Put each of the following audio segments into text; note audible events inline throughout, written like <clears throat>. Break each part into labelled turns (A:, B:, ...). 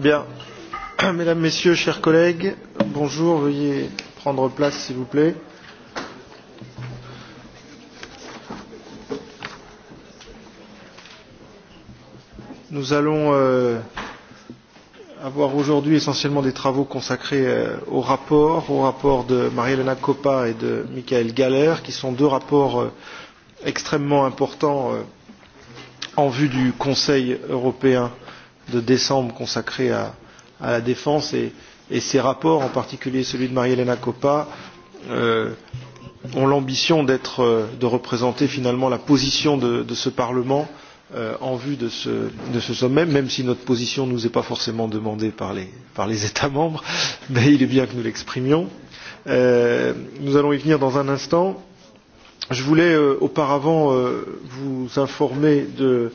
A: Mesdames, Messieurs, chers collègues, Veuillez prendre place, s'il vous plaît. Nous allons euh, avoir aujourd'hui essentiellement des travaux consacrés euh, au rapport, au rapport de maria elena Coppa et de Michael gahler qui sont deux rapports euh, extrêmement importants en vue du Conseil européen euh, de décembre consacré à, à la défense et, et ces rapports, en particulier celui de Marie-Hélène Coppa, euh, ont l'ambition d'être, euh, de représenter finalement la position de, de ce Parlement euh, en vue de ce, de ce sommet, même si notre position ne nous est pas forcément demandée par les, par les États membres, <laughs> mais il est bien que nous l'exprimions. Euh, nous allons y venir dans un instant. Je voulais euh, auparavant euh, vous informer de euh,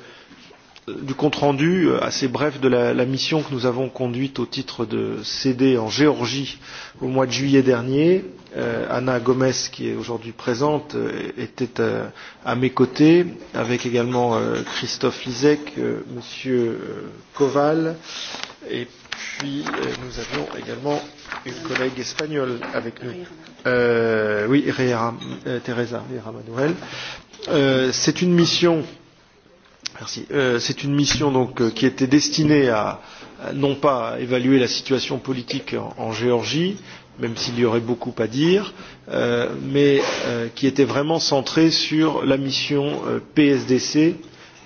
A: du compte rendu euh, assez bref de la, la mission que nous avons conduite au titre de CD en Géorgie au mois de juillet dernier. Euh, Anna Gomes, qui est aujourd'hui présente, euh, était euh, à mes côtés, avec également euh, Christophe Lisek, euh, Monsieur euh, Koval, et puis euh, nous avions également une collègue espagnole avec nous. Euh, oui, Rera, euh, Teresa Rera Manuel. Euh, C'est une mission euh, Merci. Euh, C'est une mission donc, euh, qui était destinée à, à non pas à évaluer la situation politique en, en Géorgie, même s'il y aurait beaucoup à dire, euh, mais euh, qui était vraiment centrée sur la mission euh, PSDC,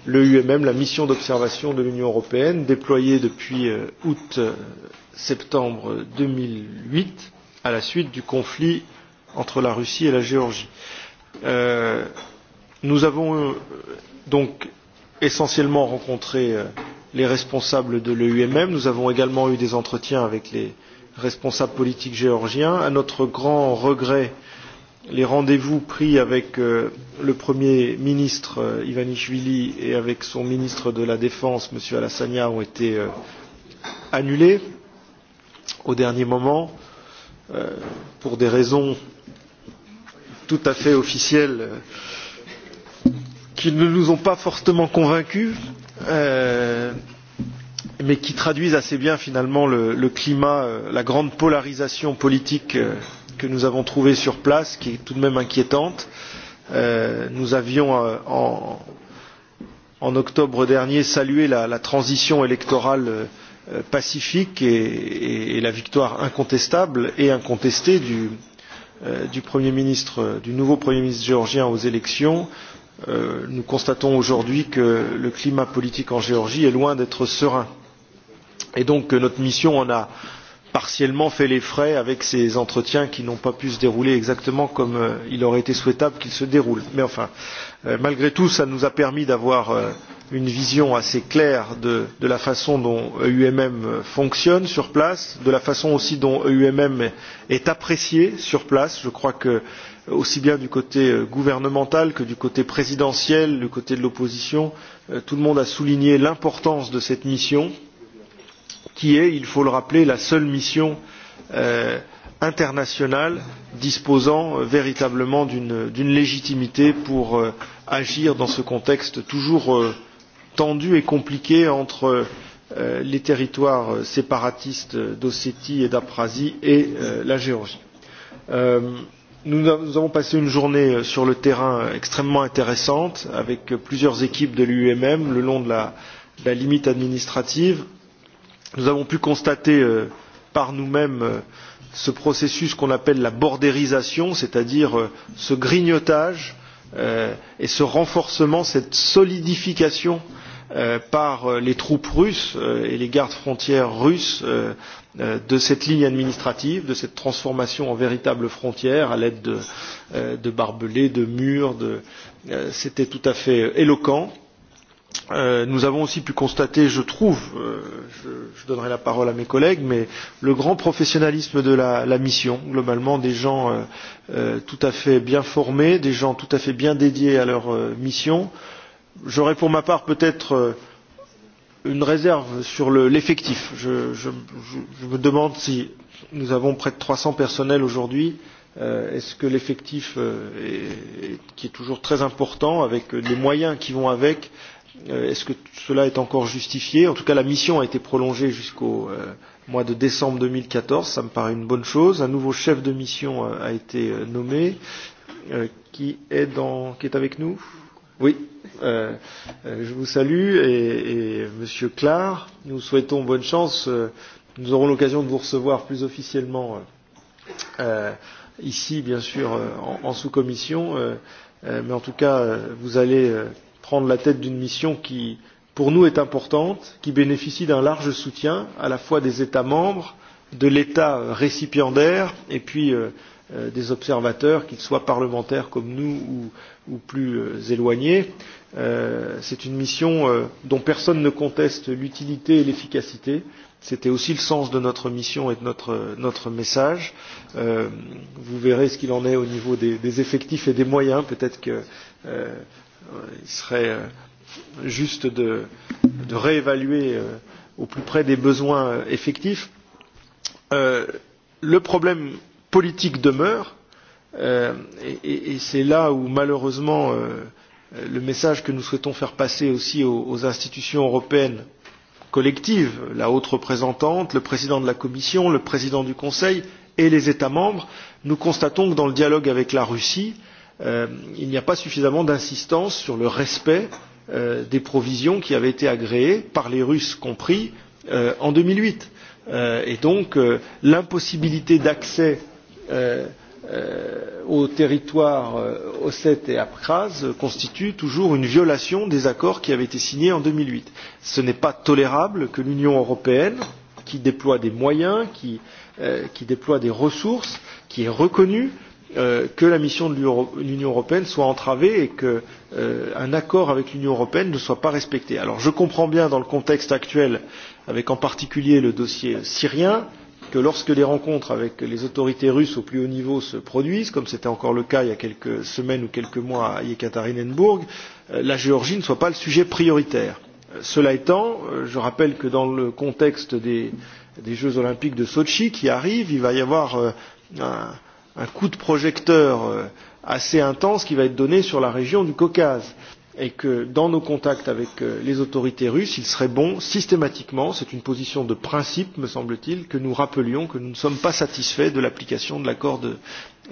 A: le UMM, la mission d'observation de l'Union européenne, déployée depuis euh, août-septembre euh, 2008 à la suite du conflit entre la Russie et la Géorgie. Euh, nous avons euh, donc essentiellement rencontré euh, les responsables de l'EUMM. Nous avons également eu des entretiens avec les responsables politiques géorgiens. À notre grand regret, les rendez-vous pris avec euh, le Premier ministre euh, Ivanishvili et avec son ministre de la Défense, M. Alassania, ont été euh, annulés au dernier moment pour des raisons tout à fait officielles qui ne nous ont pas fortement convaincus euh, mais qui traduisent assez bien finalement le, le climat euh, la grande polarisation politique euh, que nous avons trouvée sur place qui est tout de même inquiétante. Euh, nous avions euh, en, en octobre dernier salué la, la transition électorale euh, pacifique et, et, et la victoire incontestable et incontestée du, du, premier ministre, du nouveau premier ministre géorgien aux élections Euh, nous constatons aujourd'hui que le climat politique en géorgie est loin d'être serein et donc notre mission en a partiellement fait les frais avec ces entretiens qui n'ont pas pu se dérouler exactement comme euh, il aurait été souhaitable qu'ils se déroulent. mais enfin euh, malgré tout cela nous a permis d'avoir une vision assez claire de, de la façon dont eumm fonctionne sur place de la façon aussi dont eumm est apprécié sur place. je crois que aussi bien du côté euh, gouvernemental que du côté présidentiel du côté de l'opposition euh, tout le monde a souligné l'importance de cette mission qui est il faut le rappeler la seule mission euh, internationale disposant euh, véritablement d'une légitimité pour euh, agir dans ce contexte toujours euh, tendu et compliqué entre les territoires séparatistes d'ossétie et d'abkhazie et la géorgie. Nous avons passé une journée euh, sur le terrain euh, extrêmement intéressante avec euh, plusieurs équipes de l'UMM le long de la, de la limite administrative. Nous avons pu constater euh, par nous-mêmes euh, ce processus qu'on appelle la bordérisation, c'est-à-dire euh, ce grignotage euh, et ce renforcement, cette solidification euh, par euh, les troupes russes euh, et les gardes frontières russes euh, Euh, de cette ligne administrative, de cette transformation en véritable frontière à l'aide de, euh, de barbelés, de murs. De, euh, C'était tout à fait éloquent. Nous avons aussi pu constater, je trouve, je, je donnerai la parole à mes collègues, mais le grand professionnalisme de la, la mission, globalement des gens euh, tout à fait bien formés, des gens tout à fait bien dédiés à leur euh, mission. J'aurais pour ma part peut-être euh, une réserve sur l'effectif. Le, je, je, je, je me demande si nous avons près de 300 personnels aujourd'hui. Euh, est-ce euh, que l'effectif, euh, qui est toujours très important, avec les moyens qui vont avec, euh, est-ce que cela est encore justifié En tout cas, la mission a été prolongée jusqu'au euh, mois de décembre 2014. Ça me paraît une bonne chose. Un nouveau chef de mission euh, a été euh, nommé, euh, qui, est dans, qui est avec nous. Oui, euh, euh, je vous salue et, et Monsieur Clar, nous souhaitons bonne chance. Euh, nous aurons l'occasion de vous recevoir plus officiellement euh, euh ici, bien sûr, en, en sous-commission. Euh, mais en tout cas, vous allez prendre la tête d'une mission qui, pour nous, est importante, qui bénéficie d'un large soutien à la fois des États membres, de l'État récipiendaire et puis euh, Euh, des observateurs, qu'ils soient parlementaires comme nous ou, ou plus euh, éloignés. Euh, C'est une mission euh, dont personne ne conteste l'utilité et l'efficacité. C'était aussi le sens de notre mission et de notre, notre message. Euh, vous verrez ce qu'il en est au niveau des, des effectifs et des moyens. Peut-être qu'il euh, serait euh, juste de, de réévaluer euh, au plus près des besoins euh, effectifs. Euh, le problème politique demeure euh, et, et c'est là où malheureusement euh, le message que nous souhaitons faire passer aussi aux, aux institutions européennes collectives la haute représentante, le président de la Commission, le président du Conseil et les États membres, nous constatons que dans le dialogue avec la Russie, euh, il n'y a pas suffisamment d'insistance sur le respect euh, des provisions qui avaient été agréées, par les Russes compris, euh, en 2008. Euh, et donc euh, l'impossibilité d'accès euh, Euh, euh, aux territoires euh, ossètes et abkhazes constitue toujours une violation des accords qui avaient été signés en. deux mille huit ce n'est pas tolérable que l'union européenne qui déploie des moyens qui, euh, qui déploie des ressources qui est reconnue euh, que la mission de l'Union européenne soit entravée et qu'un euh, accord avec l'Union européenne ne soit pas respecté. Alors je comprends bien dans le contexte actuel, avec en particulier le dossier syrien, que lorsque les rencontres avec les autorités russes au plus haut niveau se produisent, comme c'était encore le cas il y a quelques semaines ou quelques mois à Yekaterinenburg, euh, la Géorgie ne soit pas le sujet prioritaire. Euh, cela étant, euh, je rappelle que dans le contexte des, des Jeux olympiques de Sochi qui arrivent, il va y avoir un, un coup de projecteur assez intense qui va être donné sur la région du Caucase. Euh, et que dans nos contacts avec euh, les autorités russes, il serait bon systématiquement, c'est une position de principe, me semble-t-il, que nous rappelions que nous ne sommes pas satisfaits de l'application de l'accord de,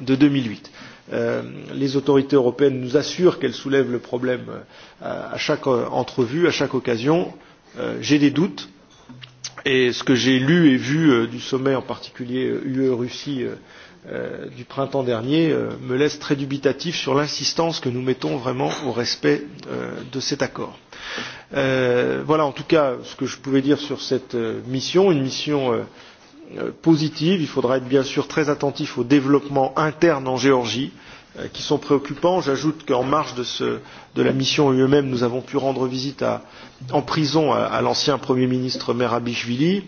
A: de 2008. Euh, les autorités européennes nous assurent qu'elles soulèvent le problème euh, à, à chaque euh, entrevue, à chaque occasion. Euh, J'ai des doutes. Et ce que j'ai lu et vu euh, du sommet, en particulier UE-Russie euh, Euh, du printemps dernier euh, me laisse très dubitatif sur l'insistance que nous mettons vraiment au respect euh, de cet accord. Euh, voilà en tout cas ce que je pouvais dire sur cette euh, mission, une mission euh, euh positive. Il faudra être bien sûr très attentif aux développements internes en Géorgie euh, qui sont préoccupants. J'ajoute qu'en marge de, ce, de la mission eux-mêmes, nous avons pu rendre visite à, en prison à, à l'ancien Premier ministre Merabichvili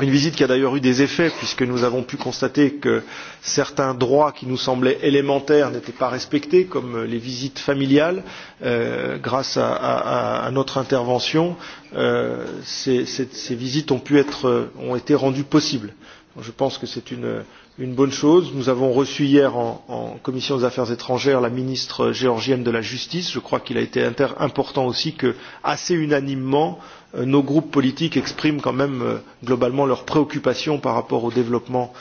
A: une visite qui a d'ailleurs eu des effets puisque nous avons pu constater que certains droits qui nous semblaient élémentaires n'étaient pas respectés comme les visites familiales euh, grâce à, à, à notre intervention euh, ces, ces, ces visites ont pu être ont été rendues possibles je pense que c'est une, une bonne chose. Nous avons reçu hier en, en commission des affaires étrangères la ministre géorgienne de la justice. Je crois qu'il a été inter important aussi que, assez unanimement, Euh, nos groupes politiques expriment quand même euh, globalement leurs préoccupations par rapport au développement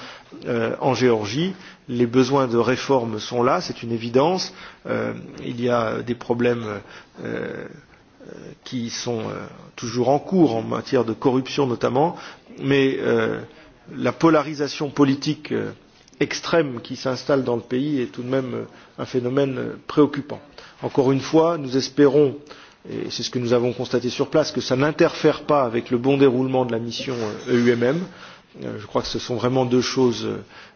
A: euh, en Géorgie. Les besoins de réforme sont là, c'est une évidence. Il y a des problèmes qui sont toujours en cours en matière de corruption notamment, mais la polarisation politique extrême qui s'installe dans le pays est tout de même un phénomène préoccupant. Encore une fois, nous espérons euh, et c'est ce que nous avons constaté sur place, que ça n'interfère pas avec le bon déroulement de la mission EUMM. E euh, je crois que ce sont vraiment deux choses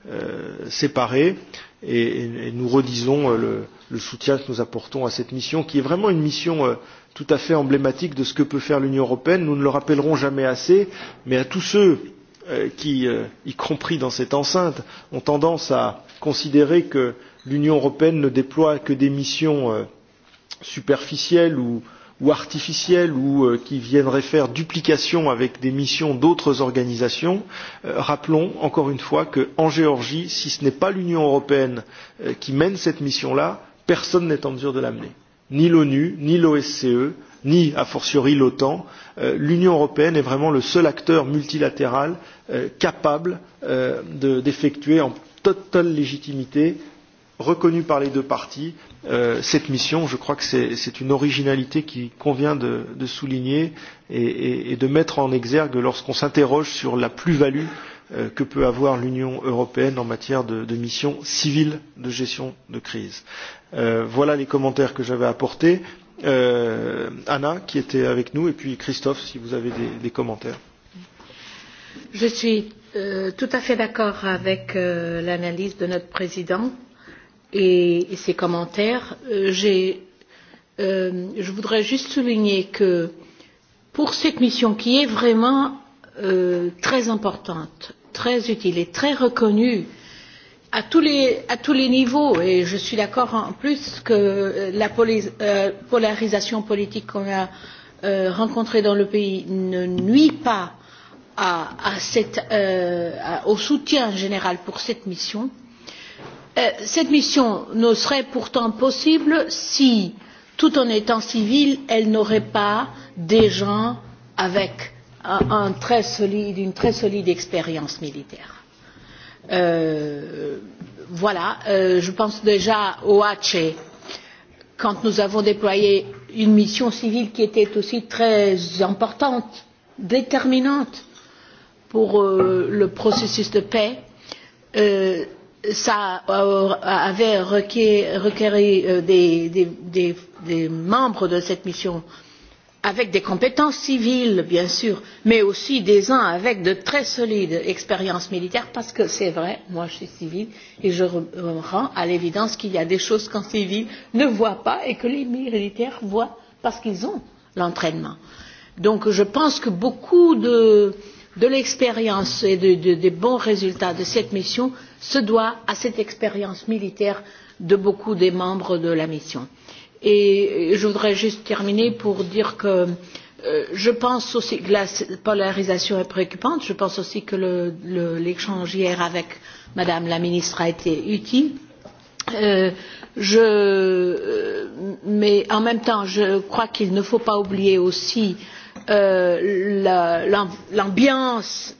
A: euh, séparées et, et, nous redisons euh, le, le soutien que nous apportons à cette mission, qui est vraiment une mission euh, tout à fait emblématique de ce que peut faire l'Union européenne. Nous ne le rappellerons jamais assez, mais à tous ceux euh, qui, euh, y compris dans cette enceinte, ont tendance à considérer que l'Union européenne ne déploie que des missions euh, superficielles ou, ou artificielles ou euh, qui viendraient faire duplication avec des missions d'autres organisations. Euh, rappelons encore une fois qu'en Géorgie, si ce n'est pas l'Union européenne euh, qui mène cette mission-là, personne n'est en mesure de l'amener. Ni l'ONU, ni l'OSCE, ni a fortiori l'OTAN. Euh, L'Union européenne est vraiment le seul acteur multilatéral euh, capable euh, d'effectuer de, en totale légitimité reconnu par les deux parties euh, cette mission. Je crois que c'est une originalité qui convient de, de souligner et, et, et de mettre en exergue lorsqu'on s'interroge sur la plus-value euh, que peut avoir l'Union européenne en matière de, de mission civile de gestion de crise. Euh, voilà les commentaires que j'avais apportés. Euh, Anna, qui était avec nous, et puis Christophe, si vous avez des, des commentaires.
B: Je suis euh, tout à fait d'accord avec euh, l'analyse de notre présidente et, ses commentaires. Euh, euh, je voudrais juste souligner que pour cette mission qui est vraiment euh, très importante, très utile et très reconnue à tous les, à tous les niveaux, et je suis d'accord en plus que la euh, polarisation politique qu'on a euh, rencontrée dans le pays ne nuit pas à, à cette, euh, au soutien général pour cette mission, euh, Euh, cette mission ne serait pourtant possible si tout en étant civile elle n'aurait pas des gens avec une très solide expérience militaire. Euh, voilà, euh, je pense déjà au Hatché, e. quand nous avons déployé une mission civile qui était aussi très importante, déterminante pour le processus de paix ça avait requéri euh, des, membres de cette mission avec des compétences civiles bien sûr mais aussi des gens avec de très solides expériences militaires parce que c'est vrai moi je suis civile et je rends à l'évidence qu'il y a des choses qu'un civil ne voit pas et que les militaires voient parce qu'ils ont l'entraînement. donc je pense que beaucoup de euh, de l'expérience et de, de, des bons résultats de cette mission se doit à cette expérience militaire de beaucoup des membres de la mission. Et je voudrais juste terminer pour dire que euh, je pense aussi que la polarisation est préoccupante. Je pense aussi que l'échange hier avec Madame la ministre a été utile. Euh, je, euh, mais en même temps, je crois qu'il ne faut pas oublier aussi euh, Euh, l'ambiance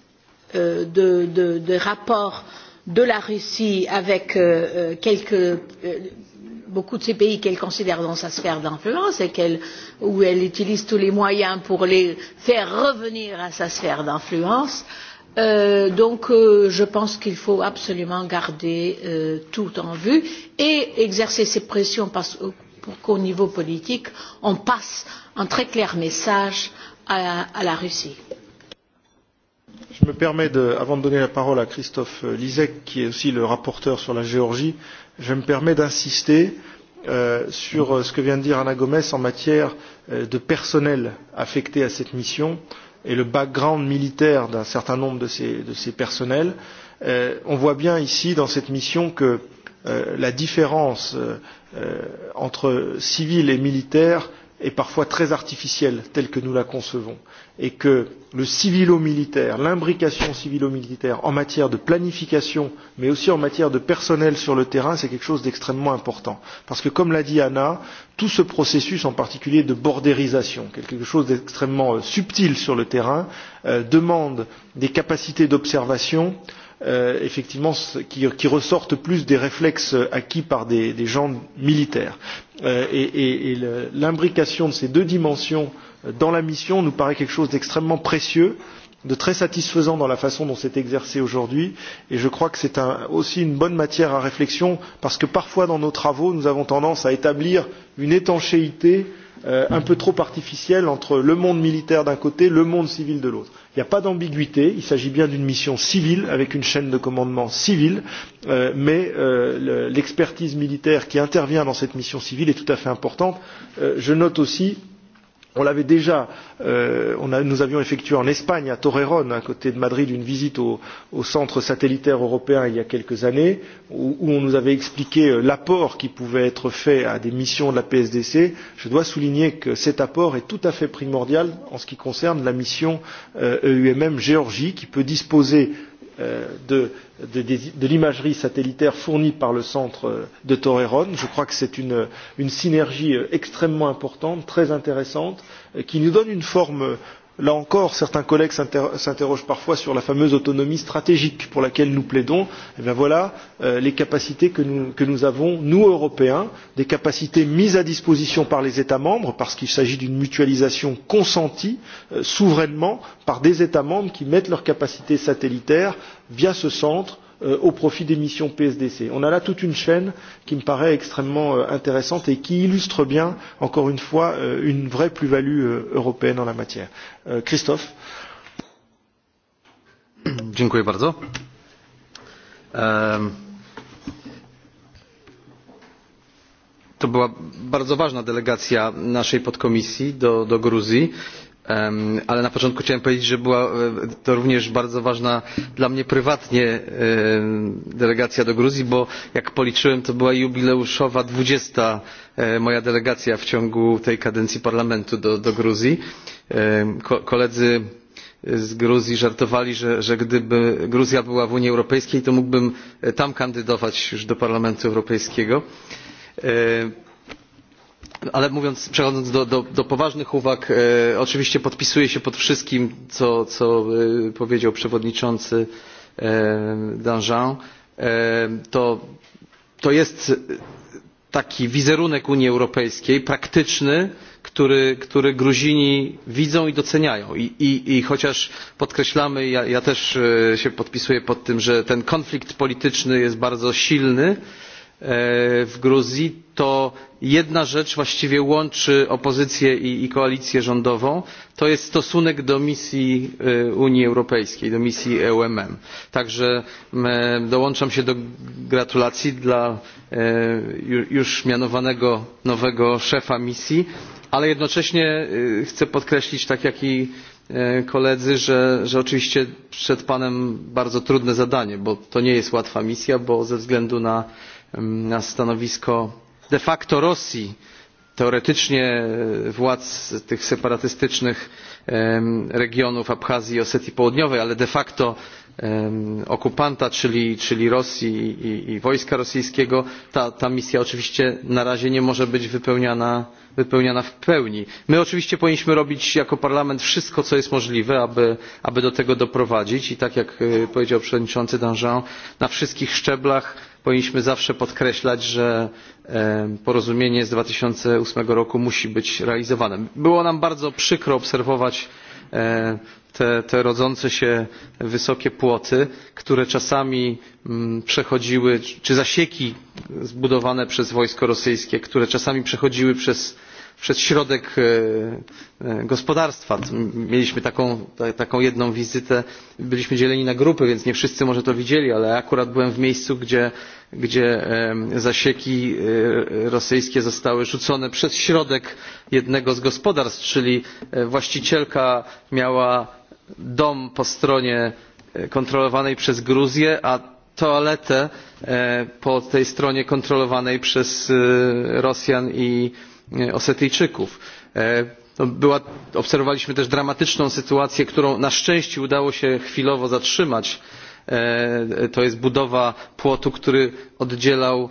B: euh, des rapports de la russie avec euh, beaucoup de ces pays qu'elle considère dans sa sphère d'influence et où elle utilise tous les moyens pour les faire revenir à sa sphère d'influence donc je pense qu'il faut absolument garder tout en vue et exercer ces pressions pour qu'au niveau politique on passe un très clair message à, la Russie.
A: Je me permets, de, avant de donner la parole à Christophe Lisek, qui est aussi le rapporteur sur la Géorgie, je me permets d'insister euh, sur ce que vient de dire Anna Gomes en matière euh, de personnel affecté à cette mission et le background militaire d'un certain nombre de ces, de ces personnels. Euh, on voit bien ici, dans cette mission, que euh, la différence euh, euh entre civils et militaires et parfois très artificielle telle que nous la concevons et que le civilo militaire l'imbrication civilo militaire en matière de planification mais aussi en matière de personnel sur le terrain c'est quelque chose d'extrêmement important parce que comme l'a dit Anna tout ce processus en particulier de bordérisation quelque chose d'extrêmement euh, subtil sur le terrain euh, demande des capacités d'observation euh, Euh, effectivement qui, ressortent plus des réflexes acquis par des, gens militaires. Euh, et l'imbrication de ces deux dimensions dans la mission nous paraît quelque chose d'extrêmement précieux de très satisfaisant dans la façon dont c'est exercé aujourd'hui et je crois que c'est un, aussi une bonne matière à réflexion parce que parfois dans nos travaux nous avons tendance à établir une étanchéité euh, un peu trop artificielle entre le monde militaire d'un côté et le monde civil de l'autre n'y a pas d'ambiguïté, il s'agit bien d'une mission civile avec une chaîne de commandement civile, euh, mais euh, l'expertise militaire qui intervient dans cette mission civile est tout à fait importante. Euh, je note aussi euh, On l'avait déjà, euh, on a, nous avions effectué en Espagne, à Torreón, à côté de Madrid, une visite au, au centre satellitaire européen il y a quelques années, où, où on nous avait expliqué euh, l'apport qui pouvait être fait à des missions de la PSDC. Je dois souligner que cet apport est tout à fait primordial en ce qui concerne la mission euh, EUMM Géorgie, qui peut disposer euh, de de, l'imagerie satellitaire fournie par le centre euh, de Torreón. Je crois que c'est une, une synergie euh, extrêmement importante, très intéressante, euh, qui nous donne une forme Là encore, certains collègues s'interrogent parfois sur la fameuse autonomie stratégique pour laquelle nous plaidons. Et eh bien voilà euh, les capacités que nous, que nous avons, nous Européens, des capacités mises à disposition par les États membres, parce qu'il s'agit d'une mutualisation consentie euh, souverainement par des États membres qui mettent leurs capacités satellitaires via ce centre euh, au profit des missions PSDC. On a là toute une chaîne qui me paraît extrêmement euh, intéressante et qui illustre bien, encore une fois, euh, une vraie plus-value européenne en la matière. Christophe.
C: Dziękuję bardzo. To była bardzo ważna delegacja naszej podkomisji do, do Gruzji ale na początku chciałem powiedzieć że była e, to również bardzo ważna dla mnie prywatnie e, delegacja do gruzji bo jak policzyłem to była jubileuszowa dwudziesta e, moja delegacja w ciągu tej kadencji parlamentu do, gruzji. koledzy z gruzji żartowali że gdyby gruzja była w unii europejskiej to mógłbym tam kandydować już do parlamentu europejskiego ale mówiąc, przechodząc do, do, do poważnych uwag e, oczywiście podpisuję się pod wszystkim co, co e, powiedział przewodniczący e, danjean. E, to, to jest taki wizerunek unii europejskiej praktyczny który, który gruzini widzą i doceniają I, i, i chociaż podkreślamy ja, ja też e, się podpisuję pod tym że ten konflikt polityczny jest bardzo silny e, w gruzji to jedna rzecz właściwie łączy opozycję i, koalicję rządową to jest stosunek do misji unii europejskiej do misji eumm. także dołączam się do gratulacji dla już mianowanego nowego szefa misji ale jednocześnie chcę podkreślić tak jak i koledzy że, oczywiście przed panem bardzo trudne zadanie bo to nie jest łatwa misja bo ze względu na stanowisko de facto Rosji, teoretycznie władz tych separatystycznych regionów Abchazji i Osetii Południowej, ale de facto okupanta, czyli, Rosji i, wojska rosyjskiego, ta, misja oczywiście na razie nie może być wypełniana, w pełni. My oczywiście powinniśmy robić jako parlament wszystko, co jest możliwe, aby do tego doprowadzić i tak jak powiedział przewodniczący Danjean, na wszystkich szczeblach powinniśmy zawsze podkreślać że e, porozumienie z dwa tysiące osiem roku musi być realizowane. było nam bardzo przykro obserwować e, te, te rodzące się wysokie płoty które czasami mm, przechodziły czy zasieki zbudowane przez wojsko rosyjskie które czasami przechodziły przez przez środek e, e, gospodarstwa. mieliśmy taką, jedną wizytę byliśmy dzieleni na grupy więc nie wszyscy może to widzieli ale ja akurat byłem w miejscu gdzie, gdzie zasieki e, rosyjskie zostały rzucone przez środek jednego z gospodarstw czyli właścicielka miała dom po stronie kontrolowanej przez gruzję a toaletę po tej stronie kontrolowanej przez rosjan i E, Osetyjczyków. E, była, obserwowaliśmy też dramatyczną sytuację, którą na szczęście udało się chwilowo zatrzymać. E, to jest budowa płotu, który oddzielał,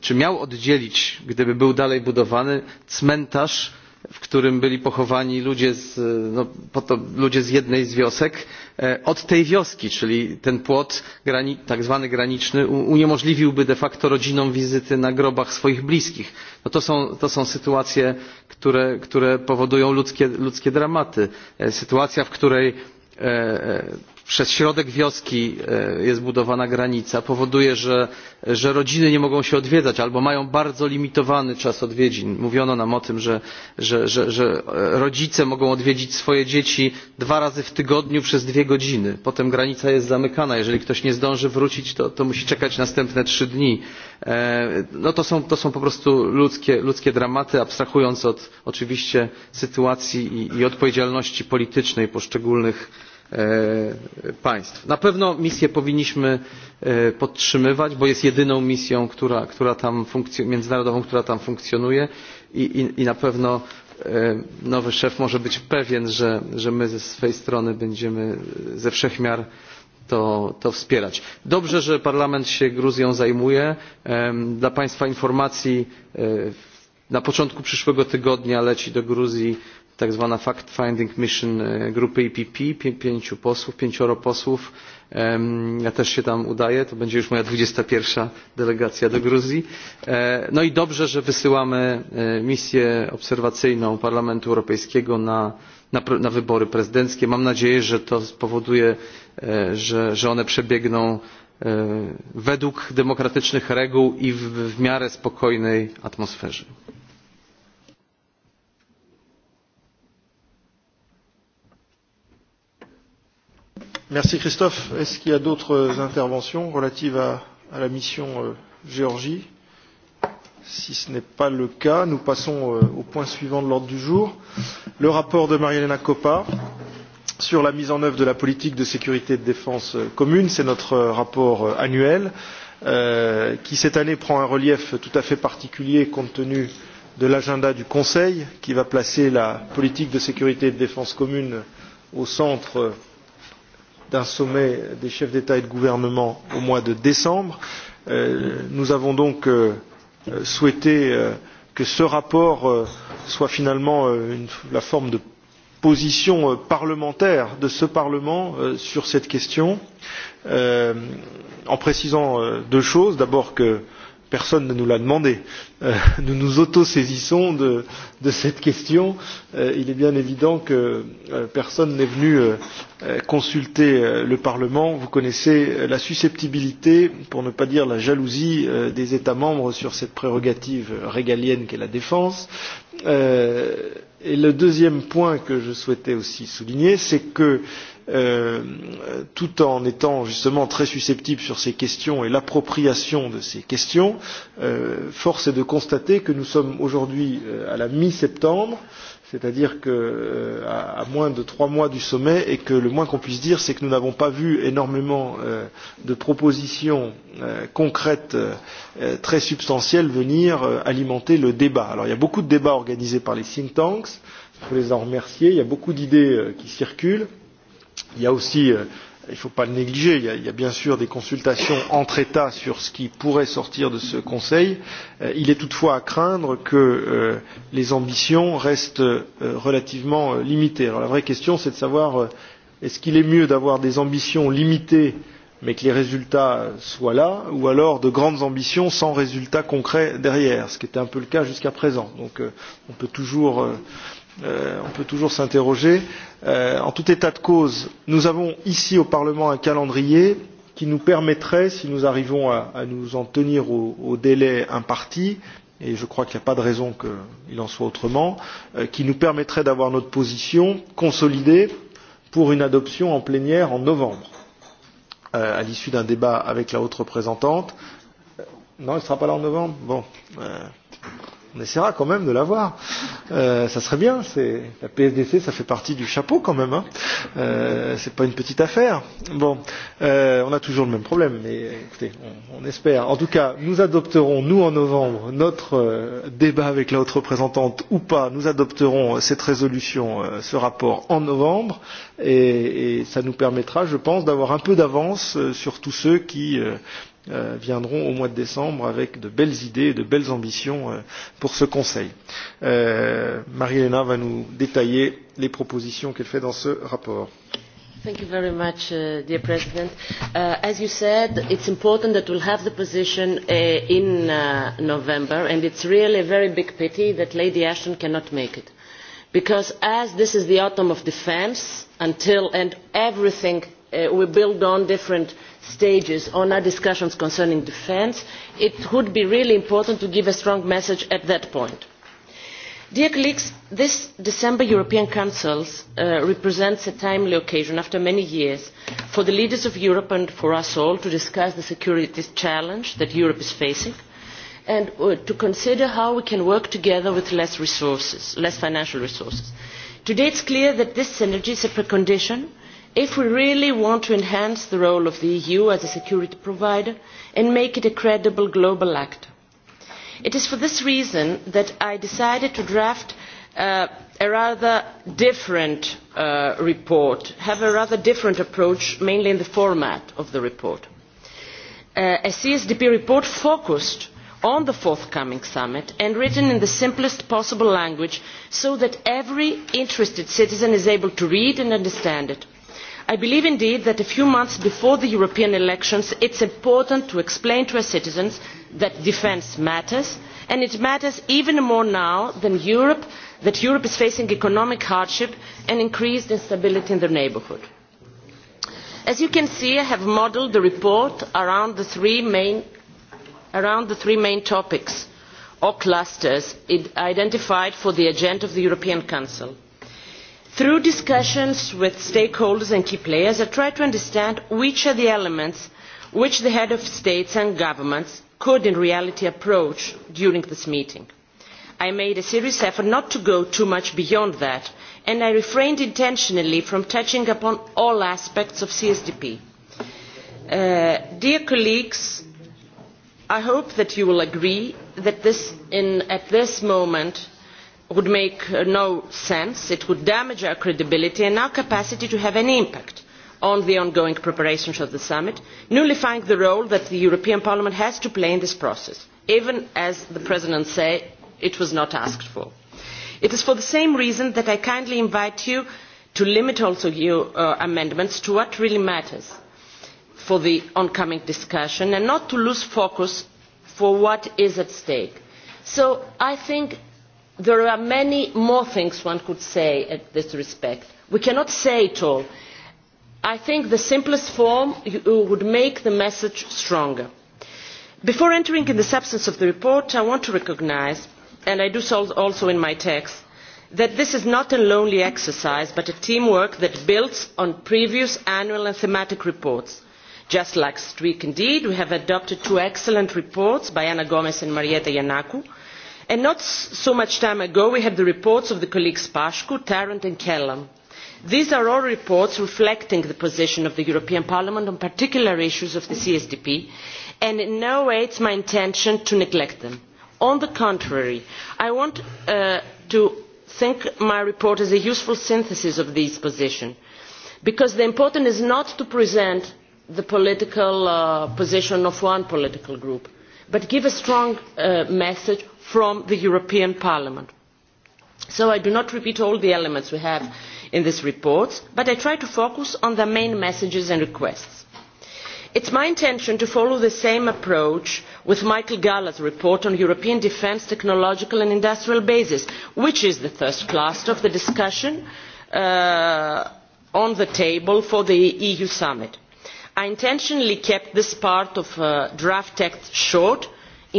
C: czy miał oddzielić, gdyby był dalej budowany, cmentarz w którym byli pochowani ludzie z, e, no, ludzie z jednej z wiosek e, od tej wioski czyli ten płot tak zwany graniczny uniemożliwiłby de facto rodzinom wizyty na grobach swoich bliskich. No to, są, to są sytuacje które, które powodują ludzkie, ludzkie dramaty e, sytuacja w której przez środek wioski e, jest budowana granica powoduje że, rodziny nie mogą się odwiedzać albo mają bardzo limitowany czas odwiedzin. mówiono nam o tym że, rodzice mogą odwiedzić swoje dzieci dwa razy w tygodniu przez dwie godziny potem granica jest zamykana jeżeli ktoś nie zdąży wrócić to, to musi czekać następne trzy dni. E, no to, są, to są po prostu ludzkie, ludzkie dramaty abstrahując od oczywiście sytuacji i, i odpowiedzialności politycznej poszczególnych E, państw. na pewno misję powinniśmy e, podtrzymywać bo jest jedyną misją międzynarodową która tam funkcjonuje i, na pewno e, nowy szef może być pewien że, my ze swej strony będziemy ze wszech miar to wspierać. dobrze że parlament się gruzją zajmuje. dla państwa informacji na początku przyszłego tygodnia leci do gruzji tak zwana fact finding mission e, grupy EPP, pięciu posłów, pięcioro posłów. Ja też się tam udaję, to będzie już moja 21 delegacja do Gruzji. E, no i dobrze, że wysyłamy e, misję obserwacyjną Parlamentu Europejskiego na, na, na wybory prezydenckie. Mam nadzieję, że to spowoduje, że, że one przebiegną według demokratycznych reguł i w, w miarę spokojnej atmosferze.
A: Merci Christophe. Est-ce qu'il y a d'autres interventions relatives à, à la mission euh, Géorgie Si ce n'est pas le cas, nous passons euh, au point suivant de l'ordre du jour. Le rapport de Marielena Coppa sur la mise en œuvre de la politique de sécurité et de défense euh, commune. C'est notre euh, rapport euh, annuel euh, qui, cette année, prend un relief tout à fait particulier compte tenu de l'agenda du Conseil qui va placer la politique de sécurité et de défense commune au centre Euh, d'un sommet des chefs d'État et de gouvernement au mois de décembre. Euh, nous avons donc euh, souhaité euh, que ce rapport soit finalement une, la forme de position parlementaire de ce Parlement sur cette question, en précisant deux choses. D'abord que personne ne nous l'a demandé. Euh, nous nous autosaisissons de, de cette question. Euh, il est bien évident que euh, personne n'est venu consulter le Parlement. Vous connaissez la susceptibilité, pour ne pas dire la jalousie, des États membres sur cette prérogative régalienne qu'est la défense. Et le deuxième point que je souhaitais aussi souligner, c'est que euh, euh, tout en étant justement très susceptible sur ces questions et l'appropriation de ces questions, euh, force est de constater que nous sommes aujourd'hui euh, à la mi-septembre, c'est-à-dire qu'à euh, à, moins de trois mois du sommet et que le moins qu'on puisse dire, c'est que nous n'avons pas vu énormément euh, de propositions euh, concrètes euh, euh, très substantielles venir euh, alimenter le débat. Alors il y a beaucoup de débats organisés par les think tanks, il faut les en remercier, il y a beaucoup d'idées euh, qui circulent il y a aussi euh, il ne faut pas le négliger il y, a, il y a bien sûr des consultations entre États sur ce qui pourrait sortir de ce Conseil. Euh, il est toutefois à craindre que euh, les ambitions restent euh, relativement euh, limitées. Alors la vraie question, c'est de savoir euh, est-ce qu'il est mieux d'avoir des ambitions limitées mais que les résultats soient là, ou alors de grandes ambitions sans résultats concrets derrière, ce qui était un peu le cas jusqu'à présent. Donc euh, on peut toujours, euh, euh, on peut toujours s'interroger. Euh, en tout état de cause, nous avons ici au Parlement un calendrier qui nous permettrait, si nous arrivons à, à nous en tenir au, au délai imparti, et je crois qu'il n'y a pas de raison qu'il en soit autrement, euh, qui nous permettrait d'avoir notre position consolidée pour une adoption en plénière en novembre euh, à l'issue d'un débat avec la haute représentante. Non, elle ne sera pas là en novembre Bon. Euh, on essaiera quand même de l'avoir. Euh, ça serait bien. C'est la PSDC, ça fait partie du chapeau quand même. Hein. Euh, c'est pas une petite affaire. Bon, euh, on a toujours le même problème, mais écoutez, on, on espère. En tout cas, nous adopterons nous en novembre notre euh, débat avec la haute représentante ou pas. Nous adopterons euh, cette résolution, euh, ce rapport en novembre, et, et ça nous permettra, je pense, d'avoir un peu d'avance euh, sur tous ceux qui euh, Euh, viendront au mois de décembre avec de belles idées et de belles ambitions euh, pour ce Conseil. Euh, Marie-Hélène va nous détailler les propositions qu'elle fait dans ce rapport.
D: Thank you very much, uh, dear President. Uh, as you said, it's important that we'll have the position uh, in uh, November, and it's really a very big pity that Lady Ashton cannot make it. Because as this is the autumn of defence, until and everything uh, we build on different uh, stages on our discussions concerning defence it would be really important to give a strong message at that point. this december european council uh, represents a timely occasion after many years for the leaders of europe and for us all to discuss the security challenge that europe is facing and uh, to consider how we can work together with less resources less financial resources. today it is clear that this synergy is a precondition if we really want to enhance the role of the eu as a security provider and make it a credible global actor. it is for this reason that i decided to draft uh, a rather different uh, report have a rather different approach mainly in the format of the report. Uh, a csdp report focused on the forthcoming summit and written in the simplest possible language so that every interested citizen is able to read and understand it i believe indeed that a few months before the european elections it is important to explain to our citizens that defence matters and it matters even more now than Europe, that europe is facing economic hardship and increased instability in the neighbourhood. as you can see i have modelled the report around the three main topics or clusters identified for the agenda of the european council through discussions with stakeholders and key players i tried to understand which are the elements which the heads of state and governments could in reality approach during this meeting. i made a serious effort not to go too much beyond that and i refrained intentionally from touching upon all aspects of csdp. Uh, dear colleagues i hope that you will agree that this in, at this moment would make uh, no sense it would damage our credibility and our capacity to have an impact on the ongoing preparations of the summit nullifying the role that the european parliament has to play in this process even as the president said it was not asked for. it is for the same reason that i kindly invite you to limit also your uh, amendments to what really matters for the oncoming discussion and not to lose focus for what is at stake. so i think there are many more things one could say in this respect. we cannot say it all. i think the simplest form uh, would make the message stronger. before entering into the substance of the report i want to recognise and i do so also in my text that this is not a lonely exercise but a teamwork that builds on previous annual and thematic reports. just last week indeed we have adopted two excellent reports by ana gomes and marietta giannakou And not so much time ago we had the reports of colleagues pacu tarand and kelam. these are all reports reflecting the position of the european parliament on particular issues of the csdp and in no way is it my intention to neglect them. on the contrary i want uh, to think of my report as a useful synthesis of these positions because the important thing is not to present the political uh, position of one political group but give a strong uh, message from the european parliament. so i do not repeat all the elements we have in this report but i try to focus on the main messages and requests. it is my intention to follow the same approach with michael gahler's report on european defence technological and industrial bases which is the first cluster of the discussion uh, on the table for the eu summit i intentionally kept this part of the uh, draft text short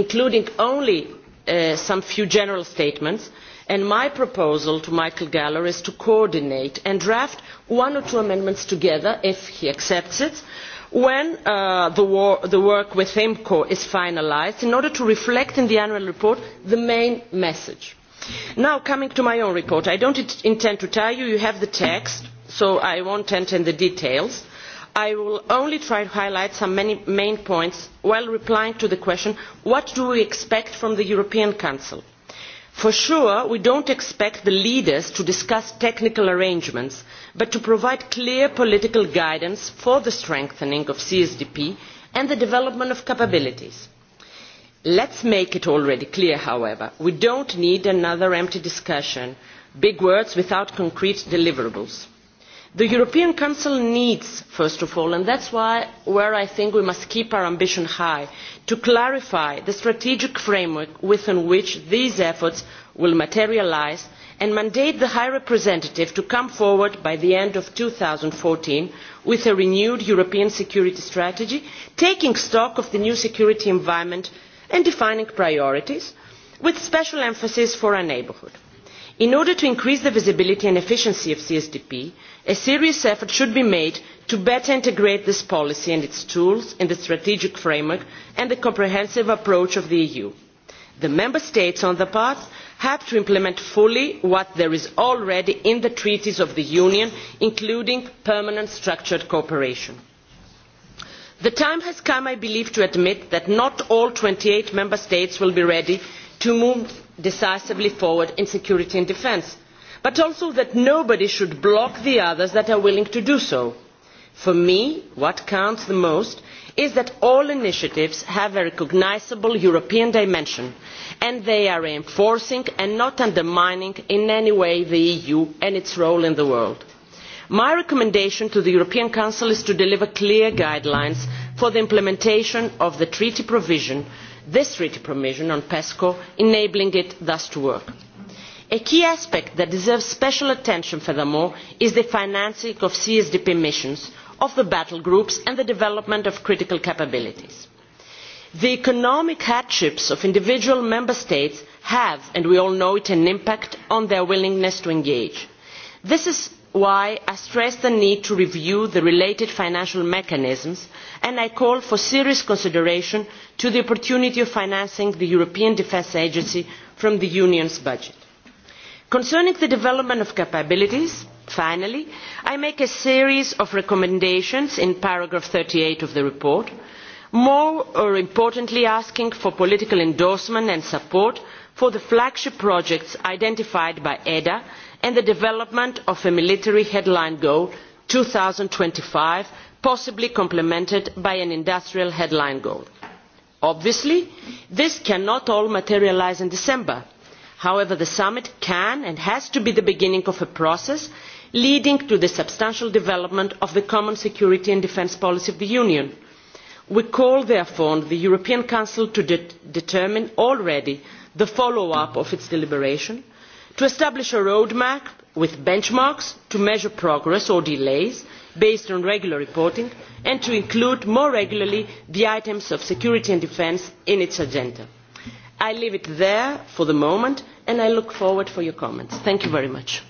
D: including only uh, some few general statements and my proposal to michael gahler is to coordinate and draft one or two amendments together if he accepts it when uh, the, the work with imco is finalised in order to reflect in the annual report the main message. now coming to my own report i do not intend to tire you you have the text so i will not enter into the details i will only try to highlight some main points while replying to the question what do we expect from the european council? for sure we do not expect the leaders to discuss technical arrangements but to provide clear political guidance for the strengthening of csdp and the development of capabilities. let us make it already clear however we do not need another empty discussion big words without concrete deliverables the european council needs first of all and that is where i think we must keep our ambition high to clarify the strategic framework within which these efforts will materialise and mandate the high representative to come forward by the end of two thousand and fourteen with a renewed european security strategy taking stock of the new security environment and defining priorities with special emphasis on our neighbourhood in order to increase the visibility and efficiency of csdp a serious effort should be made to better integrate this policy and its tools in the strategic framework and the comprehensive approach of the eu. the member states on their part have to implement fully what there is already in the treaties of the union including permanent structured cooperation. the time has come i believe to admit that not all twenty eight member states will be ready to move decisively forward in security and defence but also that nobody should block the others that are willing to do so. for me what counts the most is that all initiatives have a recognisable european dimension and they are reinforcing and not undermining in any way the eu and its role in the world. my recommendation to the european council is to deliver clear guidelines for the implementation of the treaty provision this treaty provision on pesco enabling it thus to work. a key aspect that deserves special attention furthermore is the financing of csdp missions of the battle groups and the development of critical capabilities. the economic hardships of individual member states have and we all know it an impact on their willingness to engage. this is why i stress the need to review the related financial mechanisms and i call for serious consideration to the opportunity of financing the european defence agency from the union's budget. concerning the development of capabilities finally i make a series of recommendations in paragraph thirty eight of the report more importantly asking for political endorsement and support for the flagship projects identified by eda and the development of a military headline goal two thousand and twenty five possibly complemented by an industrial headline goal obviously this cannot all materialise in december. however the summit can and has to be the beginning of a process leading to the substantial development of the common security and defence policy of the union. we call therefore on the european council to determine already the follow up of its deliberation to establish a roadmap with benchmarks to measure progress or delays based on regular reporting and to include more regularly the items of security and defence in its agenda. i leave it there for the moment and i look forward to your comments. thank you very much.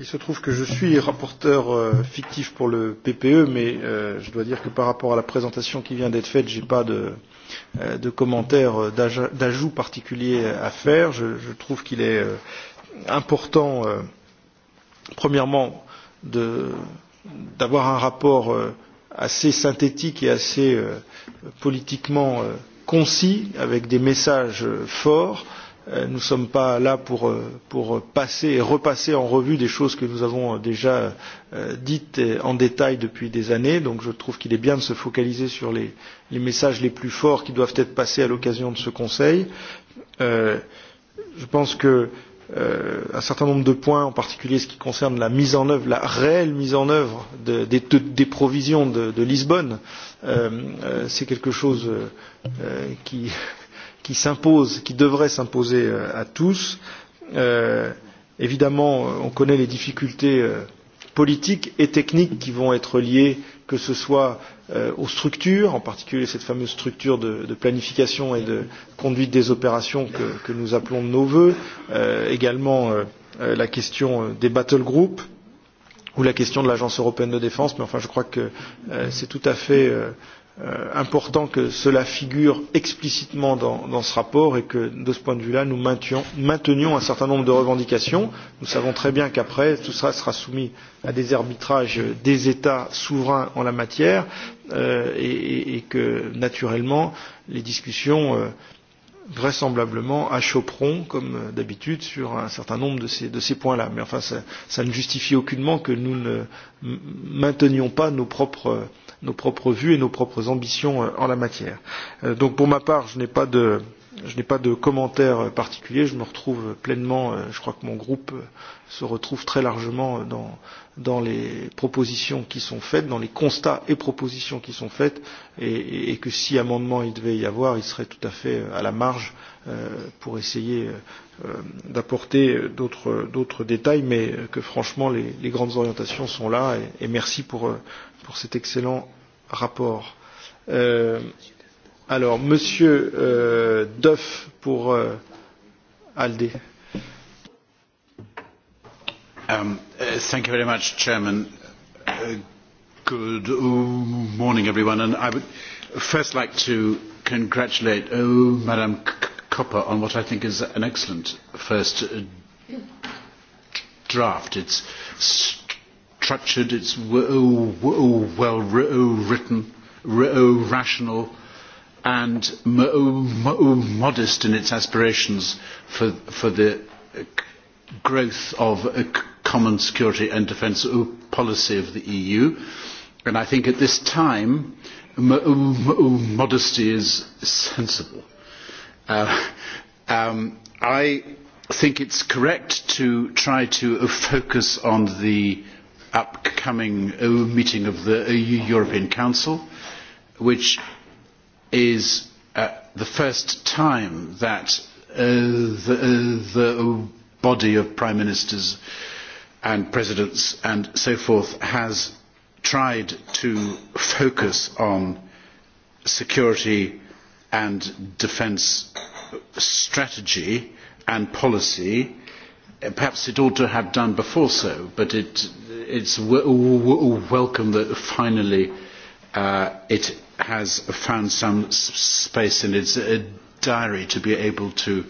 A: Il se trouve que je suis rapporteur euh, fictif pour le PPE, mais euh, je dois dire que par rapport à la présentation qui vient d'être faite, je n'ai pas de, euh, de commentaires euh, d'ajout particulier à faire. Je, je trouve qu'il est euh, important, euh, premièrement, d'avoir un rapport euh, assez synthétique et assez euh, politiquement concis, avec des messages forts. Euh, nous ne sommes pas là pour, euh, pour passer et repasser en revue des choses que nous avons déjà euh, dites en détail depuis des années. Donc je trouve qu'il est bien de se focaliser sur les, les messages les plus forts qui doivent être passés à l'occasion de ce Conseil. Euh, je pense que euh, un certain nombre de points, en particulier ce qui concerne la mise en œuvre, la réelle mise en œuvre de, de, de, des provisions de, de Lisbonne, euh, euh, c'est quelque chose euh, qui qui s'impose, qui devrait s'imposer euh, à tous. Euh, évidemment, on connaît les difficultés euh, politiques et techniques qui vont être liées, que ce soit euh, aux structures, en particulier cette fameuse structure de, de planification et de conduite des opérations que, que nous appelons de nos voeux, euh, également euh, euh la question des battle groups ou la question de l'Agence européenne de défense, mais enfin je crois que euh, c'est tout à fait euh, Euh, important que cela figure explicitement dans, ce rapport et que, de ce point de vue-là, nous maintenions, un certain nombre de revendications. Nous savons très bien qu'après, tout cela sera soumis à des arbitrages des États souverains en la matière euh, et, que, naturellement, les discussions euh, vraisemblablement achopperont comme d'habitude, sur un certain nombre de ces, de ces points-là. Mais enfin, cela ne justifie aucunement que nous ne maintenions pas nos propres nos propres vues et nos propres ambitions euh, en la matière. Euh, donc pour ma part, je n'ai pas de, je n'ai pas de commentaires euh, particuliers. Je me retrouve pleinement, je crois que mon groupe se retrouve très largement dans, dans les propositions qui sont faites, dans les constats et propositions qui sont faites, et, et que si amendement il devait y avoir, il serait tout à fait à la marge pour essayer Euh, d'apporter d'autres détails, mais que franchement les, les grandes orientations sont là et, et merci pour, euh, pour cet excellent rapport. Euh, alors, Monsieur euh, Duff pour euh, ALDE.
E: Um, uh, thank you very much, Chairman. Uh, good uh, morning, everyone. And I would first like to congratulate uh, Madame Copper on what I think is an excellent first uh, draft. It's structured, it's well written, rational, and modest in its aspirations for, for the uh, growth of a uh, common security and defence policy of the EU. And I think at this time, modesty is sensible Uh, um, I think it's correct to try to focus on the upcoming uh, meeting of the uh, European Council, which is the first time that the, body of prime ministers and presidents and so forth has tried to focus on security and defence strategy and policy. Uh, perhaps it ought to have done before so, but it, it's w- w- welcome that finally uh, it has found some space in its uh, diary to be able to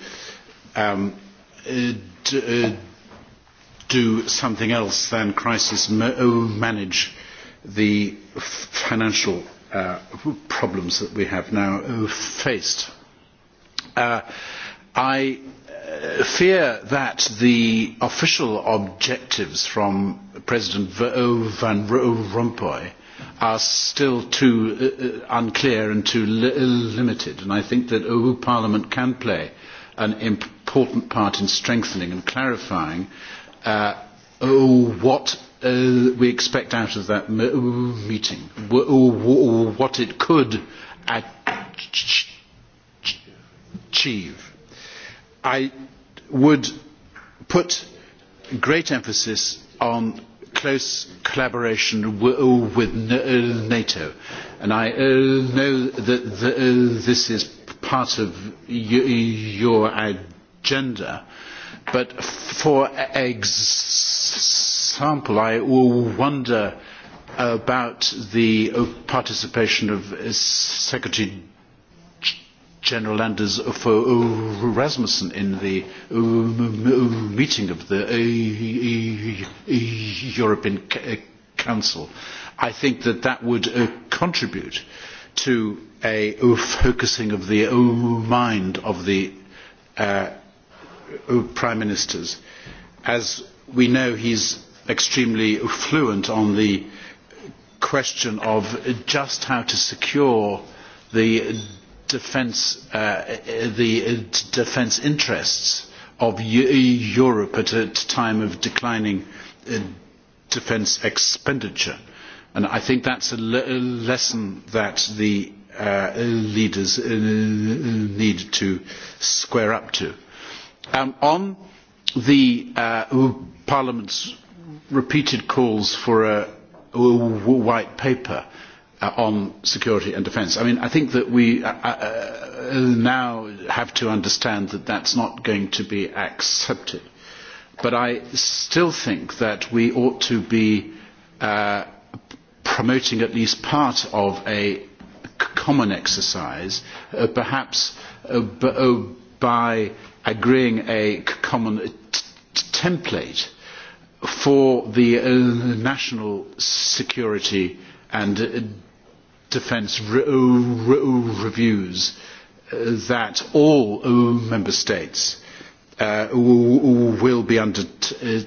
E: um, uh, uh, do something else than crisis uh, manage the financial uh, problems that we have now uh, faced. Uh, I uh, fear that the official objectives from President Van Rompuy are still too uh, unclear and too limited, and I think that Parliament can play an important part in strengthening and clarifying uh, what Uh, we expect out of that meeting what it could achieve. I would put great emphasis on close collaboration with uh, NATO. And I uh, know that this is part of your agenda, but for example, example, I wonder about the participation of uh, Secretary General Anders uh, Rasmussen in the uh, meeting of the e, e, e, European Council. I think that that would contribute to a focusing of the mind of the uh, prime ministers. As we know, he's extremely fluent on the question of just how to secure the defence uh, the defence interests of Europe at a time of declining uh, defence expenditure. And I think that's a lesson that the uh, leaders uh, need to square up to. Um, on the uh, Parliament's repeated calls for a, a white paper uh, on security and defence. I mean, I think that we uh, uh, uh, now have to understand that that's not going to be accepted. But I still think that we ought to be uh, promoting at least part of a common exercise, uh, perhaps uh, b- uh, by agreeing a common t- template for the uh, national security and uh, defence uh, reviews that all member states will be undertaking.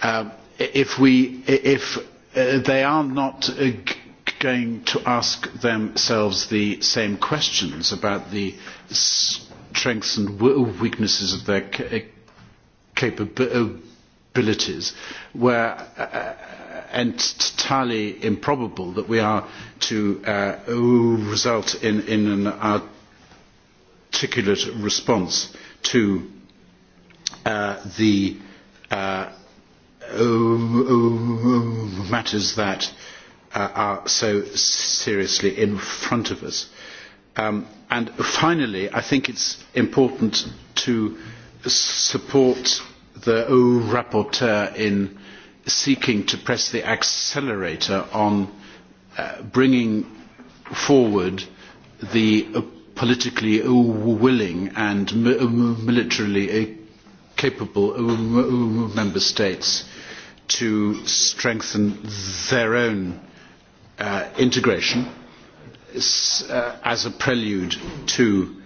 E: Um, if, we, if they are not going to ask themselves the same questions about the strengths and weaknesses of their capabilities were uh, uh, entirely improbable that we are to uh, result in, in an articulate response to uh, the uh, matters that uh, are so seriously in front of us. Um, and finally, I think it's important to support the rapporteur in seeking to press the accelerator on uh, bringing forward the politically willing and militarily uh, capable member states to strengthen their own uh, integration uh, as a prelude to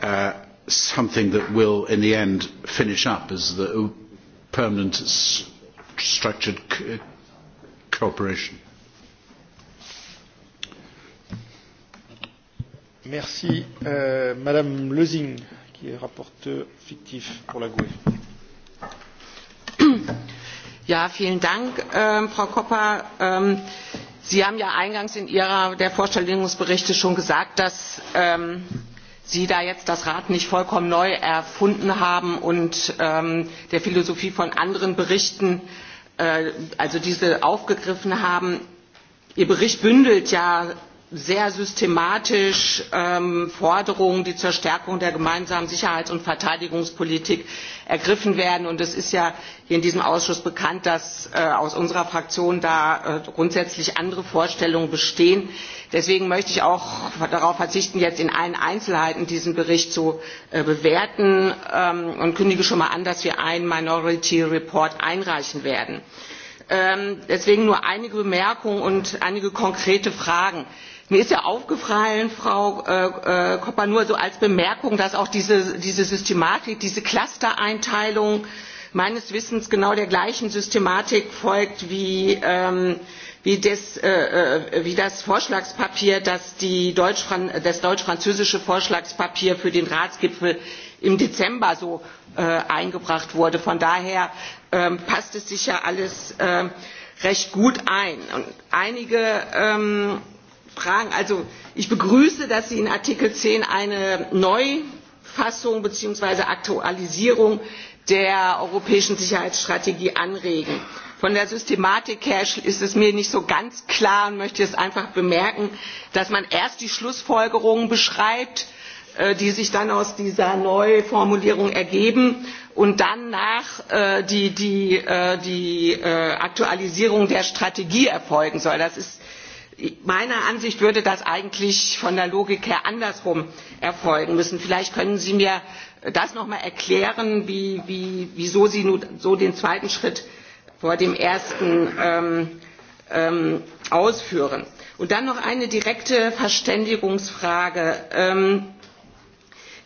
E: uh, something that will, in the end, finish up as the permanent structured uh, cooperation.
A: Merci. Euh, Madame Lezing, qui est rapporteur fictif pour la GUE. <coughs>
F: Ja, vielen Dank, ähm, Frau Koppa. Ähm, Sie haben ja eingangs in Ihrer der Vorstellungsberichte schon gesagt, dass ähm, sie da jetzt das rad nicht vollkommen neu erfunden haben und ähm, der philosophie von anderen berichten äh, also diese aufgegriffen haben. ihr bericht bündelt ja sehr systematisch ähm, Forderungen, die zur Stärkung der gemeinsamen Sicherheits- und Verteidigungspolitik ergriffen werden. Und es ist ja hier in diesem Ausschuss bekannt, dass äh, aus unserer Fraktion da äh, grundsätzlich andere Vorstellungen bestehen. Deswegen möchte ich auch darauf verzichten, jetzt in allen Einzelheiten diesen Bericht zu äh, bewerten ähm, und kündige schon mal an, dass wir einen Minority Report einreichen werden. Ähm, deswegen nur einige bemerkungen und einige konkrete fragen. mir ist aufgefallen frau äh, äh, koppa nur so als bemerkung dass auch diese, systematik diese cluster einteilung meines wissens genau der gleichen systematik folgt wie, ähm, äh, das vorschlagspapier das deutsch französische vorschlagspapier für den ratsgipfel im dezember so äh, eingebracht wurde. von daher ähm, passt es sich ja alles ähm, recht gut ein. Und einige ähm, fragen also ich begrüße dass sie in artikel zehn eine neufassung bzw. aktualisierung der europäischen sicherheitsstrategie anregen. von der systematik her ist es mir nicht so ganz klar und möchte es einfach bemerken dass man erst die schlussfolgerungen beschreibt Äh, die sich dann aus dieser neuformulierung ergeben und dann nach äh, die, die, äh, die äh, aktualisierung der strategie erfolgen soll. Das ist, meiner ansicht nach würde das eigentlich von der logik her andersherum erfolgen müssen. vielleicht können sie mir das noch einmal erklären wie, wie, wieso sie nun so den zweiten schritt vor dem ersten ähm, ähm, ausführen. und dann noch eine direkte verständigungsfrage. Ähm,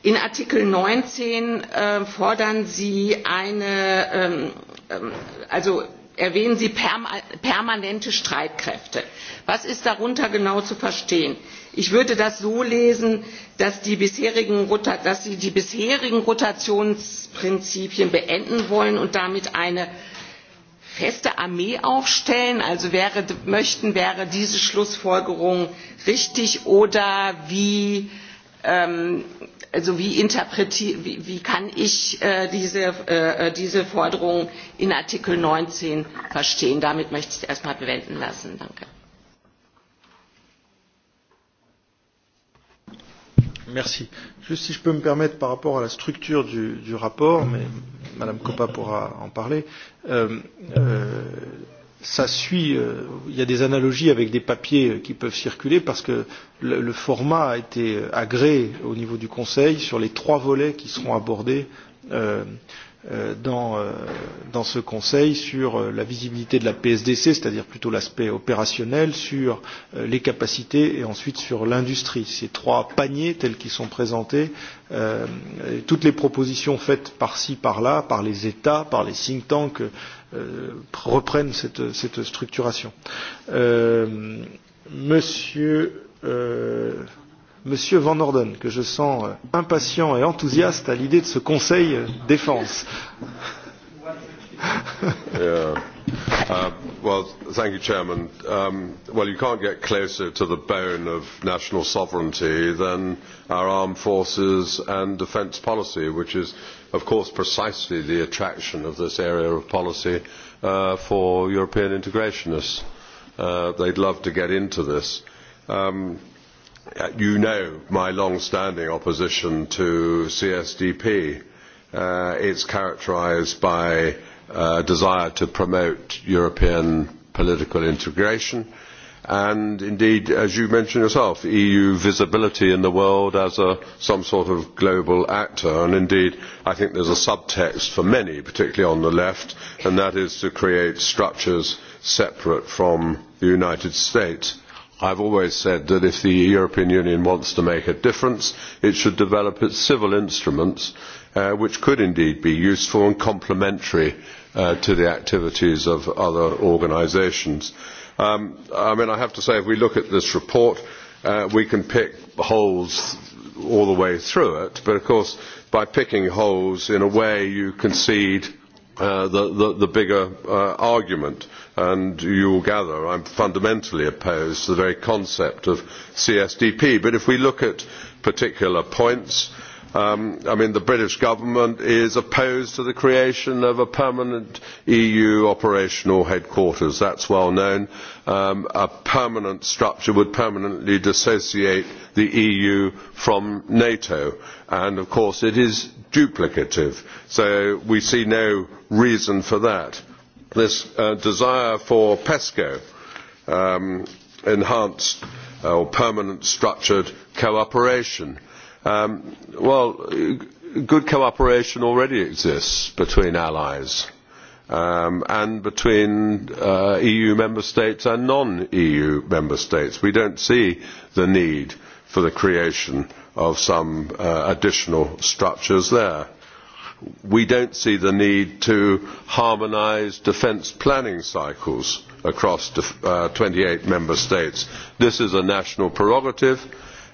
F: in artikel neunzehn ähm, fordern sie eine ähm, ähm, also erwähnen sie permanente streitkräfte. was ist darunter genau zu verstehen? ich würde das so lesen dass, sie die bisherigen rotationsprinzipien beenden wollen und damit eine feste armee aufstellen? also wäre, möchten wäre diese schlussfolgerung richtig oder wie also wie, interpretier, wie, wie kann ich äh, diese, äh, äh diese Forderung in Artikel 19 verstehen? Damit möchte ich es erstmal bewenden lassen. Danke.
A: Merci. Juste si je peux me permettre par rapport à la structure du, du rapport, mais Madame Coppa pourra en parler. Euh, euh, ça suit, euh, il y a des analogies avec des papiers qui peuvent circuler parce que le, le format a été agréé au niveau du Conseil sur les trois volets qui seront abordés euh, euh, dans, euh, dans ce Conseil sur euh, la visibilité de la PSDC, c'est-à-dire plutôt l'aspect opérationnel, sur euh, les capacités et ensuite sur l'industrie. Ces trois paniers tels qu'ils sont présentés, euh, toutes les propositions faites par-ci, par-là, par les États, par les think tanks, euh, Euh, reprenne cette, cette structuration. Euh, monsieur, euh, monsieur Van Orden, que je sens euh, impatient et enthousiaste à l'idée de ce Conseil euh, défense. <laughs>
G: Uh, well, thank you, Chairman. Um, well, you can't get closer to the bone of national sovereignty than our armed forces and defence policy, which is of course precisely the attraction of this area of policy uh, for European integrationists. Uh, they'd love to get into this. Um, uh, you know my long-standing opposition to CSDP. Uh, it's characterised by a uh, desire to promote European political integration, and indeed as you mentioned yourself eu visibility in the world as some sort of global actor and indeed i think there is a subtext for many particularly on the left and that is to create structures separate from the united states. i have always said that if the european union wants to make a difference it should develop its civil instruments uh, which could indeed be useful and complementary uh, to the activities of other organisations. Um, I mean, I have to say, if we look at this report, uh, we can pick holes all the way through it, but of course, by picking holes, in a way, you concede uh, the, bigger uh, argument. And you will gather I'm fundamentally opposed to the very concept of CSDP. But if we look at particular points, Um, the British government is opposed to the creation of a permanent EU operational headquarters. that is well known. Um, a permanent structure would permanently dissociate the EU from NATO. And of course, it is duplicative. So we see no reason for that. This uh, desire for PESCO, um, enhanced uh, or permanent structured cooperation, Um, well, good cooperation already exists between allies um, and between uh, EU member states and non-EU member states. We do not see the need for the creation of some uh, additional structures there. We do not see the need to harmonise defence planning cycles across uh, twenty eight member states. This is a national prerogative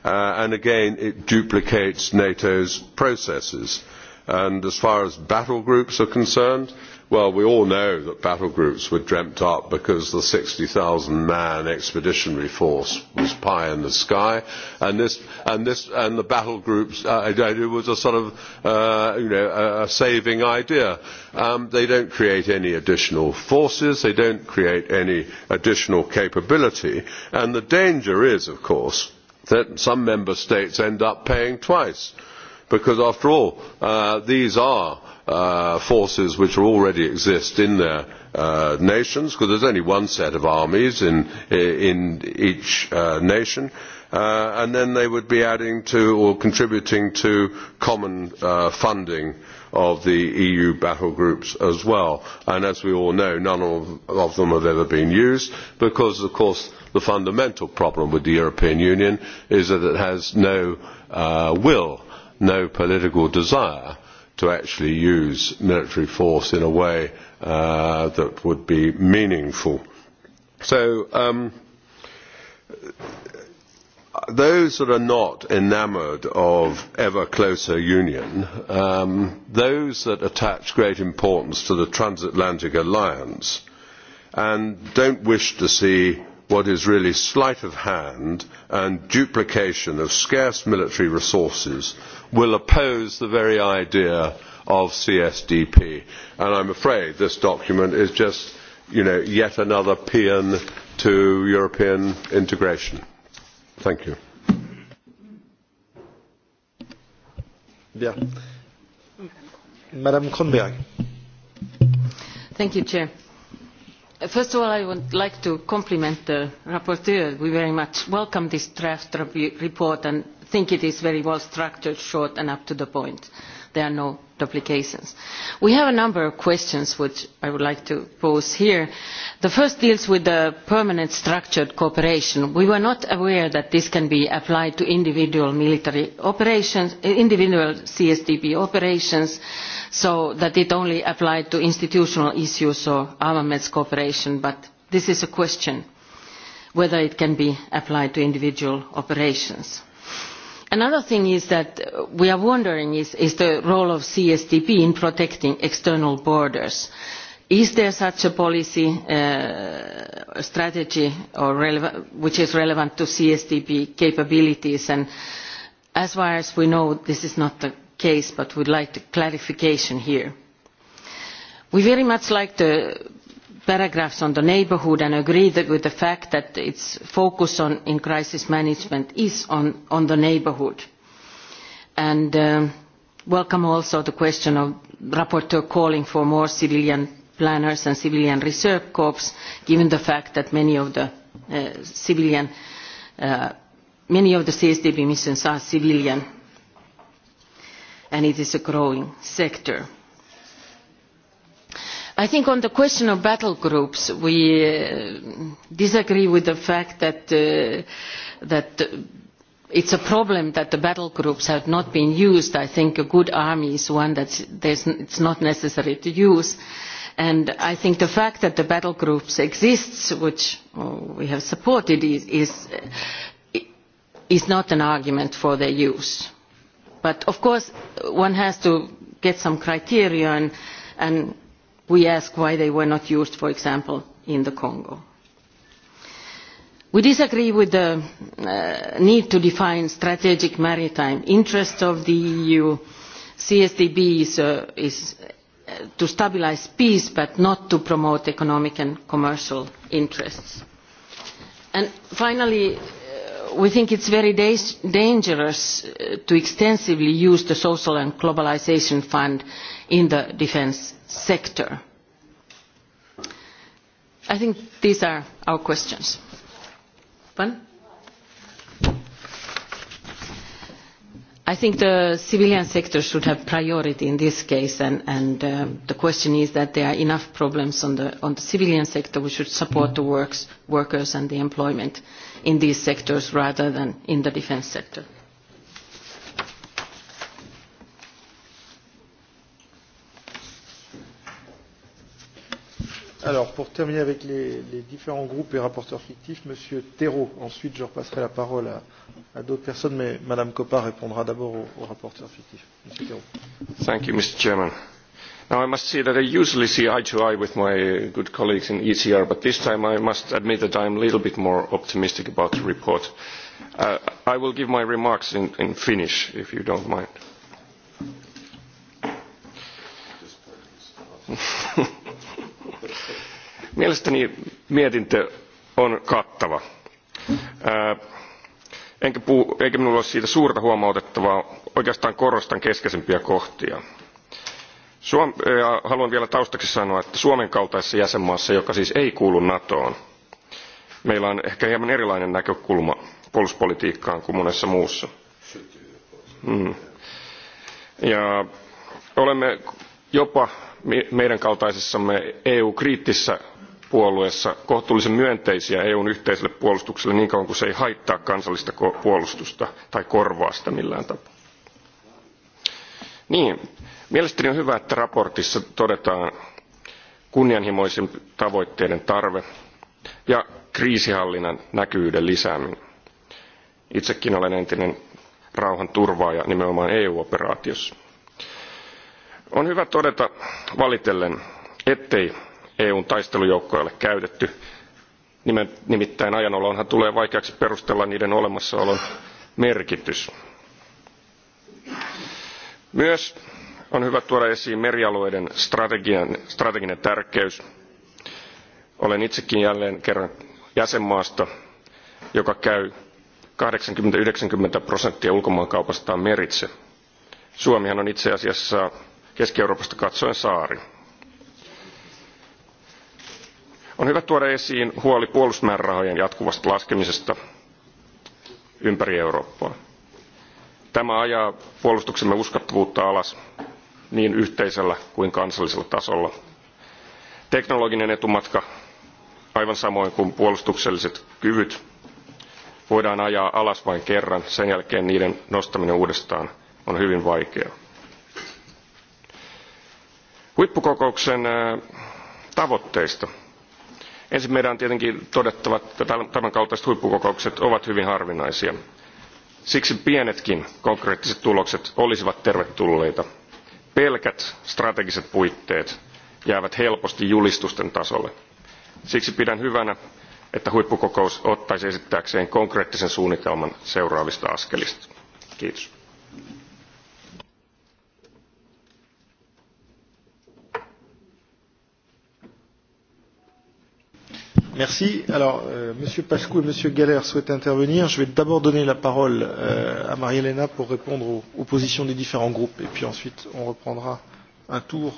G: Uh, and again it duplicates nato's processes. as far as battle groups are concerned we all know that battle groups were dreamt up because the sixty thousand man expeditionary force was pie in the sky and this and this and the battle groups uh, was a sort of uh, you know a saving idea um, they don't create any additional forces they don't create any additional capability and the danger is of course that some member states end up paying twice because after all uh, these are uh, forces which already exist in their uh, nations because there's only one set of armies in, in each uh, nation uh, and then they would be adding to or contributing to common uh, funding uh, of the EU battle groups as well. And as we all know, none of, of them have ever been used because, of course, the fundamental problem with the European Union is that it has no uh, will, no political desire to actually use military force in a way uh, that would be meaningful. So um, those that are not enamoured of ever closer union, um, those that attach great importance to the transatlantic alliance and don't wish to see what is really sleight of hand and duplication of scarce military resources will oppose the very idea of CSDP. And I'm afraid this document is just, you know, yet another paean to European integration. Thank you.
A: Bien. Madame Kronberg.
H: Thank you, Chair. First of all, I would like to compliment the rapporteur. We very much welcome this draft report and think it is very well structured, short and up to the point there are no duplications. we have a number of questions which i would like to pose here. the first deals with the permanent structured cooperation. we were not aware that this can be applied to individual military operations individual csdp operations so that it only applied to institutional issues or armaments cooperation but this is a question whether it can be applied to individual operations another thing is that we are wondering is, the role of csdp in protecting external borders. is there such a policy uh, strategy which is relevant to csdp capabilities? And as far as we know this is not the case but we would like clarification here. we very much like the paragraphs on the neighbourhood and agree with the fact that its focus in crisis management is on, the neighbourhood. And um, welcome also the question of the rapporteur calling for more civilian planners and civilian reserve corps, given the fact that many of the uh, CSDP uh, missions are civilian, and it is a growing sector i think on the question of battle groups we uh, disagree with the fact that, it uh, is a problem that the battle groups have not been used. i think a good army is one that it is not necessary to use and i think the fact that the battle groups exist which oh, we have supported is, not an argument for their use. but of course one has to get some criteria and we ask why they were not used for example in the congo. we disagree with the uh, need to define strategic maritime interests of the eu. csdp is, uh, uh, to stabilise peace but not to promote economic and commercial interests. finally we think it is very dangerous to extensively use the social and globalisation fund in the defence sector. I think these are our questions. One? I think the civilian sector should have priority in this case, and, and uh, the question is that there are enough problems on the, on the civilian sector. We should support the works, workers and the employment in these sectors rather than in the defence sector.
A: Alors, pour terminer avec les, les différents groupes et rapporteurs fictifs, Monsieur Thérault. Ensuite, je repasserai la parole à, à d'autres personnes, mais Madame Coppa répondra d'abord aux, aux rapporteurs fictifs. Monsieur Thérault.
I: Thank you, Mr. Chairman. Now, I must say that I usually see eye to eye with my good colleagues in ECR, but this time I must admit that I am a little bit more optimistic about the report. Uh, I will give my remarks in, in Finnish, if you don't mind. <laughs> mielestäni mietintö on kattava eikä minulla ole siitä suurta huomautettavaa oikeastaan korostan keskeisimpiä kohtia. haluan vielä taustaksi sanoa että suomen kaltaisessa jäsenmaassa joka siis ei kuulu natoon meillä on ehkä hieman erilainen näkökulma puolustuspolitiikkaan kuin monessa muussa. Mm. Ja olemme jopa meidän kaltaisessamme EU-kriittisessä puolueessa kohtuullisen myönteisiä eun yhteiselle puolustukselle niin kauan kuin se ei haittaa kansallista puolustusta tai korvaa sitä millään tapaa. Niin, mielestäni on hyvä, että raportissa todetaan kunnianhimoisen tavoitteiden tarve ja kriisihallinnan näkyvyyden lisääminen. Itsekin olen entinen rauhanturvaaja nimenomaan EU-operaatiossa. On hyvä todeta valitellen, ettei eun taistelujoukkoille käytetty nimittäin ajanolonhan tulee vaikeaksi perustella niiden olemassaolon merkitys. myös on hyvä tuoda esiin merialueiden strateginen tärkeys. olen itsekin jälleen kerran jäsenmaasta joka käy kahdeksankymmentä yhdeksänkymmentä prosenttia ulkomaankaupastaan meritse. suomihan on itse asiassa keski euroopasta katsoen saari on hyvä tuoda esiin huoli puolustusmäärärahojen jatkuvasta laskemisesta ympäri eurooppaa. tämä ajaa puolustuksemme uskottavuutta alas niin yhteisellä kuin kansallisella tasolla. teknologinen etumatka aivan samoin kuin puolustukselliset kyvyt voidaan ajaa alas vain kerran sen jälkeen niiden nostaminen uudestaan on hyvin vaikeaa. huippukokouksen tavoitteista ensin meidän on tietenkin todettava että tämänkaltaiset huippukokoukset ovat hyvin harvinaisia. siksi pienetkin konkreettiset tulokset olisivat tervetulleita. pelkät strategiset puitteet jäävät helposti julistusten tasolle. siksi pidän hyvänä että huippukokous ottaisi esittääkseen konkreettisen suunnitelman seuraavista askelista. kiitos.
A: Merci. Alors, euh, Monsieur Pascou et Monsieur Galler souhaitent intervenir. Je vais d'abord donner la parole euh, à Marie-Hélène pour répondre aux, aux positions des différents groupes, et puis ensuite on reprendra un tour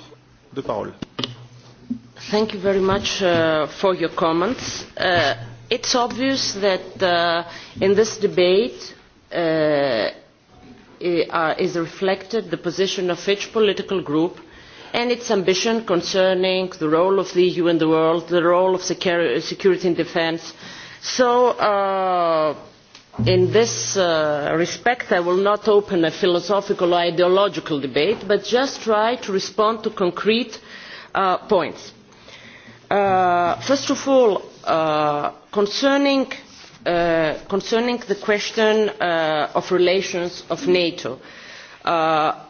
A: de parole.
D: Thank you very much uh, for your comments. Uh, it's obvious that uh, in this debate uh, uh is reflected the position of each political group and its ambition concerning the role of the eu in the world the role of security and defence so uh, in this uh, respect i will not open a philosophical or ideological debate but just try to respond to concrete uh, points. first of all concerning, concerning the question of relations of nato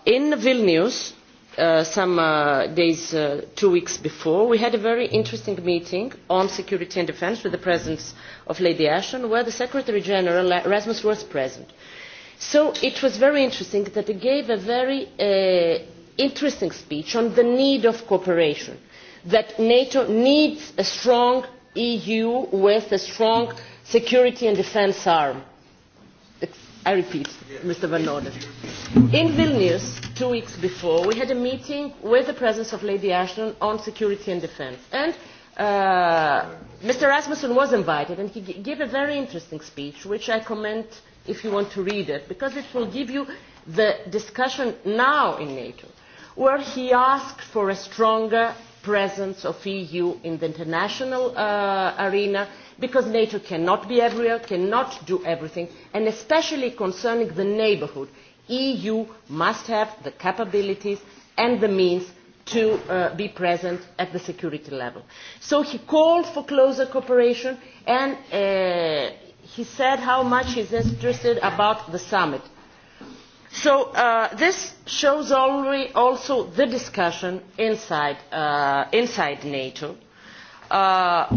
D: in vilnius Uh, some uh, days, uh, two weeks before, we had a very interesting meeting on security and defence with the presence of Lady Ashton, where the Secretary General Rasmus was present. So it was very interesting that he gave a very uh, interesting speech on the need of cooperation, that NATO needs a strong EU with a strong security and defence arm. I repeat, Mr. Van Orden. In Vilnius, two weeks before, we had a meeting with the presence of Lady Ashton on security and defence. And uh, Mr. Rasmussen was invited, and he g- gave a very interesting speech, which I commend if you want to read it, because it will give you the discussion now in NATO, where he asked for a stronger presence of EU in the international uh, arena, because NATO cannot be everywhere, cannot do everything, and especially concerning the neighbourhood eu must have the capabilities and the means to uh, be present at the security level. So he called for closer cooperation and uh, he said how much he's interested about the summit. So uh, this shows also the discussion inside, uh, inside NATO. Uh,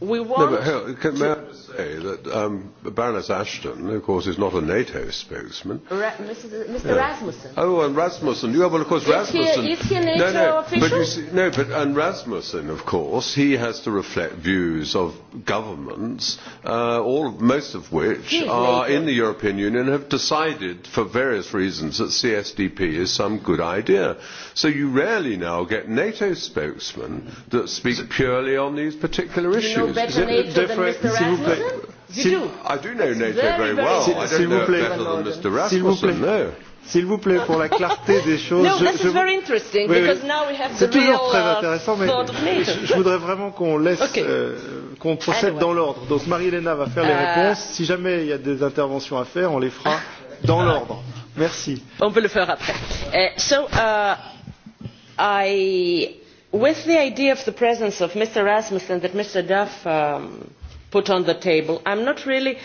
D: we want... No, but, hell, can, to,
G: say that um, Baroness Ashton, of course, is not a NATO spokesman.
D: Ra Mr. Mr. Yeah. Rasmussen.
G: Oh, and Rasmussen. You have, well, of course, is Rasmussen. He, is he a NATO no, no, official? But you see, no, but and Rasmussen, of course, he has to reflect views of governments, uh, all most of which are NATO. in the European Union have decided, for various reasons, that CSDP is some good idea. So you rarely now get NATO spokesmen that speak purely on these particular issues. You know better NATO than Mr. Rasmussen?
A: You do? I do know NATO very, well. I don't know it better than Mr. Rasmussen, no. S'il vous plaît, pour la clarté des choses. No, je, this is very
D: interesting oui, because now we have the real. C'est toujours très uh, intéressant, mais je,
A: voudrais vraiment qu'on laisse, okay. euh, qu'on ah, procède anyway. dans l'ordre. Donc Marie-Hélène va faire uh, les euh. réponses. Si jamais il y a des interventions à faire, on les fera dans ah. l'ordre. Merci. On peut le faire après.
D: Uh, so, uh, I, with the idea of the presence of Mr. Rasmussen that Mr. Duff. Um, put on the table. i am not really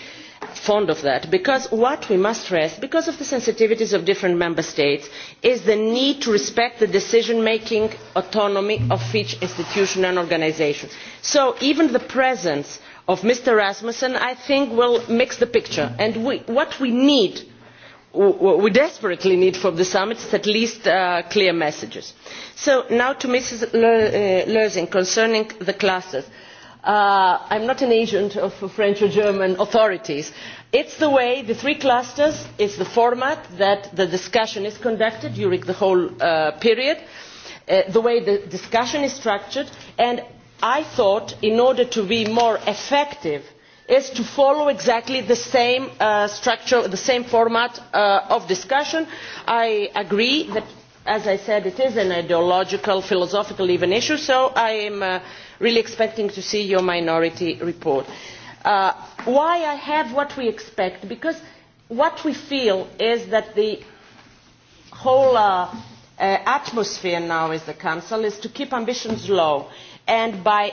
D: fond of that because what we must stress because of the sensitivities of different member states is the need to respect the decision making autonomy of each institution and organisation. so even the presence of mr rasmussen i think will mix the picture and what we need what we desperately need from the summit is at least uh, clear messages. so now to mrs lsing uh, concerning the clusters. Uh, i am not an agent of the french or german authorities it is the way the three clusters it is the format that the discussion is conducted during the whole uh, period uh, the way the discussion is structured and i thought in order to be more effective is to follow exactly the same structure the same format of discussion. i agree that as i said it is an ideological philosophical even issue so i am really expecting to see your minority report. Uh, why I have what we expect? Because what we feel is that the whole uh, uh, atmosphere now in the Council is to keep ambitions low. And by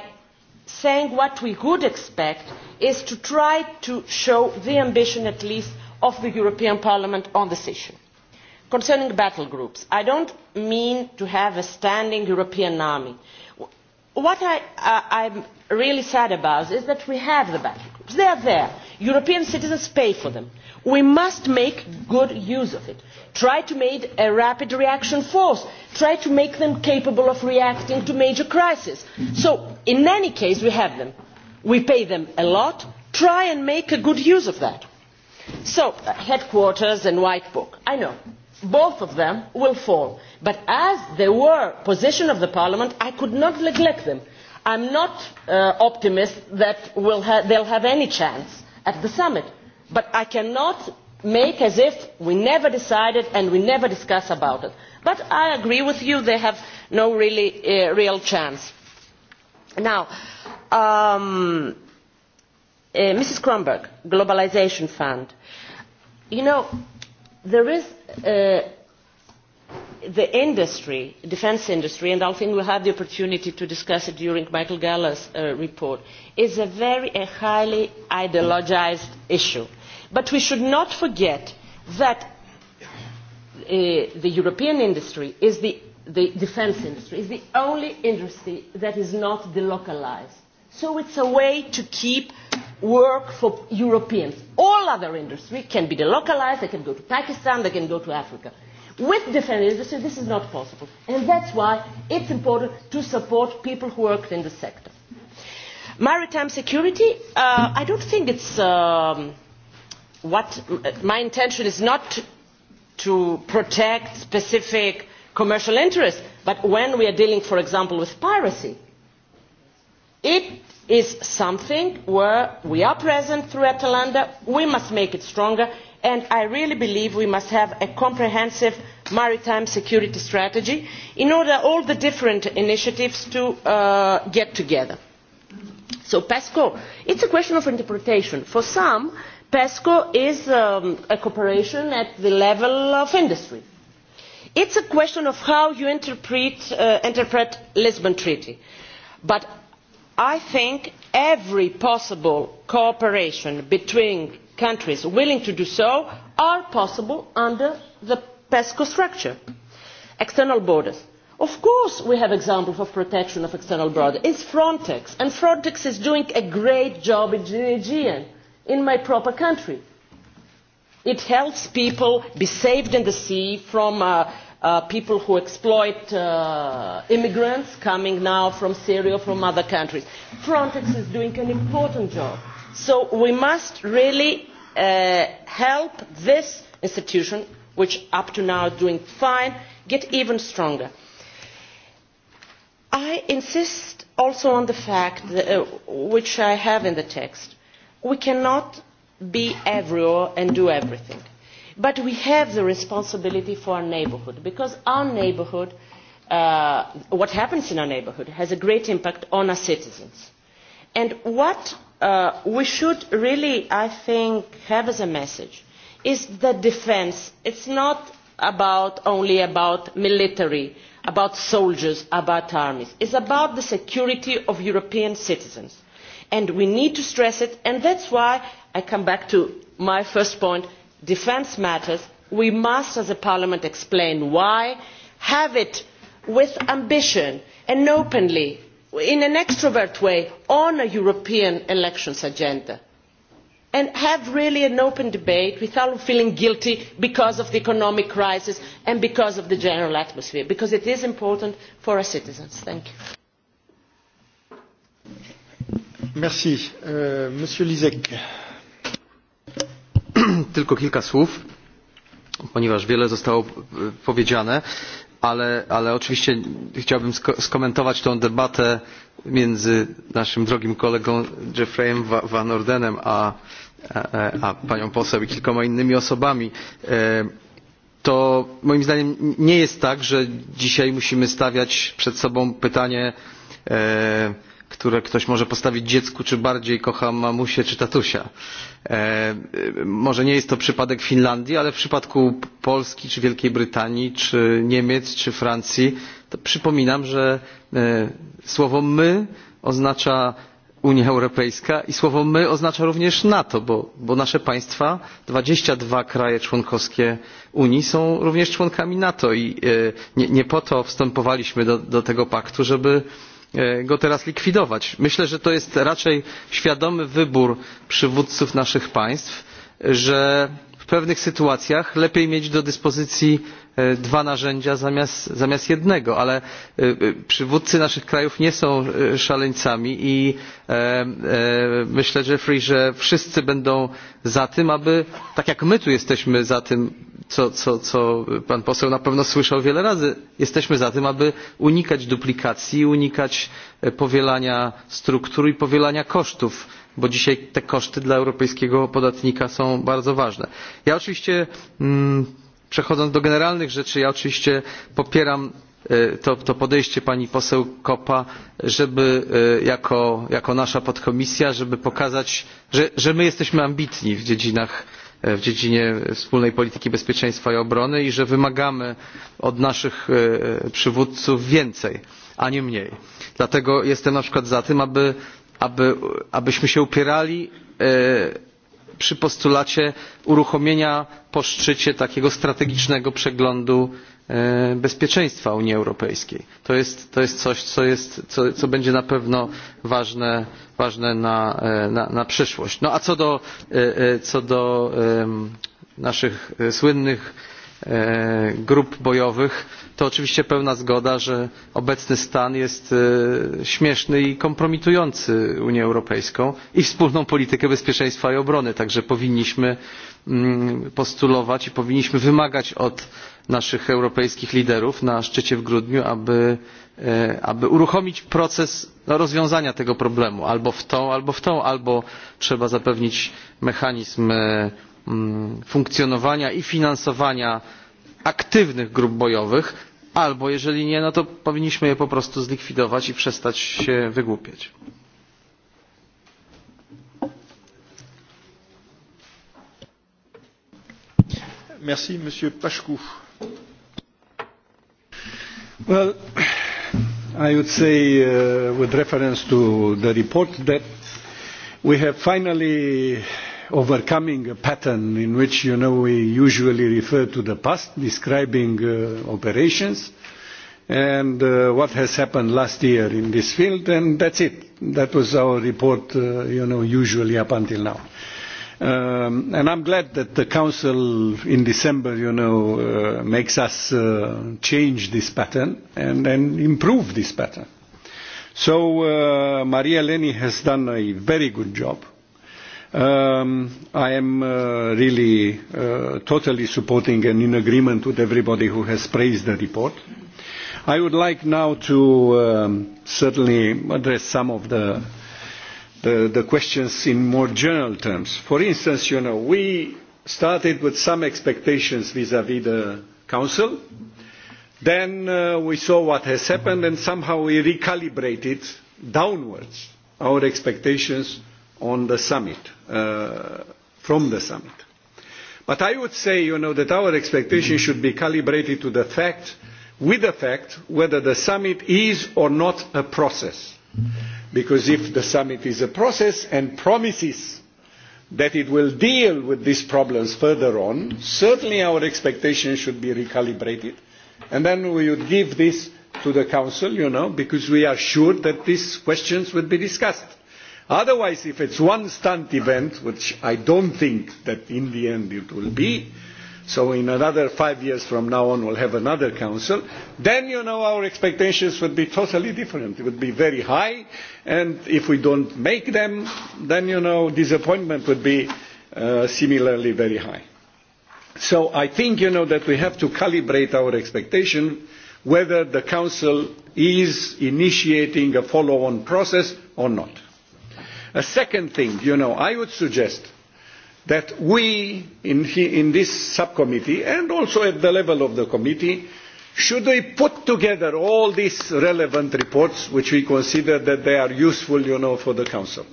D: saying what we would expect is to try to show the ambition at least of the European Parliament on this issue. Concerning battle groups, I don't mean to have a standing European army what I, am uh, really sad about is that we have the battle groups. They are there. European citizens pay for them. We must make good use of it. Try to make a rapid reaction force. Try to make them capable of reacting to major crises. So, in any case, we have them. We pay them a lot. Try and make a good use of that. So, uh, headquarters and white book. I know both of them will fall but as they were position of the parliament i could not neglect them. I'm not uh, optimist that we'll ha they'll have any chance at the summit but i cannot make as if we never decided and we never discussed about it. but i agree with you they have no really, uh, real chance. now um, uh, mrs kromberg globalisation fund you know there is uh, the industry, defence industry, and I think we'll have the opportunity to discuss it during Michael Gallagher's uh, report, is a very a highly ideologised issue. But we should not forget that uh, the European industry is the, the defence industry, is the only industry that is not delocalised so it's a way to keep work for europeans. all other industries can be delocalized, they can go to pakistan they can go to africa. with defence industry this is not possible and that's why it's important to support people who work in the sector. maritime security uh, i don't think it's um, what my intention is not to, to protect specific commercial interests but when we are dealing for example with piracy it is something where we are present through atalanta we must make it stronger and i really believe we must have a comprehensive maritime security strategy in order for all the different initiatives to uh, get together. so pesco is a question of interpretation. for some pesco is um, a cooperation at the level of industry. it is a question of how you interpret, uh, the lisbon treaty but i think every possible cooperation between countries willing to do so is possible under the pesco structure external borders. of course we have examples of protection of external borders it is frontex and frontex is doing a great job in the aegean in my proper country. it helps people be saved in the sea from uh, Uh, people who exploit uh, immigrants coming now from Syria, or from other countries. Frontex is doing an important job. So we must really uh, help this institution, which up to now is doing fine, get even stronger. I insist also on the fact, that, uh, which I have in the text, we cannot be everywhere and do everything but we have the responsibility for our neighbourhood because our neighbourhood uh, what happens in our neighbourhood has a great impact on our citizens and what uh, we should really i think have as a message is that defence it's not about only about military about soldiers about armies it's about the security of european citizens and we need to stress it and that's why i come back to my first point defence matters we must as a parliament explain why have it with ambition and openly in an extrovert way on a european elections agenda and have really an open debate without feeling guilty because of the economic crisis and because of the general atmosphere because it is important for our citizens. thank you
C: tylko kilka słów ponieważ wiele zostało e, powiedziane ale, oczywiście chciałbym skomentować tę debatę między naszym drogim kolegą jeffreyem van ordenem a, e, e, a panią poseł i kilkoma innymi osobami. to moim zdaniem nie jest tak że dzisiaj musimy stawiać przed sobą pytanie które ktoś może postawić dziecku, czy bardziej kocha mamusię czy tatusia. E, może nie jest to przypadek Finlandii, ale w przypadku Polski, czy Wielkiej Brytanii, czy Niemiec, czy Francji, to przypominam, że e, słowo my oznacza Unia Europejska i słowo my oznacza również NATO, bo, bo nasze państwa, 22 kraje członkowskie Unii są również członkami NATO i e, nie, nie po to wstępowaliśmy do, do tego paktu, żeby E, go teraz likwidować. myślę że to jest raczej świadomy wybór przywódców naszych państw że pewnych sytuacjach lepiej mieć do dyspozycji e, dwa narzędzia zamiast, jednego ale e, e, przywódcy naszych krajów nie są szaleńcami i myślę jeffrey że wszyscy będą za tym aby tak jak my tu jesteśmy za tym co pan poseł na pewno słyszał wiele razy jesteśmy za tym aby unikać duplikacji unikać powielania struktur i powielania kosztów bo dzisiaj te koszty dla europejskiego podatnika są bardzo ważne. Ja oczywiście mm, przechodząc do generalnych rzeczy ja oczywiście popieram e, to, to podejście pani poseł koppa żeby e, jako, jako nasza podkomisja żeby pokazać że, że my jesteśmy ambitni w dziedzinach e, w dziedzinie wspólnej polityki bezpieczeństwa i obrony i że wymagamy od naszych przywódców więcej a nie mniej. dlatego jestem na przykład za tym aby aby, abyśmy się upierali e, przy postulacie uruchomienia po szczycie takiego strategicznego przeglądu e, bezpieczeństwa unii europejskiej. to jest, to jest coś co, jest, co, co będzie na pewno ważne, ważne na, e, na, na przyszłość. no a co do, co do naszych słynnych E, grup bojowych to oczywiście pełna zgoda że obecny stan jest e, śmieszny i kompromitujący unię europejską i wspólną politykę bezpieczeństwa i obrony także powinniśmy mm, postulować i powinniśmy wymagać od naszych europejskich liderów na szczycie w grudniu e, aby, uruchomić proces rozwiązania tego problemu albo w tą albo w tą albo trzeba zapewnić mechanizm Mm, funkcjonowania i finansowania aktywnych grup bojowych albo jeżeli nie no to powinniśmy je po prostu zlikwidować i przestać się wygłupiać.
A: Merci, Monsieur Well,
J: I would say, uh, with reference to the report, that we have finally overcoming a pattern in which you know we usually refer to the past describing uh, operations and uh, what has happened last year in this field and that's it that was our report uh, you know usually up until now um, and I'm glad that the Council in December, you know, uh, makes us uh, change this pattern and, and improve this pattern. So uh, Maria Leni has done a very good job Um, I am uh, really uh, totally supporting and in agreement with everybody who has praised the report. I would like now to um, certainly address some of the, the, the questions in more general terms. For instance, you know, we started with some expectations vis-à-vis -vis the Council. Then uh, we saw what has happened and somehow we recalibrated downwards our expectations on the summit, uh, from the summit. But I would say, you know, that our expectations should be calibrated to the fact, with the fact, whether the summit is or not a process. Because if the summit is a process and promises that it will deal with these problems further on, certainly our expectations should be recalibrated. And then we would give this to the Council, you know, because we are sure that these questions would be discussed Otherwise, if it's one stunt event, which I don't think that in the end it will be, so in another five years from now on we'll have another council, then you know our expectations would be totally different. It would be very high, and if we don't make them, then you know disappointment would be uh, similarly very high. So I think you know that we have to calibrate our expectation whether the council is initiating a follow-on process or not a second thing i would suggest that we in, this subcommittee and also at the level of the committee should we put together all these relevant reports which we consider that they are useful for the council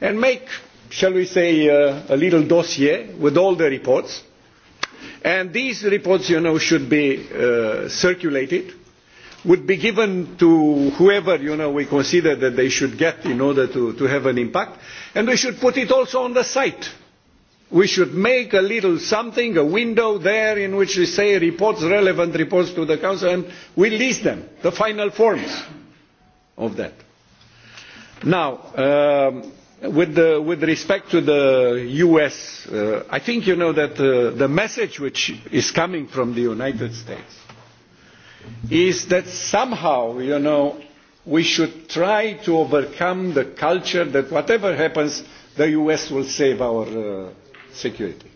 J: and make shall we say uh, a little dossier with all the reports and these reports should be uh, circulated would be given to whoever you know, we consider that they should get in order to, to have an impact. And we should put it also on the site. We should make a little something, a window there in which we say reports, relevant reports to the Council, and we list them, the final forms of that. Now, um, with, the, with respect to the US, uh, I think you know that uh, the message which is coming from the United States is that somehow, you know, we should try to overcome the culture that whatever happens, the US will save our uh, security.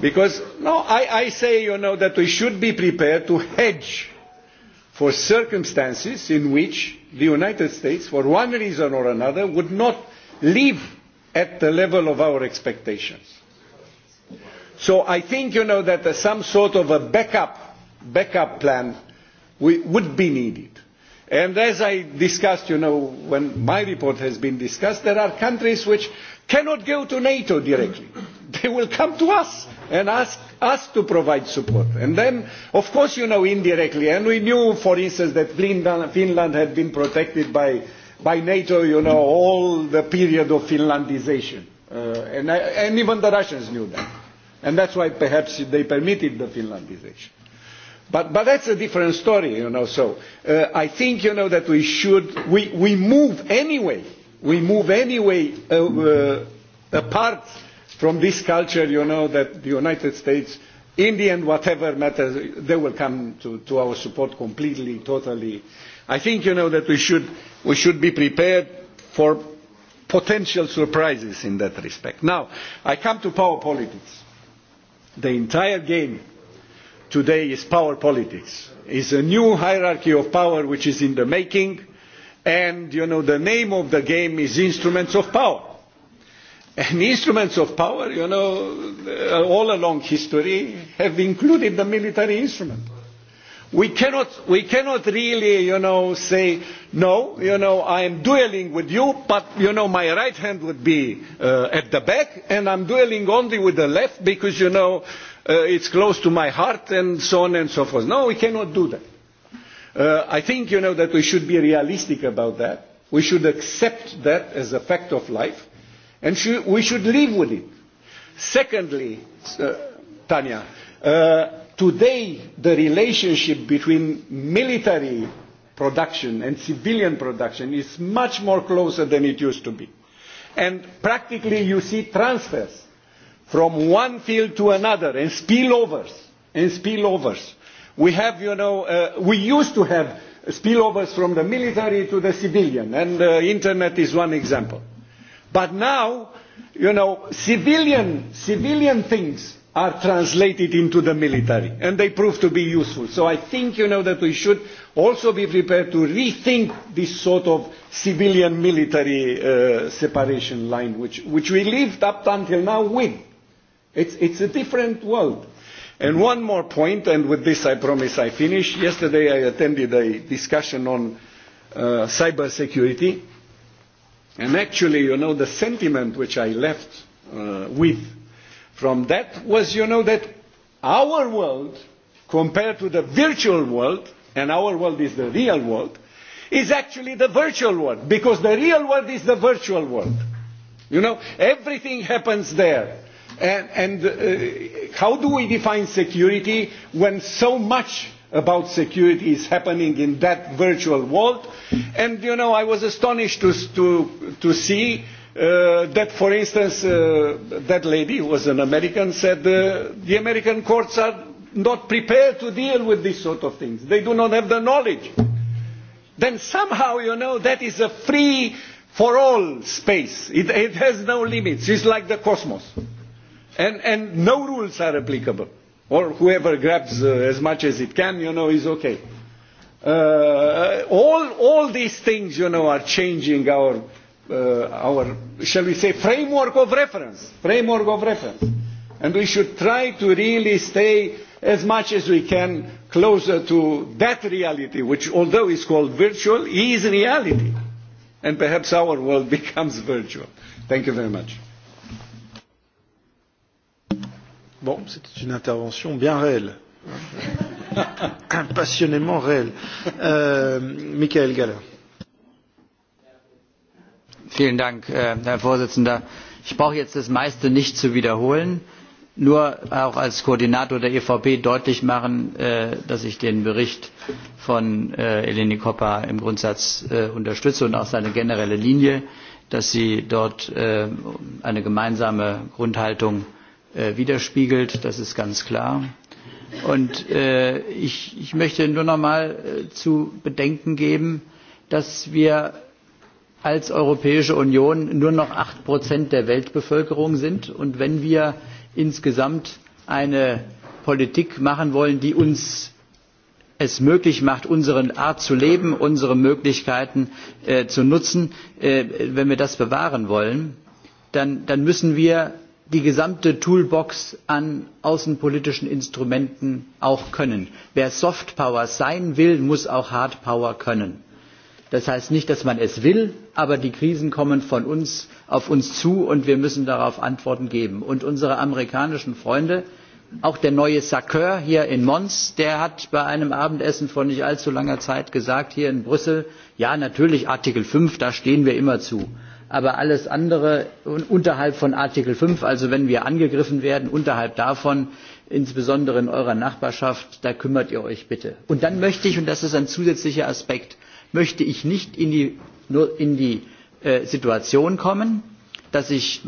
J: Because, no, I, I say, you know, that we should be prepared to hedge for circumstances in which the United States, for one reason or another, would not live at the level of our expectations. So I think, you know, that some sort of a backup, backup plan would be needed. And as I discussed, you know, when my report has been discussed, there are countries which cannot go to NATO directly. <laughs> They will come to us and ask us to provide support. And then, of course, you know, indirectly, and we knew, for instance, that Finland had been protected by, by NATO, you know, all the period of Finlandization. Uh, and, and even the Russians knew that. And that's why perhaps they permitted the Finlandization. But, but that's a different story, you know. So uh, I think, you know, that we should, we, we move anyway, we move anyway uh, uh, apart from this culture, you know, that the United States, in the end, whatever matters, they will come to, to our support completely, totally. I think, you know, that we should, we should be prepared for potential surprises in that respect. Now, I come to power politics. The entire game today is power politics. It's a new hierarchy of power which is in the making, and you know the name of the game is instruments of power. And <laughs> instruments of power, you know, uh, all along history have included the military instrument. We cannot, we cannot really, you know, say, no, you know, I am dueling with you, but, you know, my right hand would be uh, at the back, and I'm dueling only with the left because, you know, uh, uh, it's close to my heart and so on and so forth. No, we cannot do that. Uh, I think you know that we should be realistic about that. We should accept that as a fact of life, and we should live with it. Secondly, uh, Tanya, uh, today the relationship between military production and civilian production is much more closer than it used to be. And practically you see transfers from one field to another and spillovers and spillovers we have you know uh, we used to have spillovers from the military to the civilian and the uh, internet is one example but now you know civilian civilian things are translated into the military and they prove to be useful so i think you know that we should also be prepared to rethink this sort of civilian military uh, separation line which which we lived up until now with It's, it's a different world. And one more point, and with this I promise I finish. Yesterday I attended a discussion on uh, cyber security. And actually, you know, the sentiment which I left uh, with from that was, you know, that our world, compared to the virtual world, and our world is the real world, is actually the virtual world, because the real world is the virtual world. You know, everything happens there And, and uh, how do we define security when so much about security is happening in that virtual world? And, you know, I was astonished to, to, to see Uh, that for instance uh, that lady who was an american said uh, the american courts are not prepared to deal with these sort of things they do not have the knowledge then somehow you know that is a free for all space it, it has no limits it's like the cosmos and, and no rules are applicable. Or whoever grabs uh, as much as it can, you know, is okay. Uh, all, all these things, you know, are changing our, uh, our, shall we say, framework of reference. Framework of reference. And we should try to really stay as much as we can closer to that reality, which although is called virtual, is reality. And perhaps our world <laughs> becomes virtual.
A: Thank you very much. Bon, c'était une intervention bien réelle, <laughs> passionnément réelle. Euh, Michael Galler.
K: Vielen Dank, äh, Herr Vorsitzender. Ich brauche jetzt das meiste nicht zu wiederholen, nur auch als Koordinator der EVP deutlich machen, äh, dass ich den Bericht von äh, Eleni Koppa im Grundsatz unterstütze und auch seine generelle Linie, dass sie dort eine gemeinsame Grundhaltung Äh, widerspiegelt. Das ist ganz klar. Und äh, ich, ich möchte nur noch mal äh, zu bedenken geben, dass wir als Europäische Union nur noch acht Prozent der Weltbevölkerung sind. Und wenn wir insgesamt eine Politik machen wollen, die uns es möglich macht, unsere Art zu leben, unsere Möglichkeiten äh, zu nutzen, äh, wenn wir das bewahren wollen, dann, dann müssen wir die gesamte toolbox an außenpolitischen instrumenten auch können. wer soft power sein will muss auch hard power können. das heißt nicht dass man es will aber die krisen kommen von uns auf uns zu und wir müssen darauf antworten geben. und unsere amerikanischen freunde auch der neue sacr hier in mons der hat bei einem abendessen vor nicht allzu langer zeit gesagt hier in brüssel ja natürlich artikel fünf da stehen wir immer zu aber alles andere unterhalb von artikel fünf also wenn wir angegriffen werden unterhalb davon insbesondere in eurer nachbarschaft da kümmert ihr euch bitte. und dann möchte ich und das ist ein zusätzlicher aspekt möchte ich nicht in die, in die äh, situation kommen dass ich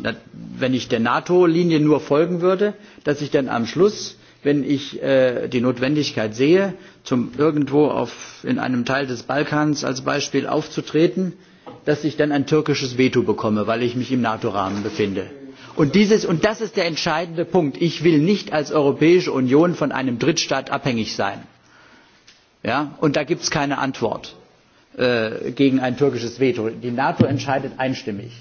K: wenn ich der nato linie nur folgen würde dass ich dann am schluss wenn ich äh, die notwendigkeit sehe zum irgendwo auf, in einem teil des balkans als beispiel aufzutreten dass ich dann ein türkisches veto bekomme weil ich mich im nato rahmen befinde. Und, dieses, und das ist der entscheidende punkt ich will nicht als europäische union von einem drittstaat abhängig sein. Ja? und da gibt es keine antwort äh, gegen ein türkisches veto. die nato entscheidet einstimmig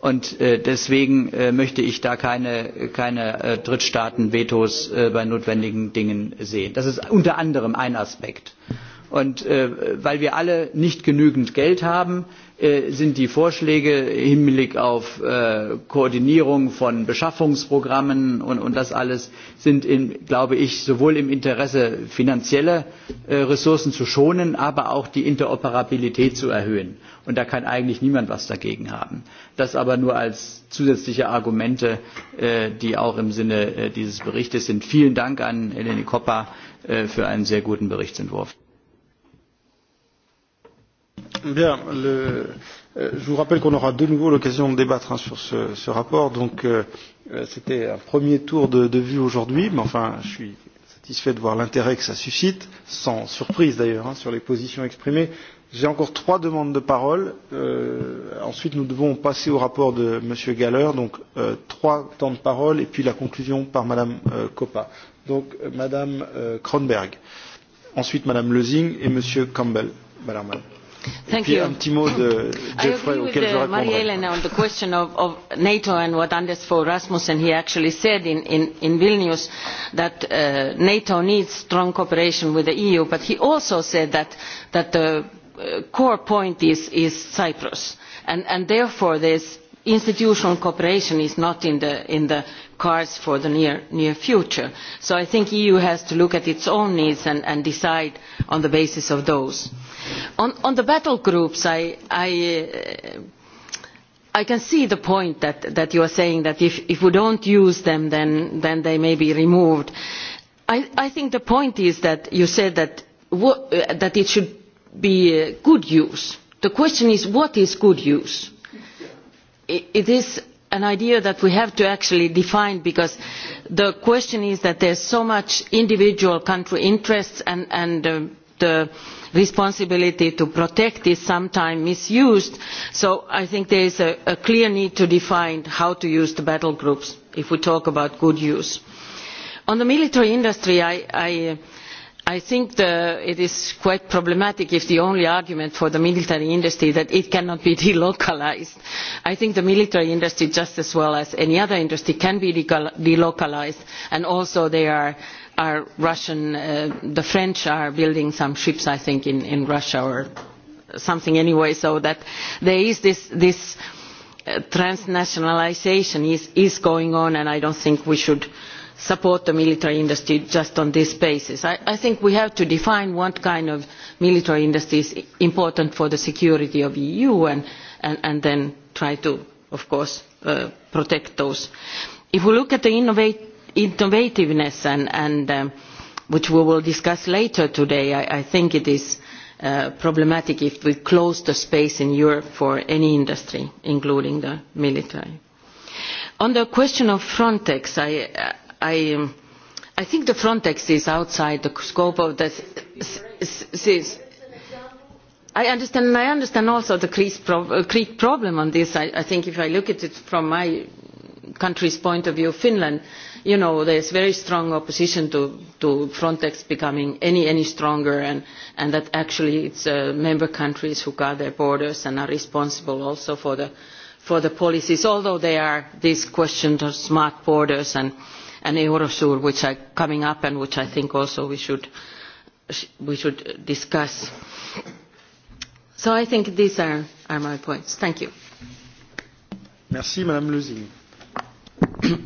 K: und äh, deswegen äh, möchte ich da keine, keine äh, drittstaaten vetos äh, bei notwendigen dingen sehen. das ist unter anderem ein aspekt und äh, weil wir alle nicht genügend geld haben äh, sind die vorschläge im hinblick auf äh, koordinierung von beschaffungsprogrammen und, das alles sind glaube ich sowohl im interesse finanzielle ressourcen zu schonen aber auch die interoperabilität zu erhöhen und da kann eigentlich niemand etwas dagegen haben. das aber nur als zusätzliche argumente die auch im sinne dieses berichts sind. vielen dank an eleni koppa für einen sehr guten berichtsentwurf.
A: Euh, je vous rappelle qu'on aura de nouveau l'occasion de débattre sur ce, rapport. Donc, euh, euh, c'était un premier tour de, de vue aujourd'hui, mais enfin, je suis satisfait de voir l'intérêt que ça suscite, sans surprise d'ailleurs, hein, sur les positions exprimées. J'ai encore trois demandes de parole. Euh, ensuite, nous devons passer au rapport de M. Galler, donc euh, trois temps de parole et puis la conclusion par Mme euh, Coppa. Donc, euh, Mme euh, Kronberg, ensuite Mme Lezing et M. Campbell. Madame.
H: Thank you. I agree
A: with uh, on the question
H: of, of NATO and what Anders Fogh Rasmussen he actually said in, in, in Vilnius that uh, NATO needs strong cooperation with the EU, but he also said that, that the uh, core point is, is Cyprus. And, and therefore there's institutional cooperation is not in the, in the cards for the near, near future so i think the eu has to look at its own needs and, and decide on the basis of those. on, on the battle groups i, I uh, i can see the point that, that you are saying that if, if we do not use them then, then they may be removed. I, i think the point is that you said that, uh, that it should be uh, good use. the question is what is good use? it is an idea that we have to actually define because the question is that there are so many individual country interests and, um, the responsibility to protect is sometimes misused so i think there is a, clear need to define how to use the battle groups if we talk about good use. on the military industry I i think it is quite problematic if the only argument for the military industry is that it cannot be <laughs> delocalised. i think the military industry just as well as any other industry can be delocalised and also uh, the french are building some ships i think in, russia or something anyway so that there is this, uh, transnationalisation is, going on and i do not think we should support the military industry just on this basis. I, think we have to define what kind of military industry is important for the security of the EU and, then try to, of course, uh, protect those. If we look at the innovativeness, and, um, which we will discuss later today, I, think it is uh, problematic if we close the space in Europe for any industry, including the military. On the question of Frontex, I, I, think the frontex is outside the scope of this. i understand and i understand also the uh, greek problem on this I, think if i look at it from my country's point of view finland you know there is very strong opposition to, to frontex becoming any any stronger and and that actually it's uh, member countries who guard their borders and are responsible also for the for the policies although there are these questions of smart borders and and Eurosur, which are coming up and which I think also we should, discuss. So I think these are, my points. Thank you.
A: <coughs>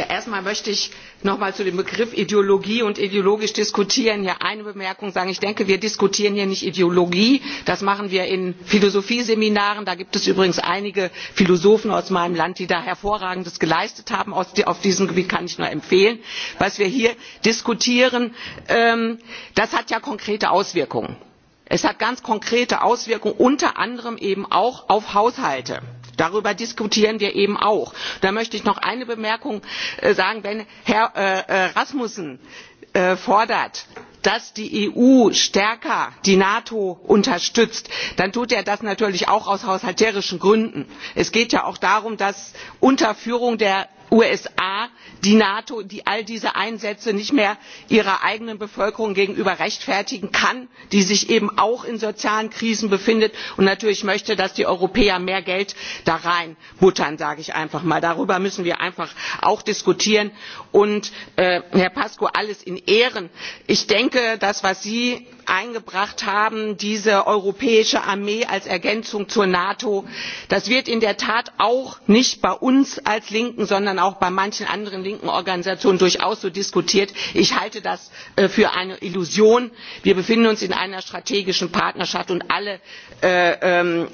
F: Ja, einmal möchte ich noch einmal zu dem begriff ideologie und ideologisch diskutieren hier eine bemerkung sagen ich denke wir diskutieren hier nicht ideologie das machen wir in philosophieseminaren da gibt es übrigens einige philosophen aus meinem land die da hervorragendes geleistet haben auf diesem gebiet kann ich nur empfehlen. was wir hier diskutieren ähm, das hat ja konkrete auswirkungen. es hat ganz konkrete auswirkungen unter anderem eben auch auf haushalte darüber diskutieren wir eben auch. da möchte ich noch eine bemerkung äh, sagen wenn herr äh, äh, rasmussen fordert dass die eu stärker die nato unterstützt dann tut er das natürlich auch aus haushalterischen gründen. es geht ja auch darum dass unter führung usa die nato die all diese einsätze nicht mehr ihrer eigenen bevölkerung gegenüber rechtfertigen kann die sich eben auch in sozialen krisen befindet und natürlich möchte dass die europäer mehr geld da reinbuttern sage ich einfach mal. darüber müssen wir einfach auch diskutieren. und äh, herr pacu alles in ehren ich denke das was sie eingebracht haben diese europäische armee als ergänzung zur nato das wird in der tat auch nicht bei uns als linken sondern auch bei manchen anderen linken organisationen durchaus so diskutiert. ich halte das äh, für eine illusion. wir befinden uns in einer strategischen partnerschaft und alle, äh, ähm,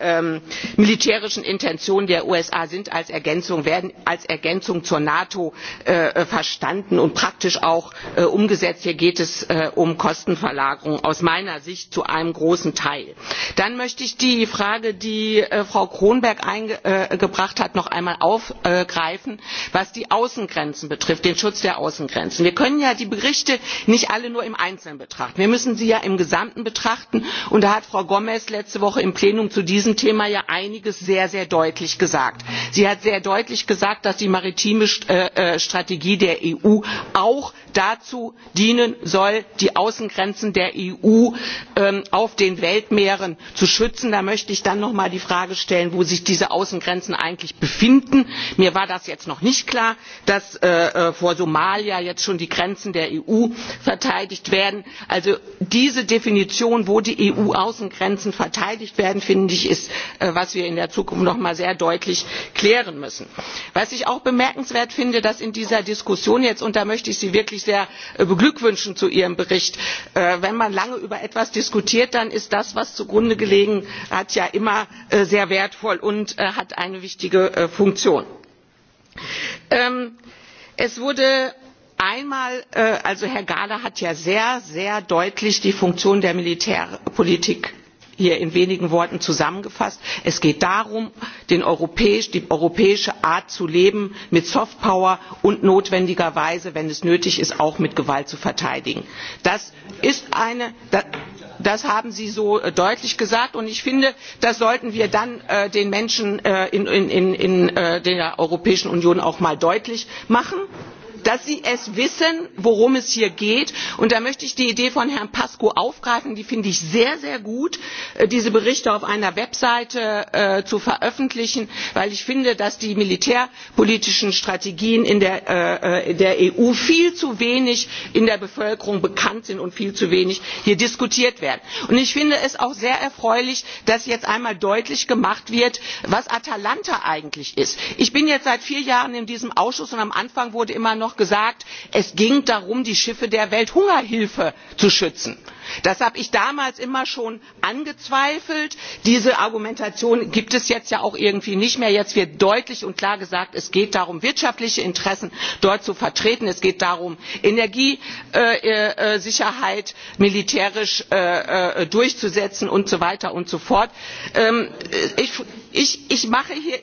F: ähm, militärischen intentionen der usa werden als ergänzung zur nato äh, verstanden und praktisch auch umgesetzt. hier geht es um kostenverlagerung aus meiner sicht zu einem großen teil. dann möchte ich die frage die frau kronberg eingebracht hat noch einmal aufgreifen greifen was die außengrenzen betrifft den schutz der außengrenzen. wir können ja die berichte nicht alle nur im einzelnen betrachten wir müssen sie ja im gesamten betrachten und da hat frau gomes letzte woche im plenum zu diesem thema ja einiges sehr sehr deutlich gesagt. sie hat sehr deutlich gesagt dass die maritime äh, äh, strategie der eu auch dazu dienen soll die außengrenzen der eu ähm, auf den weltmeeren zu schützen. da möchte ich dann noch einmal die frage stellen wo sich diese außengrenzen eigentlich befinden. mir war das jetzt noch nicht klar dass äh, äh, vor somalia jetzt schon die grenzen der eu verteidigt werden. also diese definition wo die eu außengrenzen verteidigt werden finde ich ist äh, was wir in der zukunft noch einmal sehr deutlich klären müssen. was ich auch bemerkenswert finde ist dass in dieser diskussion jetzt und da möchte ich sie wirklich sehr äh, beglückwünschen zu ihrem bericht. Äh, wenn man lange über etwas diskutiert dann ist das was zugrunde gelegen hat ja immer äh, sehr wertvoll und hat eine wichtige funktion. Ähm, es wurde einmal also herr gahler hat ja sehr sehr deutlich die funktion der militärpolitik hier in wenigen worten zusammengefasst es geht darum die europäische art zu leben mit soft power und notwendigerweise wenn es nötig ist auch mit gewalt zu verteidigen. das haben sie so äh, deutlich gesagt und ich finde das sollten wir dann äh, den menschen äh, in, der europäischen union auch mal deutlich machen dass sie es wissen worum es hier geht und da möchte ich die idee von herrn pacu aufgreifen die finde ich sehr sehr gut äh, diese berichte auf einer webseite äh, zu veröffentlichen weil ich finde dass die militärpolitischen strategien der äh, eu e viel zu wenig in der bevölkerung bekannt sind und viel zu wenig hier diskutiert werden. und ich finde es auch sehr erfreulich dass jetzt einmal deutlich gemacht wird was atalanta eigentlich ist. ich bin jetzt seit vier jahren in diesem ausschuss und am anfang wurde immer gesagt es ging darum die schiffe der welthungerhilfe zu schützen. das habe ich damals immer schon angezweifelt. diese argumentation gibt es jetzt ja auch irgendwie nicht mehr. jetzt wird deutlich und klar gesagt es geht darum wirtschaftliche interessen dort zu vertreten es geht darum energiesicherheit äh, äh, äh, militärisch durchzusetzen und so weiter und so fort. Ähm, ich, ich mache hier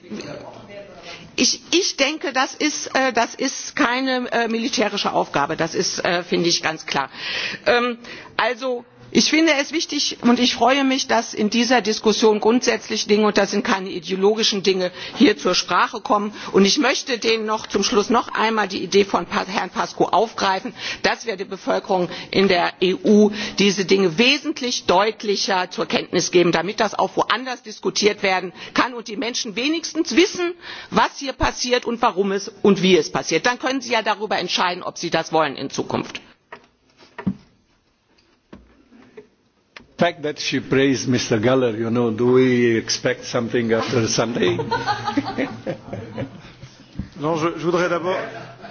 F: Ich, denke das ist, äh, das ist keine äh, militärische aufgabe das ist äh, finde ich ganz klar. Ähm, also ich finde es wichtig und ich freue mich dass in dieser diskussion grundsätzlich dinge und das sind keine ideologischen dinge hier zur sprache kommen und ich möchte zum schluss noch einmal die idee von herrn pacu aufgreifen dass wir der bevölkerung in der eu diese dinge wesentlich deutlicher zur kenntnis geben damit das auch woanders diskutiert werden kann und die menschen wenigstens wissen was hier passiert und warum es und wie es passiert. dann können sie ja darüber entscheiden ob sie das wollen in zukunft. fact
J: that she praised Mr. Geller, you know, do we expect something after Sunday? <laughs>
A: non, je, je voudrais d'abord.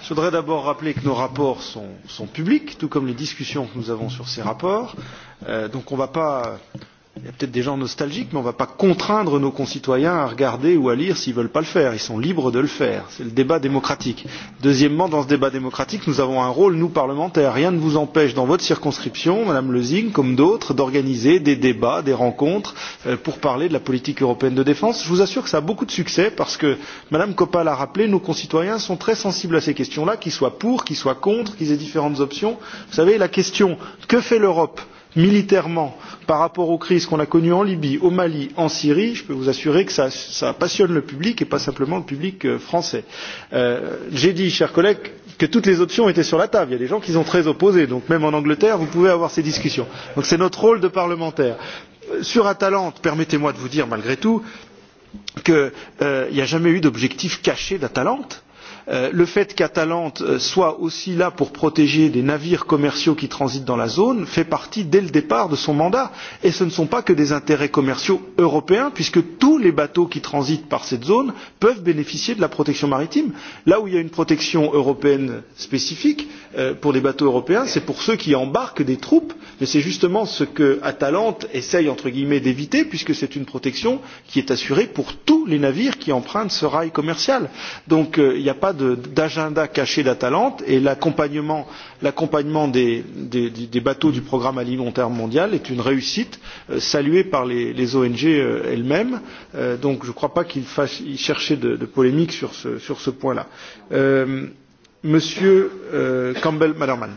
A: Je voudrais d'abord rappeler que nos rapports sont, sont publics, tout comme les discussions que nous avons sur ces rapports. Euh, donc on ne va pas euh, il y a peut-être des gens nostalgiques, mais on ne va pas contraindre nos concitoyens à regarder ou à lire s'ils ne veulent pas le faire. Ils sont libres de le faire. C'est le débat démocratique. Deuxièmement, dans ce débat démocratique, nous avons un rôle, nous, parlementaires. Rien ne vous empêche, dans votre circonscription, Madame Lezing, comme d'autres, d'organiser des débats, des rencontres euh, pour parler de la politique européenne de défense. Je vous assure que ça a beaucoup de succès parce que, Madame Coppa l'a rappelé, nos concitoyens sont très sensibles à ces questions-là, qu'ils soient pour, qu'ils soient contre, qu'ils aient différentes options. Vous savez, la question que fait l'Europe militairement par rapport aux crises qu'on a connues en libye au mali en syrie je peux vous assurer que cela passionne le public et pas simplement le public euh, français. Euh, j'ai dit chers collègues que toutes les options étaient sur la table. il y a des gens qui sont très opposés donc même en angleterre vous pouvez avoir ces discussions. c'est notre rôle de parlementaires. Euh, sur atalante permettez moi de vous dire malgré tout qu'il n'y a jamais eu d'objectif caché d'atalante Euh, le fait qu'atalante euh, soit aussi là pour protéger des navires commerciaux qui transitent dans la zone fait partie dès le départ de son mandat et ce ne sont pas que des intérêts commerciaux européens puisque tous les bateaux qui transitent par cette zone peuvent bénéficier de la protection maritime. là où il y a une protection européenne spécifique euh, pour les bateaux européens c'est pour ceux qui embarquent des troupes mais c'est justement ce que atalante essaie entre guillemets d'éviter puisque c'est une protection qui est assurée pour tous les navires qui empruntent ce rail commercial. donc il n'y a d'agenda caché d'atalante et l'accompagnement des, bateaux du programme alimentaire mondial est une réussite euh, saluée par les, ong euh, elles mêmes euh, donc je ne crois pas qu'il faille y chercher de, polémique sur ce, point là. Euh, campbell bannerman.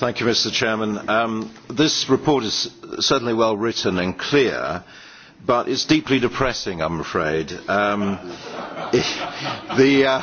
L: mr president this report is certainly well written and clear but it is deeply depressing, I'm afraid. Um, <laughs> the, uh,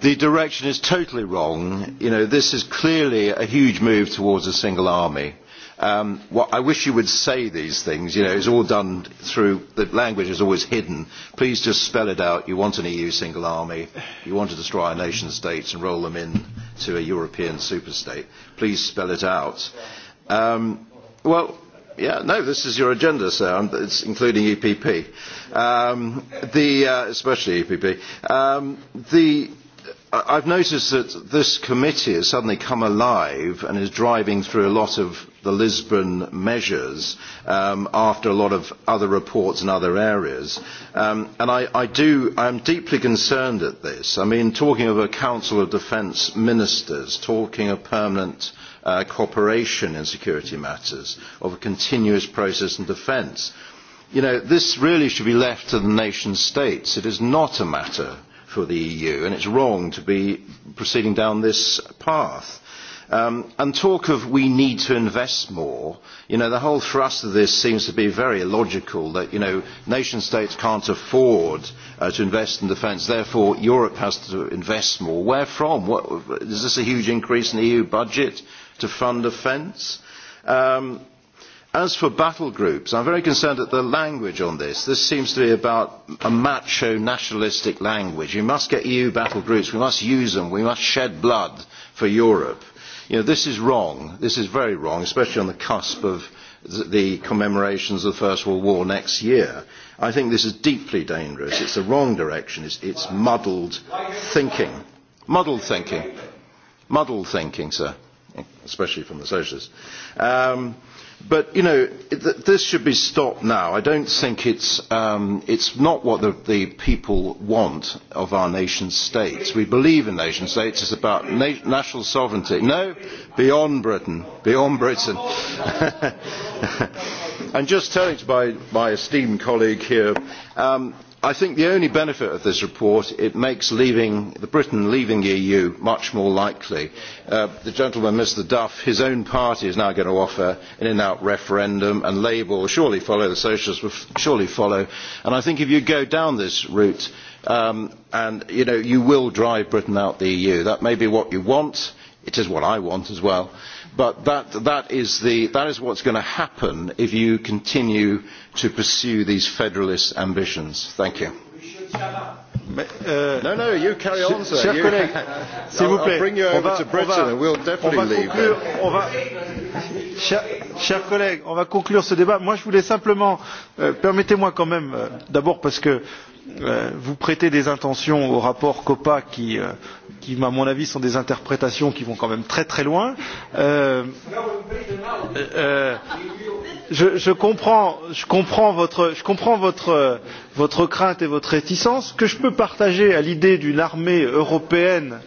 L: the direction is totally wrong. You know, this is clearly a huge move towards a single army. Um, what, I wish you would say these things. You know, it's all done through the language is always hidden. Please just spell it out. You want an EU single army. You want to destroy our nation states and roll them into a European superstate. Please spell it out. Um, well, Yeah, no, this is your agenda, sir. I'm, it's including EPP, um, the, uh, especially EPP. Um, the, I've noticed that this committee has suddenly come alive and is driving through a lot of the Lisbon measures um, after a lot of other reports in other areas. Um, and I, I do, I'm deeply concerned at this. I mean, talking of a Council of Defence Ministers, talking of permanent uh, cooperation in security matters, of a continuous process in defence. You know, this really should be left to the nation states. It is not a matter for the EU, and it's wrong to be proceeding down this path. Um, and talk of we need to invest more, you know, the whole thrust of this seems to be very illogical that, you know, nation states can't afford uh, to invest in defence, therefore Europe has to invest more. Where from? What, is this a huge increase in the EU budget? to fund offence. Um, as for battle groups, I'm very concerned at the language on this. This seems to be about a macho nationalistic language. You must get EU battle groups. We must use them. We must shed blood for Europe. You know, this is wrong. This is very wrong, especially on the cusp of the commemorations of the First World War next year. I think this is deeply dangerous. It's the wrong direction. It's, it's muddled thinking. Muddled thinking. Muddled thinking, sir especially from the socialists. Um, but you know, th this should be stopped now. I don't think it's um, it's not what the, the people want of our nation states. We believe in nation states. It's about na national sovereignty. No, beyond Britain, beyond Britain. <laughs> and just turning to my, my esteemed colleague here. Um, i think the only benefit of this report is that it makes leaving, britain leaving the eu much more likely. Uh, the gentleman mr duff his own party is now going to offer an in out referendum and labour will surely follow the socialists will surely follow and i think if you go down this route um, and, you, know, you will drive britain out of the eu. that may be what you want it is what i want as well but that, is what is going to happen if you continue to pursue these federalist ambitions.
A: Chers collègues, on va, Conclure, ce débat. je voulais simplement, euh, permettez-moi quand même, euh, d'abord parce que euh, vous prêtez des intentions au rapport qui qui à mon avis sont des interprétations qui vont quand même très très loin. Euh, euh, je, je comprends, je comprends, votre, je comprends votre, votre crainte et votre réticence que je peux partager à l'idée d'une armée européenne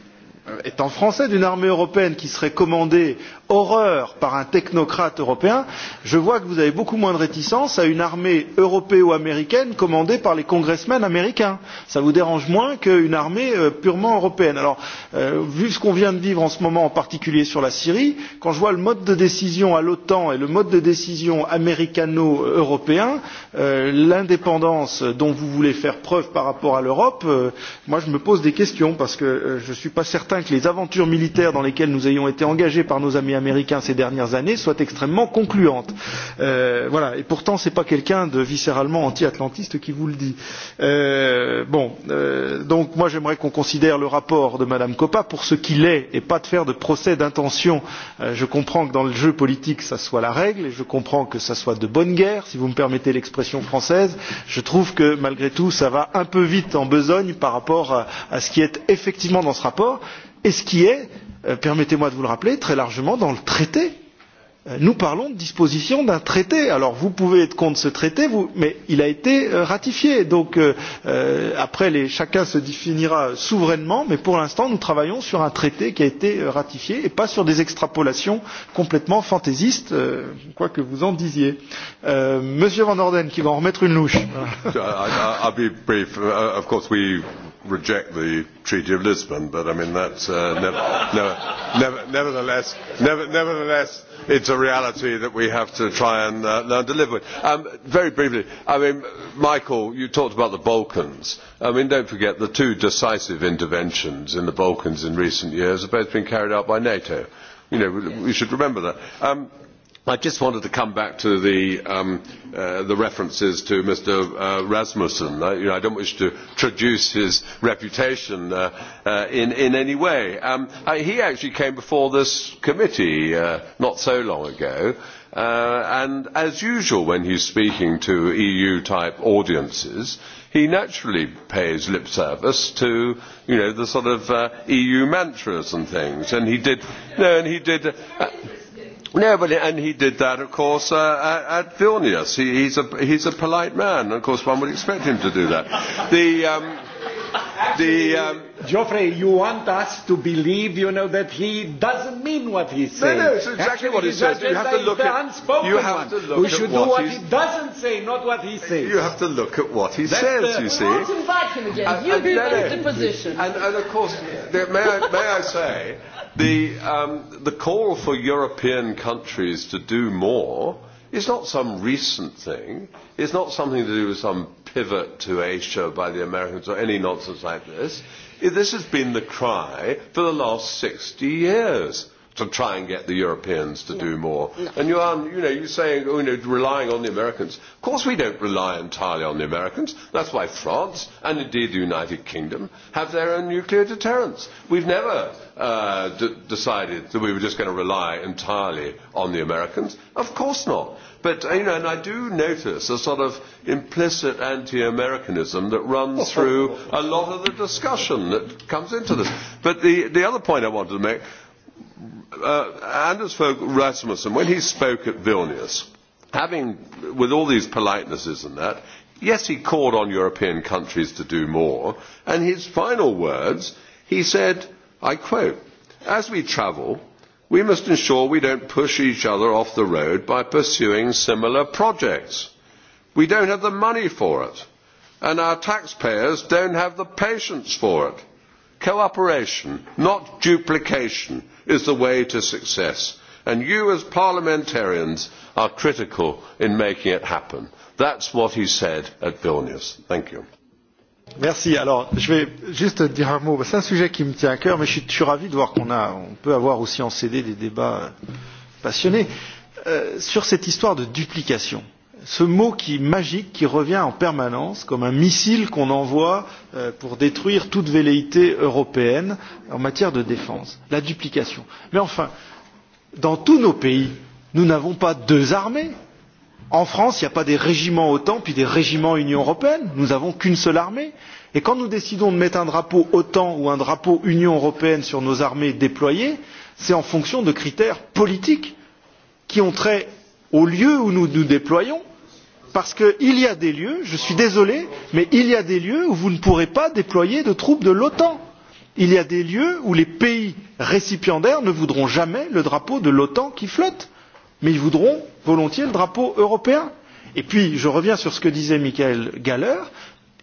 A: étant français d'une armée européenne qui serait commandée horreur par un technocrate européen je vois que vous avez beaucoup moins de réticence à une armée européo américaine commandée par les congressmen américains. cela vous dérange moins qu'une armée euh, purement européenne. alors euh, vu ce qu'on vient de vivre en ce moment en particulier sur la syrie quand je vois le mode de décision à l'otan et le mode de décision américano européen euh, l'indépendance dont vous voulez faire preuve par rapport à l'europe moi je me pose des questions parce que je ne suis pas certain que les aventures militaires dans lesquelles nous ayons été engagés par nos amis américains américain ces dernières années soit extrêmement concluante. Euh, voilà. Et pourtant, ce n'est pas quelqu'un de viscéralement anti-atlantiste qui vous le dit. Euh, bon, euh, donc moi j'aimerais qu'on considère le rapport de Mme Coppa pour ce qu'il est et pas de faire de procès d'intention. Euh, je comprends que dans le jeu politique, ça soit la règle et je comprends que ça soit de bonne guerre, si vous me permettez l'expression française. Je trouve que malgré tout, ça va un peu vite en besogne par rapport à, à ce qui est effectivement dans ce rapport et ce qui est Euh, permettez moi de vous le rappeler très largement dans le traité. Euh, nous parlons de disposition d'un traité. alors vous pouvez être contre ce traité vous, mais il a été euh, ratifié donc euh, après les, chacun se définira souverainement mais pour l'instant nous travaillons sur un traité qui a été ratifié et pas sur des extrapolations complètement fantaisistes euh, quoi que vous en disiez. Euh, monsieur van orden qui va en remettre une louche. <laughs>
G: Uh, uh, I'll be brief. Uh, of course we reject the Treaty of Lisbon, but I mean that's uh, never, never, never, nevertheless, never, nevertheless, it's a reality that we have to try and uh, learn to live with. Um, very briefly, I mean, Michael, you talked about the Balkans. I mean, don't forget the two decisive interventions in the Balkans in recent years have both been carried out by NATO. You know, we, we should remember that. Um, I just wanted to come back to the, um, uh, the references to Mr. Uh, Rasmussen. I, you know, I don't wish to traduce his reputation uh, uh, in, in any way. Um, I, he actually came before this committee uh, not so long ago. Uh, and as usual, when he's speaking to EU-type audiences, he naturally pays lip service to you know the sort of uh, EU mantras and things. And he did, no, and he did. Uh, No, but and he did that, of course, uh, at uh, at Vilnius. He, he's a he's a polite man, of course one would expect him to do that. The um, the um,
J: Geoffrey, you want us to believe, you know, that he doesn't mean what he says. No, no, it's exactly Actually, what he says. You have to look at unspoken you have to look We should do what he doesn't say, not what he says. You have
G: to look at what
K: he That's says. The,
J: you see. Let's invite him again. And, you and, be no, no, the position. And, and of course,
G: may I may I say The, um, the call for European countries to do more is not some recent thing. It's not something to do with some pivot to Asia by the Americans or any nonsense like this. This has been the cry for the last 60 years to try and get the Europeans to no. do more. No. And you are, you know, you're saying, oh, you know, relying on the Americans. Of course we don't rely entirely on the Americans. That's why France, and indeed the United Kingdom, have their own nuclear deterrence. We've never uh, d- decided that we were just going to rely entirely on the Americans. Of course not. But, uh, you know, and I do notice a sort of implicit anti-Americanism that runs <laughs> through a lot of the discussion that comes into this. But the, the other point I wanted to make Uh, Anders Fogh Rasmussen, when he spoke at Vilnius, having, with all these politenesses and that, yes, he called on European countries to do more, and his final words, he said, I quote, as we travel, we must ensure we don't push each other off the road by pursuing similar projects. We don't have the money for it, and our taxpayers don't have the patience for it. Cooperation, not duplication, is the way to success and you as parliamentarians are critical in making it happen. that is what he said at vilnius. thank you.
A: Merci. Alors, je vais juste dire un mot. C'est un sujet qui me tient à cœur, mais je suis, je suis ravi de voir qu'on a, on peut avoir aussi en CD des débats passionnés euh, sur cette histoire de duplication ce mot qui magique qui revient en permanence comme un missile qu'on envoie euh, pour détruire toute velléité européenne en matière de défense la duplication. Mais enfin, dans tous nos pays, nous n'avons pas deux armées. En France, il n'y a pas des régiments OTAN puis des régiments Union européenne. Nous n'avons qu'une seule armée. Et quand nous décidons de mettre un drapeau OTAN ou un drapeau Union européenne sur nos armées déployées, c'est en fonction de critères politiques qui ont trait au lieu où nous nous déployons parce qu'il y a des lieux je suis désolé mais il y a des lieux où vous ne pourrez pas déployer de troupes de l'otan il y a des lieux où les pays récipiendaires ne voudront jamais le drapeau de l'otan qui flotte mais ils voudront volontiers le drapeau européen. et puis je reviens sur ce que disait michael gahler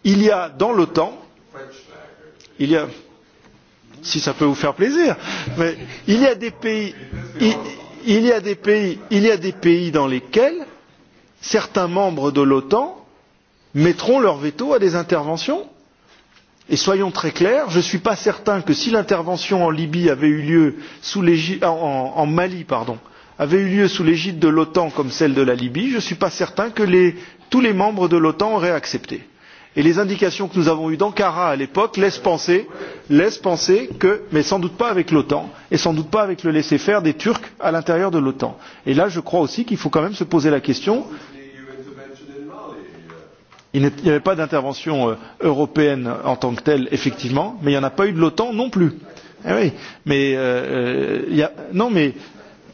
A: il y a dans l'otan il y a si ça peut vous faire plaisir mais il y a des pays il, il y a des pays il y a des pays dans lesquels certains membres de l'otan mettront leur veto à des interventions et soyons très clairs je ne suis pas certain que si l'intervention en libye avait eu lieu sous l'égide en, en mali pardon avait eu lieu sous l'égide de l'otan comme celle de la libye je ne suis pas certain que les, tous les membres de l'otan auraient accepté et les indications que nous avons eues d'ankara à l'époque laissent penser, que mais sans doute pas avec l'otan et sans doute pas avec le laisser faire des turcs à l'intérieur de l'otan. et là je crois aussi qu'il faut quand même se poser la question il n'y avait pas d'intervention euh, européenne en tant que telle effectivement mais il n'y en a pas eu de l'otan non plus. Eh oui, mais, euh, euh y a, non mais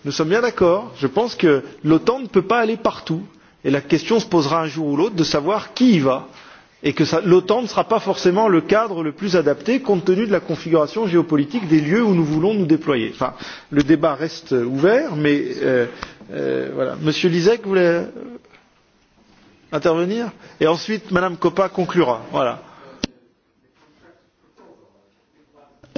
A: nous sommes bien d'accord je pense que l'otan ne peut pas aller partout et la question se posera un jour ou l'autre de savoir qui y va et que l'otan ne sera pas forcément le cadre le plus adapté compte tenu de la configuration géopolitique des lieux où nous voulons nous déployer. Enfin, le débat reste ouvert mais euh, euh, voilà. monsieur lisek voulait intervenir et ensuite mme koppa conclura. Voilà.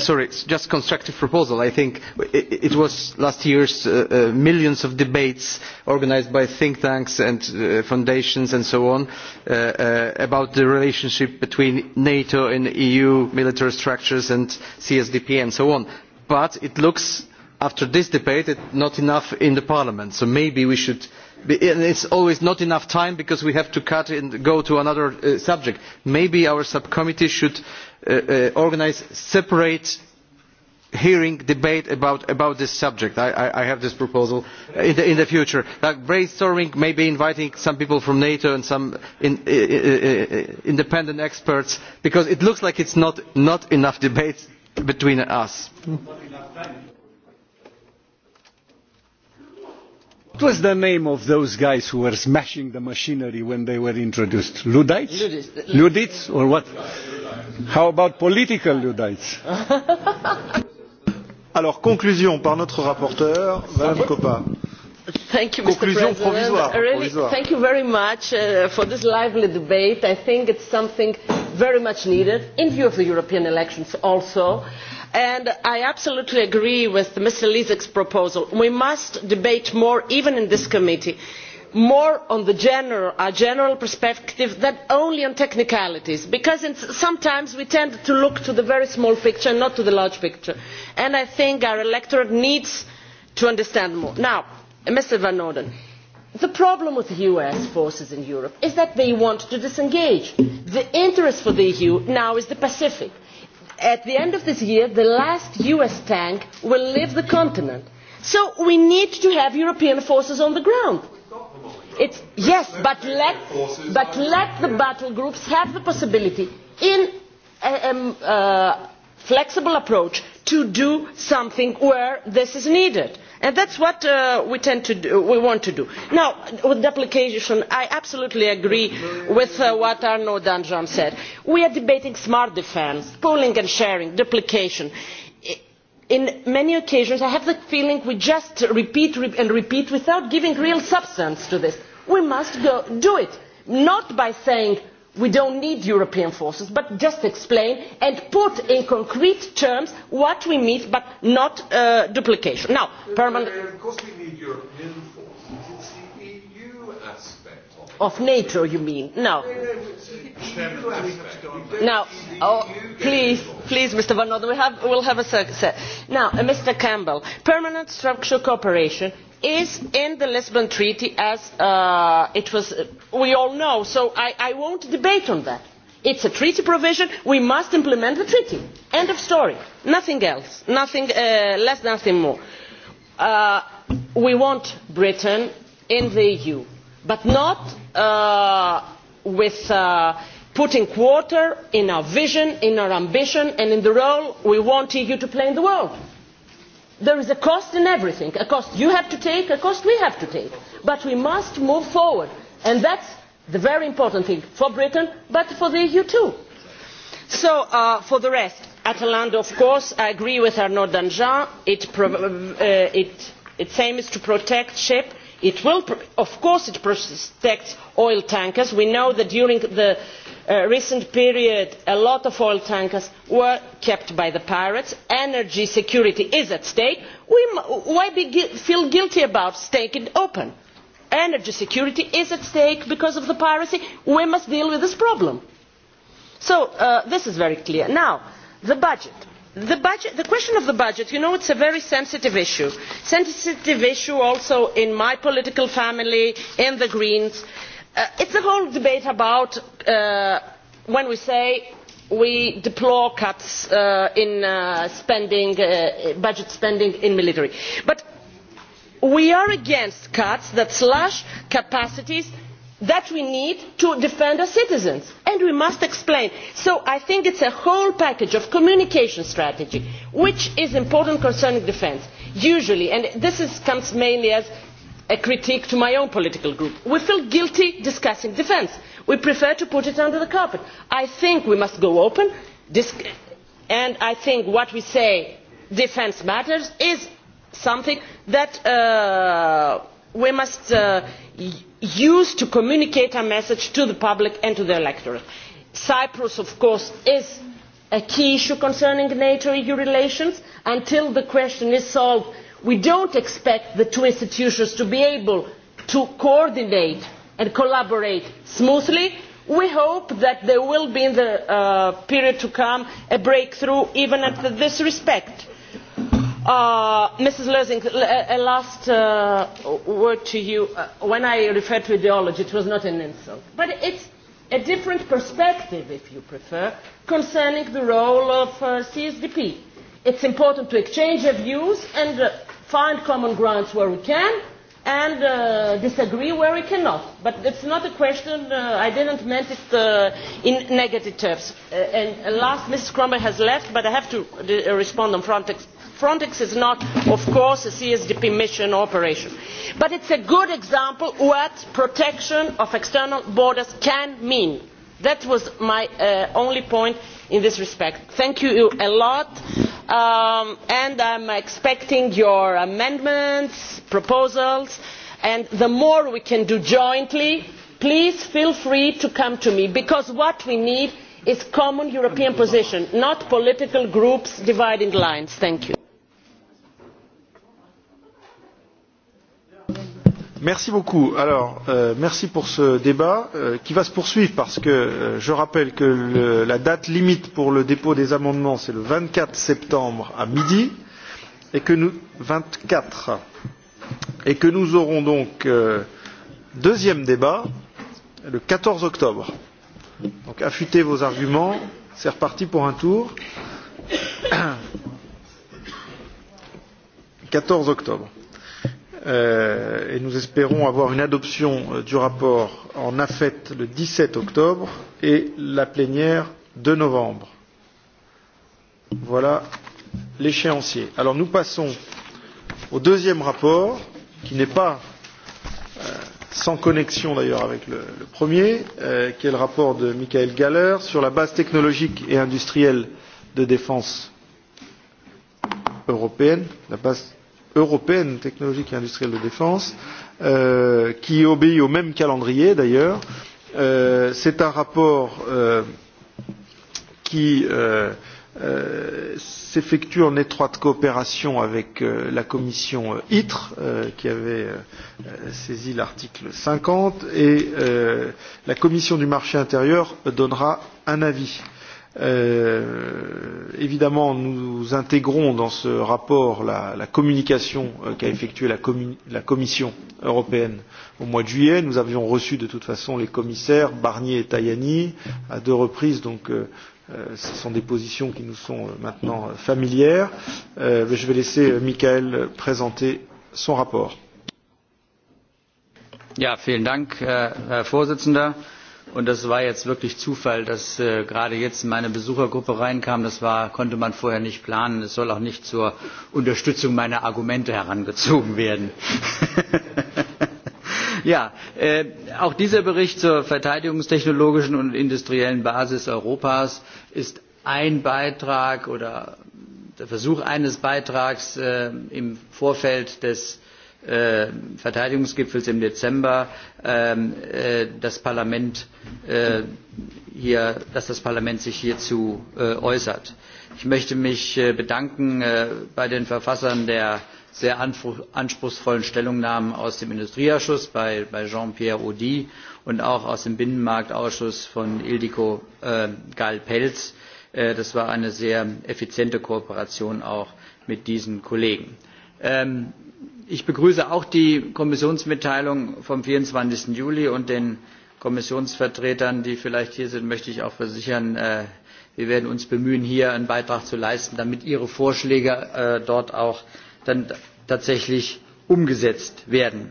C: sorry it is just a constructive proposal. i think it was last year's uh, uh, millions of debates organised by think tanks and uh, foundations and so on about the relationship between nato and eu military structures and csdp and so on but it looks after this debate it is not enough in the parliament so maybe we should it is always not enough time because we have to cut and go to another uh, subject maybe our subcommittee should uh, uh, organise a separate hearing debate about, this subject I, have this proposal in the, future like brainstorming maybe inviting some people from nato and some independent experts because it looks like there is not, not enough debate between us. Not enough
J: What was the name of those guys who were smashing the machinery when they were introduced? Luddites? Luddites or
A: what? How about political Luddites? <laughs> Alors, conclusion par notre rapporteur, Madame Coppa.
D: Thank you, Mr. President. Really, thank you very much uh, for this lively debate. I think it's something very much needed in view of the European elections also and i absolutely agree with mr lisek's proposal we must debate more even in this committee more on the general, perspective than only on technicalities because sometimes we tend to look to the very small picture and not to the large picture and i think our electorate needs to understand more. now mr van orden the problem with us forces in europe is that they want to disengage. the interest for the eu now is the pacific at the end of this year the last us tank will leave the continent so we need to have european forces on the ground. It's, yes but let, but let the battle groups have the possibility in a, a, a um, uh, flexible approach to do something where this is needed and that is what uh, we, want to do. now with duplication i absolutely agree with uh, what arnaud danjean said. we are debating smart defence pooling and sharing duplication. on many occasions i have the feeling we just repeat and repeat without giving real substance to this. we must do it not by saying we do not need european forces but just explain and put in concrete terms what we mean but not uh, duplication. now uh, permanent uh, of course we need european forces it's the
G: eu aspect
D: of, of nato you mean no e now e oh, please please mr van orden we will have a set. now uh, mr campbell permanent structural cooperation is in the lisbon treaty as uh, was, uh, we all know so i, will not debate on that. it is a treaty provision we must implement the treaty end of story nothing else nothing uh, less nothing more. we want britain in the eu but not with putting water in our vision in our ambition and in the role we want the eu to play in the world there is a cost in everything a cost you have to take a cost we have to take but we must move forward and that is the very important thing for britain but for the eu too. so uh, for the rest atalanta of course i agree with arnaud danjean it, uh, it, its aim is to protect ships it will of course it protects oil tankers we know that during the Uh, recent period a lot of oil tankers were kept by the pirates energy security is at stake why feel guilty about staying open? energy security is at stake because of the piracy we must deal with this problem. so uh, this is very clear. now the budget. The, budget, the question of the budget you know it is a very sensitive issue sensitive issue also in my political family in the greens. Uh, it is the whole debate about uh, when we say we deplore cuts uh, in budget spending in military but we are against cuts that slash capacities that we need to defend our citizens and we must explain. so i think it is a whole package of communication strategy which is important concerning defence usually and this comes mainly as a critique to my own political group. we feel guilty discussing defence. we prefer to put it under the carpet. i think we must go open and i think what we say defence matters is something that uh, we must uh, use to communicate our message to the public and to the electorate. cyprus of course is a key issue concerning nato eu relations. until the question is solved we do not expect the two institutions to be able to coordinate and collaborate smoothly we hope that there will be in the uh, period to come a breakthrough even in this respect. Uh, Mrs. Lösing, a last uh, word to you. Uh, when I referred to ideology, it was not an insult, but it's a different perspective, if you prefer, concerning the role of uh, CSDP. It's important to exchange views and uh, find common grounds where we can, and uh, disagree where we cannot. But it's not a question, uh, I didn't mean it uh, in negative terms. Uh, and uh, last, Mrs. Cromwell has left, but I have to uh, uh, respond on Frontex. Frontex is not, of course, a CSDP mission or operation. But it's a good example what protection of external borders can mean that was my uh, only point in this respect. thank you a lot um, and i am expecting your amendments and proposals and the more we can do jointly please feel free to come to me because what we need is a common european position not political groups' dividing lines. thank you.
A: Merci beaucoup. Euh, pour ce débat euh, qui va se poursuivre parce que euh, je rappelle que la date limite pour le dépôt des amendements, est le vingt quatre septembre à midi et que nous, 24, et que nous aurons donc un deuxième débat le quatorze octobre. Donc affûtez vos arguments, c'est reparti pour un tour. <coughs> quatorze octobre. Euh, et nous espérons avoir une adoption euh, du rapport en AFET le dix sept octobre et la plénière de novembre. Voilà l'échéancier. Alors nous passons au deuxième rapport, qui n'est pas euh, sans connexion d'ailleurs avec le, le premier, euh, qui est le rapport de Michael Galler sur la base technologique et industrielle de défense européenne, la base européenne technologique et industrielle de défense, euh, qui obéit au même calendrier d'ailleurs. Euh, C'est un rapport euh, qui euh, euh, s'effectue en étroite coopération avec euh, la commission euh, ITRE, euh, qui avait euh, euh saisi l'article 50, et euh, la commission du marché intérieur donnera un avis. Euh, Euh, évidemment, nous intégrons dans ce rapport la, la communication euh, qu'a effectuée la, la Commission européenne au mois de juillet. Nous avions reçu de toute façon les commissaires Barnier et Tajani à deux reprises, donc euh, euh ce sont des positions qui nous sont maintenant familières. Euh, je vais laisser Michael présenter son rapport.
K: Ja, vielen Dank, Herr Vorsitzender und das war jetzt wirklich zufall dass äh, gerade jetzt meine besuchergruppe reinkam das war, konnte man vorher nicht planen es soll auch nicht zur unterstützung meiner argumente herangezogen werden. <laughs> ja äh, auch dieser bericht zur verteidigungstechnologischen und industriellen basis europas ist ein beitrag oder der versuch eines beitrags äh, im vorfeld des Äh, verteidigungsgipfels im dezember ähm, äh, das äh, hier, dass das parlament sich hierzu äußert. ich möchte mich bedanken bei den verfassern der sehr anspruchsvollen stellungnahmen aus dem industrieausschuss bei, jean pierre audy und auch aus dem binnenmarktausschuss von ildikó gll pelcz. das war eine sehr effiziente kooperation auch mit diesen kollegen. Ähm, ich begrüße auch die kommissionsmitteilung vom. vierundzwanzig juli und den kommissionsvertretern die vielleicht hier sind möchte ich auch versichern äh, wir werden uns bemühen hier einen beitrag zu leisten damit ihre vorschläge äh, dort auch dann tatsächlich umgesetzt werden.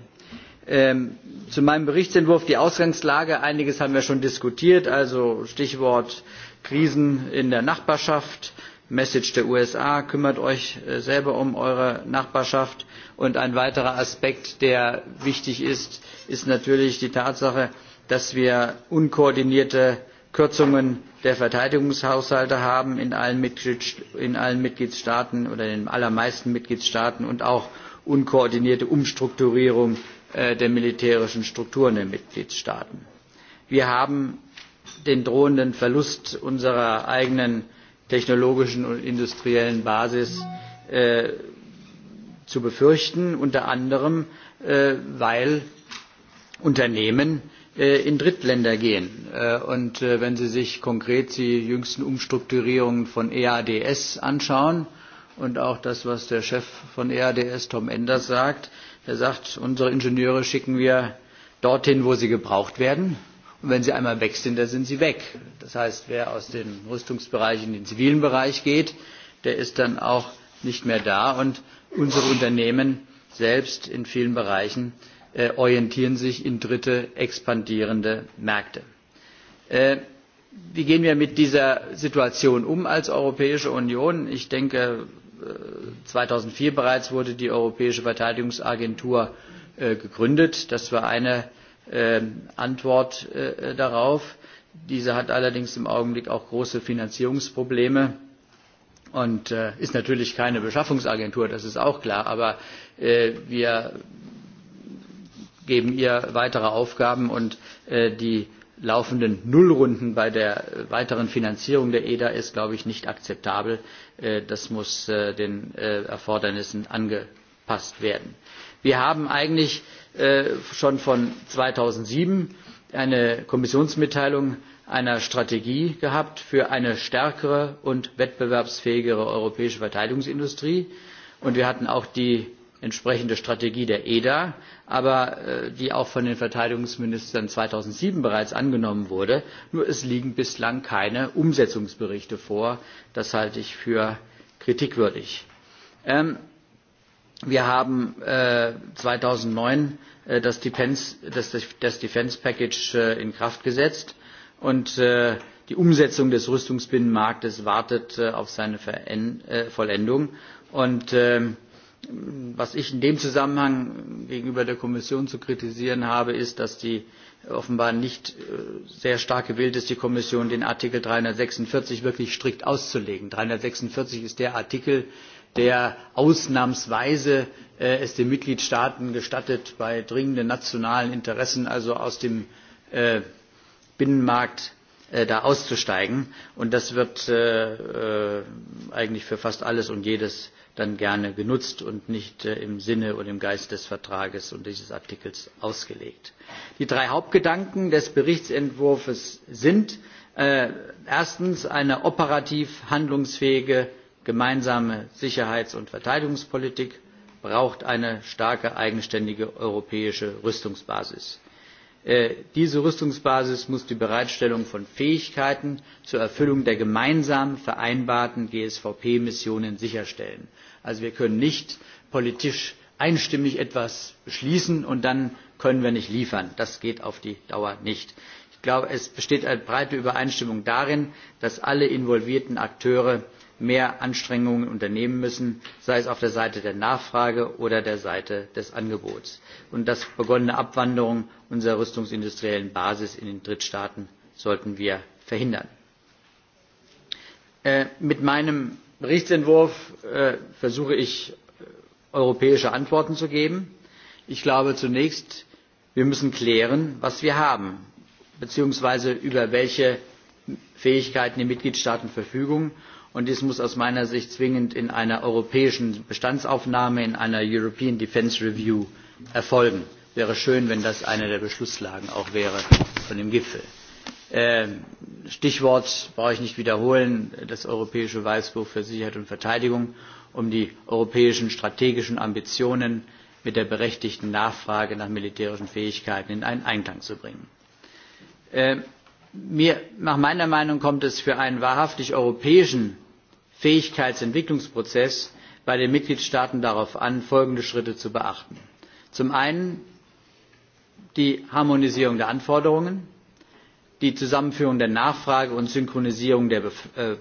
K: Ähm, zu meinem berichtsentwurf die ausgangslage einiges haben wir schon diskutiert also stichwort krisen in der nachbarschaft message der usa kümmert euch äh, selber um eure nachbarschaft und ein weiterer aspekt der wichtig ist ist natürlich die tatsache dass wir unkoordinierte kürzungen der verteidigungshaushalte haben in allen, mitgliedstaaten oder in den allermeisten mitgliedstaaten und auch unkoordinierte umstrukturierung äh, der militärischen strukturen der mitgliedstaaten. wir haben den drohenden verlust unserer eigenen technologischen und industriellen basis äh, zu befürchten, unter anderem, äh, weil Unternehmen äh, in Drittländer gehen. Äh, und wenn Sie sich konkret die jüngsten Umstrukturierungen von EADS anschauen und auch das, was der Chef von EADS, Tom Enders, sagt, er sagt, unsere Ingenieure schicken wir dorthin, wo sie gebraucht werden. Und wenn sie einmal weg sind, dann sind sie weg. Das heißt, wer aus dem Rüstungsbereich in den zivilen Bereich geht, der ist dann auch nicht mehr da. Und unsere Unternehmen selbst in vielen Bereichen äh, orientieren sich in dritte expandierende Märkte. Äh, wie gehen wir mit dieser Situation um als Europäische Union? Ich denke, 2004 äh, bereits wurde die Europäische Verteidigungsagentur äh, gegründet. Das war eine äh, Antwort darauf. Diese hat allerdings im Augenblick auch große Finanzierungsprobleme und äh, ist natürlich keine Beschaffungsagentur, das ist auch klar, aber äh, wir geben ihr weitere Aufgaben und äh, die laufenden Nullrunden bei der weiteren Finanzierung der EDA ist, glaube ich, nicht akzeptabel. Äh, das muss äh, den äh, Erfordernissen angepasst werden. Wir haben eigentlich äh, schon von 2007 eine Kommissionsmitteilung einer strategie gehabt für eine stärkere und wettbewerbsfähigere europäische verteidigungsindustrie und wir hatten auch die entsprechende strategie der eda aber äh, die auch von den verteidigungsministern zweitausendsieben bereits angenommen wurde nur es liegen bislang keine umsetzungsberichte vor. das halte ich für kritikwürdig. Ähm, wir haben äh, zweitausendneun äh, das defence, package in kraft gesetzt und äh, die umsetzung des rüstungsbinnenmarktes wartet äh, auf seine äh, vollendung. Ähm, was ich in dem zusammenhang gegenüber der kommission zu kritisieren habe ist dass die offenbar nicht sehr stark gewillt ist den artikel dreihundertsechsundvierzig wirklich strikt auszulegen. dreihundertsechsundvierzig ist der artikel der es ausnahmsweise den mitgliedstaaten gestattet bei dringenden nationalen interessen also aus dem binnenmarkt äh, da auszusteigen und das wird äh, äh, eigentlich für fast alles und jedes dann gerne genutzt und nicht im Sinne und im Geist des Vertrages und dieses Artikels ausgelegt. Die drei Hauptgedanken des Berichtsentwurfs sind äh, erstens eine operativ handlungsfähige gemeinsame Sicherheits- und Verteidigungspolitik braucht eine starke eigenständige europäische Rüstungsbasis. Äh, diese rüstungsbasis muss die bereitstellung von fähigkeiten zur erfüllung der gemeinsam vereinbarten gsvp missionen sicherstellen. wir können also nicht politisch einstimmig etwas beschließen und dann können wir nicht liefern. das geht auf die dauer nicht. es besteht eine breite übereinstimmung darin dass alle involvierten akteure mehr anstrengungen unternehmen müssen sei es auf der seite der nachfrage oder der seite des angebots und die begonnene abwanderung unserer rüstungsindustriellen basis in den drittstaaten sollten wir verhindern. Äh, mit meinem berichtsentwurf äh, versuche ich äh, europäische antworten zu geben. ich glaube zunächst wir müssen klären was wir haben beziehungsweise über welche fähigkeiten die mitgliedstaaten verfügen und dies muss aus meiner sicht zwingend in einer europäischen bestandsaufnahme in einer european defence review erfolgen. es wäre schön wenn das eine der beschlusslagen auch wäre von dem gipfel. Ähm, stichwort brauche ich nicht wiederholen das europäische weißbuch für sicherheit und verteidigung um die europäischen strategischen ambitionen mit der berechtigten nachfrage nach militärischen fähigkeiten in einen einklang zu bringen. Ähm, mir, nach meiner meinung kommt es für einen wahrhaftig europäischen fähigkeitsentwicklungsprozess bei den mitgliedstaaten darauf an folgende schritte zu beachten zum einen die harmonisierung der anforderungen die zusammenführung der nachfrage und synchronisierung der äh,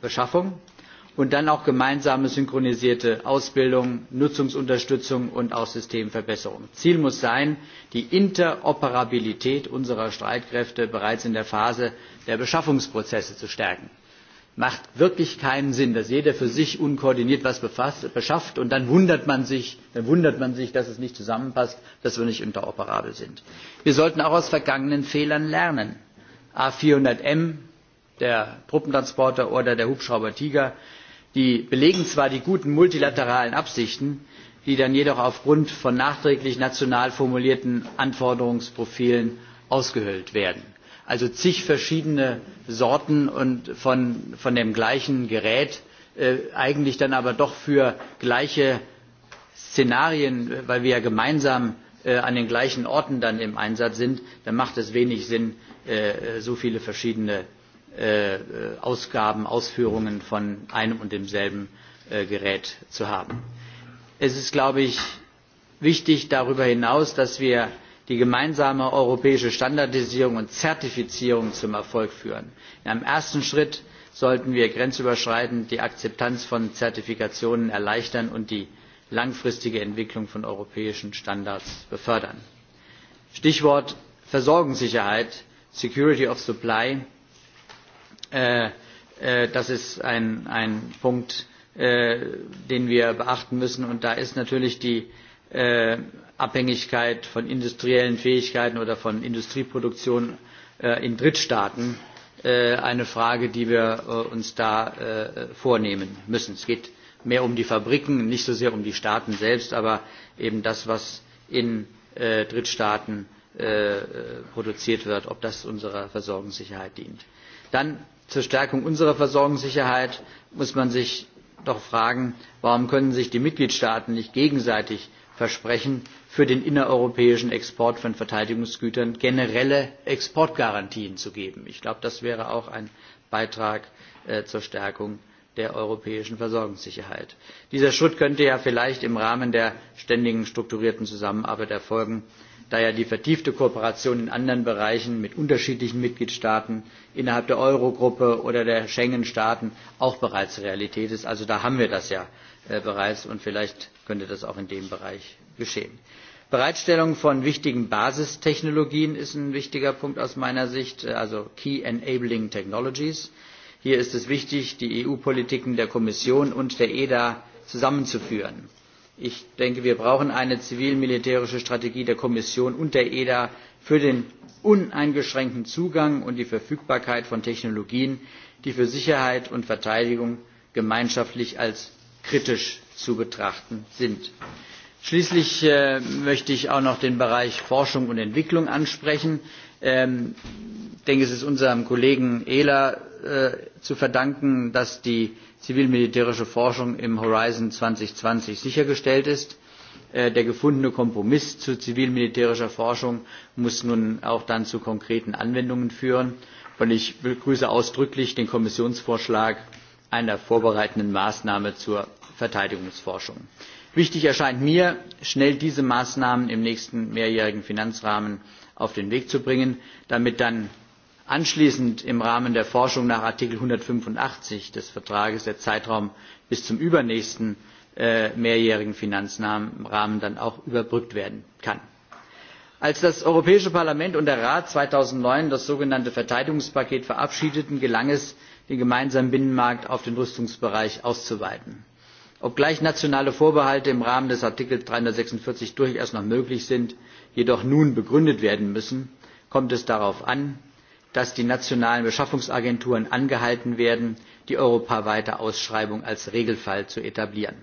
K: beschaffung und dann auch gemeinsame synchronisierte ausbildung nutzungsunterstützung und auch systemverbesserung. ziel muss sein die interoperabilität unserer streitkräfte bereits in der phase der beschaffungsprozesse zu stärken macht wirklich keinen Sinn, dass jeder für sich unkoordiniert was befasst, beschafft und dann wundert, man sich, dann wundert man sich, dass es nicht zusammenpasst, dass wir nicht interoperabel sind. Wir sollten auch aus vergangenen Fehlern lernen. A400M, der Truppentransporter oder der Hubschrauber Tiger, die belegen zwar die guten multilateralen Absichten, die dann jedoch aufgrund von nachträglich national formulierten Anforderungsprofilen ausgehöhlt werden also zig verschiedene sorten und von, von dem gleichen gerät äh, eigentlich dann aber doch für gleiche szenarien weil wir ja gemeinsam äh, an den gleichen orten dann im einsatz sind dann macht es wenig sinn äh, so viele verschiedene äh, ausgaben ausführungen von einem und demselben äh, gerät zu haben. es ist glaube ich wichtig darüber hinaus dass wir die gemeinsame europäische standardisierung und zertifizierung zum erfolg führen. in einem ersten schritt sollten wir grenzüberschreitend die akzeptanz von zertifikationen erleichtern und die langfristige entwicklung von europäischen standards befördern. stichwort versorgungssicherheit security of supply äh, äh, das ist ein, punkt äh, den wir beachten müssen und da ist natürlich die abhängigkeit von industriellen fähigkeiten oder von industrieproduktion äh, in drittstaaten äh, eine frage die wir äh, uns da vornehmen müssen. es geht mehr um die fabriken nicht so sehr um die staaten selbst aber eben das was in drittstaaten produziert wird ob das unserer versorgungssicherheit dient. dann zur stärkung unserer versorgungssicherheit muss man sich doch fragen warum können sich die mitgliedstaaten nicht gegenseitig versprechen für den innereuropäischen Export von Verteidigungsgütern generelle Exportgarantien zu geben. Ich glaube, das wäre auch ein Beitrag äh, zur Stärkung der europäischen Versorgungssicherheit. Dieser Schritt könnte ja vielleicht im Rahmen der ständigen strukturierten Zusammenarbeit erfolgen, da ja die vertiefte Kooperation in anderen Bereichen mit unterschiedlichen Mitgliedstaaten innerhalb der Eurogruppe oder der Schengen-Staaten auch bereits Realität ist. Also da haben wir das ja äh, bereits und vielleicht könnte das auch in dem Bereich geschehen bereitstellung von wichtigen basistechnologien ist ein wichtiger punkt aus meiner sicht äh, also key enabling technologies. hier ist es wichtig die eu politiken der kommission und der eda zusammenzuführen. ich denke wir brauchen eine zivil militärische strategie der kommission und der eda für den uneingeschränkten zugang und die verfügbarkeit von technologien die für sicherheit und verteidigung gemeinschaftlich als kritisch zu betrachten sind schließlich äh, möchte ich auch noch den bereich forschung und entwicklung ansprechen. Ähm, ich denke es ist unserem kollegen ehler äh, zu verdanken dass die zivil militärische forschung im horizont zweitausendzwanzig sichergestellt ist. Äh, der gefundene kompromiss zu zivil militärischer forschung muss nun auch dann zu konkreten anwendungen führen und ich begrüße ausdrücklich den kommissionsvorschlag einer vorbereitenden maßnahme zur verteidigungsforschung wichtig erscheint mir schnell diese maßnahmen im nächsten mehrjährigen finanzrahmen auf den weg zu bringen damit dann anschließend im rahmen der forschung nach artikel einhundertfünfundachtzig des vertrages der zeitraum bis zum übernächsten äh, mehrjährigen finanzrahmen dann auch überbrückt werden kann. als das europäische parlament und der rat zweitausendneun das sogenannte verteidigungspaket verabschiedeten gelang es den gemeinsamen binnenmarkt auf den rüstungsbereich auszuweiten obgleich nationale vorbehalte im rahmen des artikels dreihundertsechsundvierzig durchaus noch möglich sind jedoch nun begründet werden müssen kommt es darauf an dass die nationalen beschaffungsagenturen angehalten werden die europaweite ausschreibung als regelfall zu etablieren.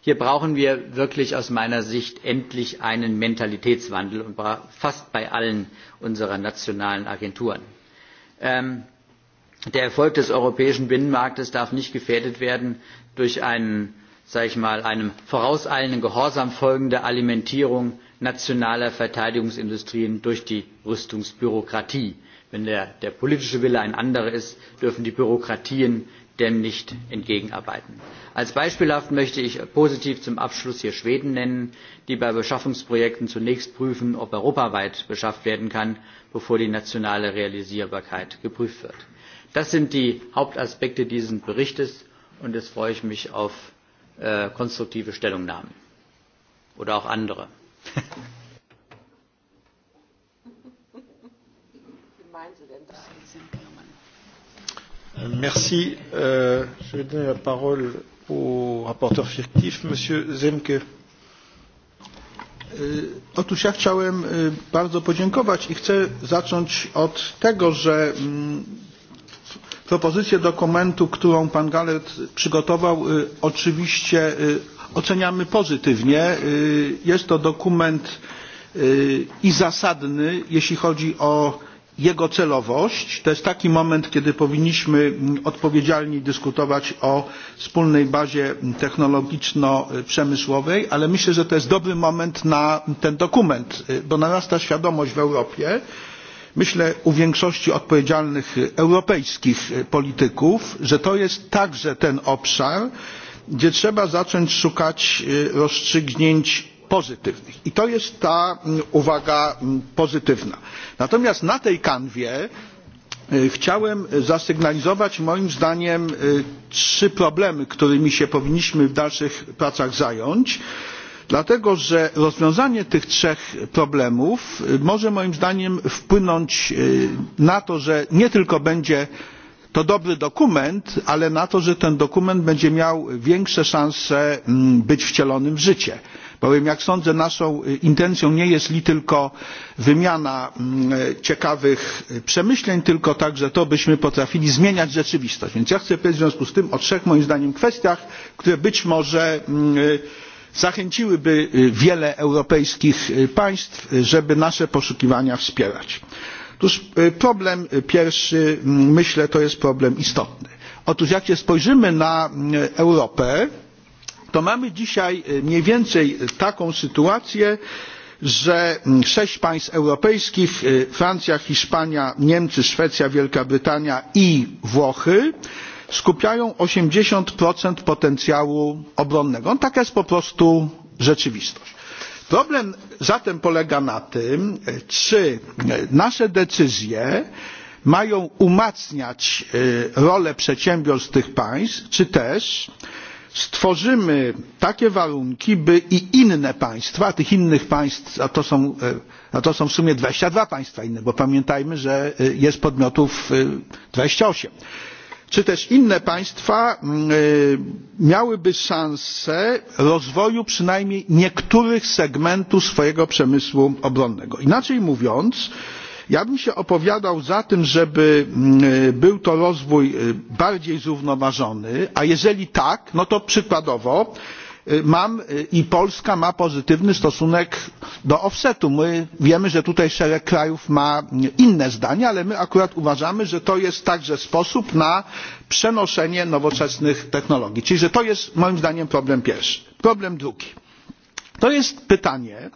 K: hier brauchen wir wirklich aus meiner sicht endlich einen mentalitätswandel und zwar fast bei allen unseren nationalen agenturen. Ähm, der erfolg des europäischen binnenmarktes darf nicht gefährdet werden durch einen einem vorauseilenden gehorsam folgende alimentierung nationaler verteidigungsindustrien durch die rüstungsbürokratie. wenn der, politische wille ein anderer ist dürfen die bürokratien dem nicht entgegenarbeiten. als beispielhaft möchte ich positiv zum abschluss hier schweden nennen die bei beschaffungsprojekten zunächst prüfen ob europaweit beschafft werden kann bevor die nationale realisierbarkeit geprüft wird. das sind die hauptaspekte dieses berichts und jetzt freue ich mich Äh, konstruktive Stellungnahmen oder auch andere. Äh, merci.
A: Euh, je vais donner la parole au rapporteur fictif, M. Zemke.
M: Otóż ja chciałem bardzo podziękować i chcę zacząć od tego, że mm, Propozycję dokumentu, którą pan Galet przygotował, oczywiście oceniamy pozytywnie. Jest to dokument i zasadny, jeśli chodzi o jego celowość. To jest taki moment, kiedy powinniśmy odpowiedzialnie dyskutować o wspólnej bazie technologiczno-przemysłowej, ale myślę, że to jest dobry moment na ten dokument, bo narasta świadomość w Europie, myślę u większości odpowiedzialnych europejskich polityków że to jest także ten obszar gdzie trzeba zacząć szukać rozstrzygnięć pozytywnych i to jest ta mm, uwaga mm, pozytywna. natomiast na tej kanwie chciałem zasygnalizować moim zdaniem trzy problemy którymi powinniśmy się w dalszych pracach zająć. po dlatego że rozwiązanie tych trzech problemów może moim zdaniem wpłynąć na to że nie tylko będzie to dobry dokument ale na to że ten dokument będzie miał większe szanse mm, być wcielonym w życie bowiem jak sądzę naszą intencją nie jest li tylko wymiana mm, ciekawych przemyśleń tylko także to byśmy potrafili zmieniać rzeczywistość. więc ja chcę powiedzieć w związku z tym o trzech moim zdaniem kwestiach które być może mm, zachęciłyby wiele europejskich państw żeby nasze poszukiwania wspierać. otóż problem pierwszy myślę to jest problem istotny. otóż jak się spojrzymy na europę to mamy dzisiaj mniej więcej taką sytuację że sześć państw europejskich francja hiszpania niemcy szwecja wielka brytania i włochy skupiają osiemdziesiąt potencjału obronnego. taka jest po prostu rzeczywistość. problem zatem polega na tym czy nasze decyzje mają umacniać rolę przedsiębiorstw tych państw czy też stworzymy takie warunki by i inne państwa tych innych państw a to są, a to są w sumie dwadzieścia dwa państwa inne bo pamiętajmy że jest podmiotów dwadzieścia osiem czy też inne państwa mm, e, miałyby szansę rozwoju przynajmniej niektórych segmentów swojego przemysłu obronnego. inaczej mówiąc ja bym się opowiadał za tym żeby mm, e, był to rozwój e, bardziej zrównoważony a jeżeli tak no to przykładowo mam i polska ma pozytywny stosunek do offsetu. my wiemy że tutaj szereg krajów ma inne zdanie ale my akurat uważamy że to jest także sposób na przenoszenie nowoczesnych technologii czyli że to jest moim zdaniem problem pierwszy. problem drugi to jest pytanie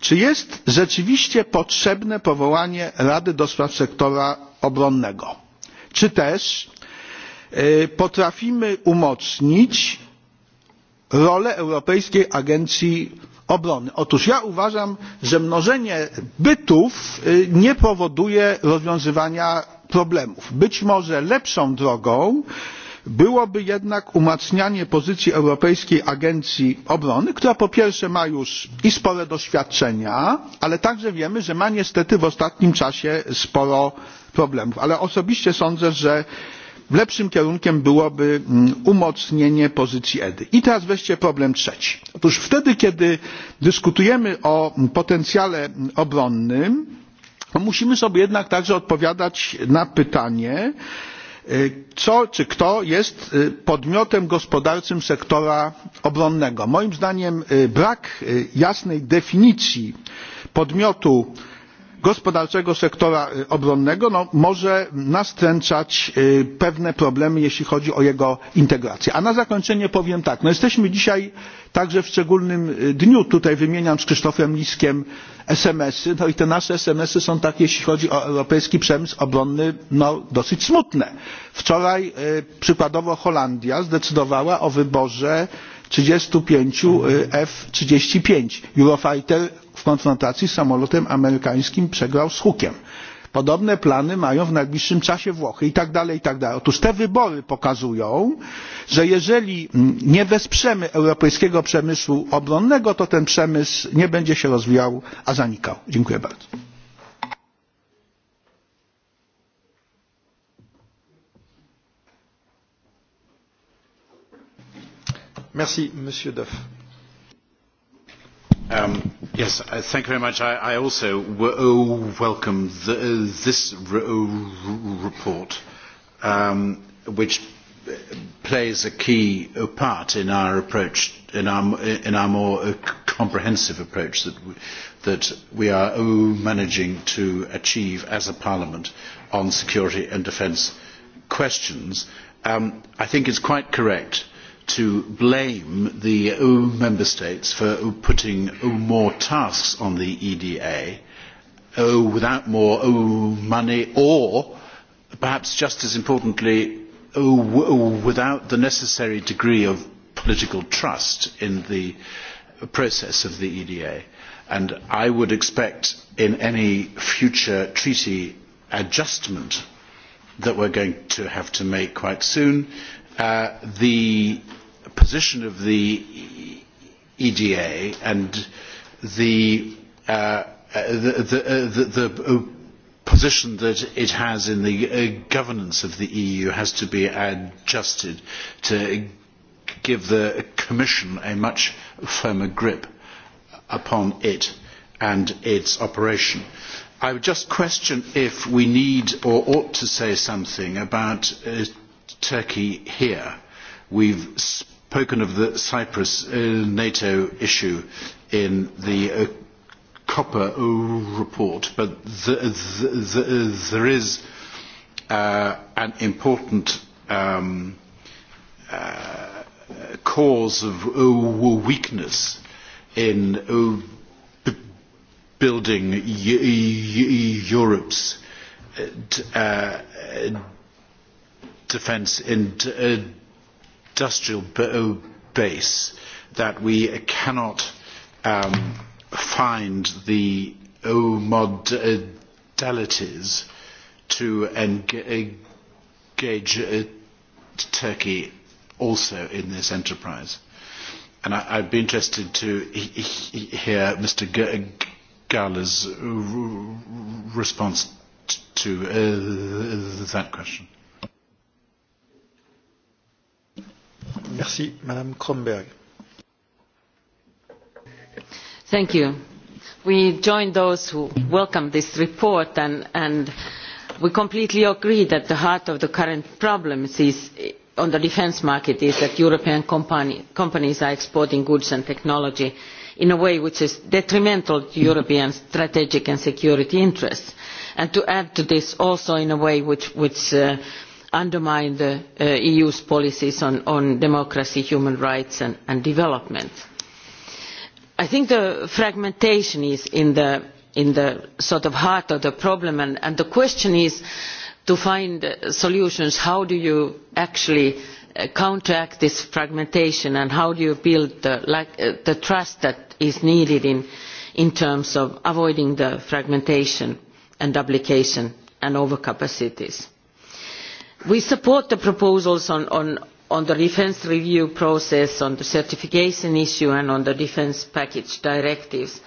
M: czy jest rzeczywiście potrzebne powołanie rady do spraw sektora obronnego czy też e, potrafimy umocnić rolę europejskiej agencji obrony. otóż ja uważam że mnożenie bytów nie powoduje rozwiązywania problemów. być może lepszą drogą byłoby jednak umacnianie pozycji europejskiej agencji obrony która po pierwsze ma już i spore doświadczenia ale także wiemy że ma niestety w ostatnim czasie sporo problemów. ale osobiście sądzę że lepszym kierunkiem byłoby mm, umocnienie pozycji edy. i teraz wreszcie problem trzeci otóż wtedy kiedy dyskutujemy o mm, potencjale mm, obronnym musimy sobie jednak także odpowiadać na pytanie e, co czy kto jest e, podmiotem gospodarczym sektora obronnego. moim zdaniem e, brak jasnej definicji podmiotu gospodarczego sektora obronnego może nastręczać pewne problemy jeśli chodzi o jego integrację. a na zakończenie powiem tak no jesteśmy dzisiaj także w szczególnym dniu tutaj wymieniam z krzysztofem liskiem smsy no i te nasze smsy są takie jeśli chodzi o europejski przemysł obronny no dosyć smutne. wczoraj przykładowo holandia zdecydowała o wyborze trzydzieści pięć f trzydzieści pięć eurofighter w konfrontacji z samolotem amerykańskim przegrał z hukiem. Podobne plany mają w najbliższym czasie Włochy i tak dalej, i tak dalej. Otóż te wybory pokazują, że jeżeli mm, nie wesprzemy europejskiego przemysłu obronnego, to ten przemysł nie będzie się rozwijał, a zanikał. Dziękuję bardzo.
A: Merci, Monsieur Duff.
E: Um, uh, I, also oh, welcome uh, this oh, report, um, which uh, plays a key part in our approach, in our, more comprehensive approach that we, are oh, managing to achieve as a parliament on security and defence questions. Um, I think it's quite correct to blame the member states for putting more tasks on the EDA without more money or, perhaps just as importantly, without the necessary degree of political trust in the process of the EDA. And I would expect in any future treaty adjustment that we're going to have to make quite soon, uh, the position of the EDA and uh, uh, the, uh, the, the, the uh, position that it has in the governance of the EU has to be adjusted to give the Commission a much firmer grip upon it and its operation. I would just question if we need or ought to say something about uh, Turkey here. We've poken of the Cyprus uh, NATO issue in the uh, copper uh, report, but there is an important um, cause of weakness in building Europe's defence in industrial base that we cannot um, find the modalities to engage Turkey also in this enterprise. And I, I'd be interested to hear Mr. Gala's response to that question.
H: We join those who welcome this report and, we completely agree that the heart of the current problems on the defence market is that European companies are exporting goods and technology in a way which is detrimental to European strategic and security interests. And to add to this also in a way which, which uh, undermine the uh, eu's policies on, democracy human rights and, development. i think the fragmentation is in the, sort of heart of the problem and, the question is to find solutions how do you actually uh, counteract this fragmentation and how do you build uh, the, trust that is needed in, in terms of avoiding the fragmentation and duplication and overcapacities? we support the proposals on, the defence review process on the certification issue and on the defence package directives.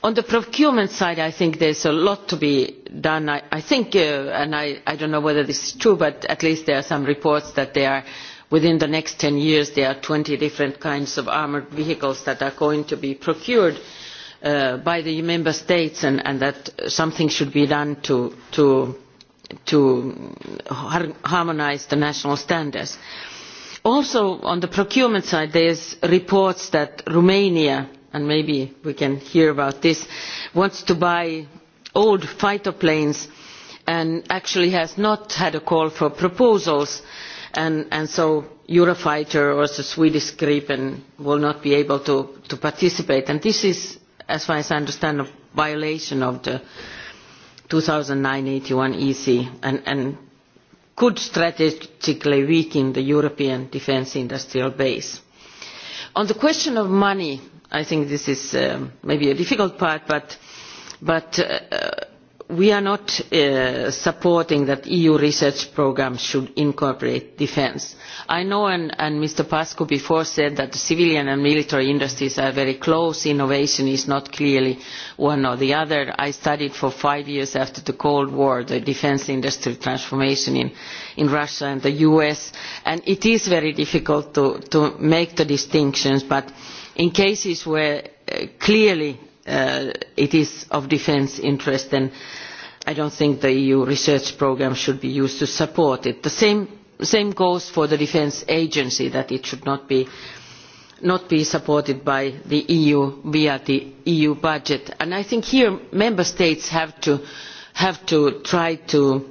H: on the procurement side i think there is a lot to be done. i, think uh, and i, do not know whether this is true but at least there are some reports that there within the next ten years there are twenty different kinds of armoured vehicles that are going to be procured uh, by the member states and, that something should be done to to harmonise the national standards. also on the procurement side there are reports that romania and maybe we can hear about this wants to buy old fighter planes and actually has not had a call for proposals and, so eurofighter or the swedish gripen will not be able to, participate this is as far as i understand a violation of the 2009/81/EC e and, and could strategically weaken the European defence industrial base. On the question of money, I think this is um, maybe a difficult part, but, but uh, we are not uh, supporting that eu research programmes should incorporate defence. i know and, mr pacu before said that the civilian and military industries are very close innovation is not clearly one or the other. i studied for five years after the cold war the defence industry transformation in, russia and the us and it is very difficult to, make the distinctions but in cases where uh, clearly Uh, it is of defence interest and I not think the EU research programme should be used to support it. The same, goes for the defence agency that it should not be, supported by the EU via the EU budget. I think here member states have to, try to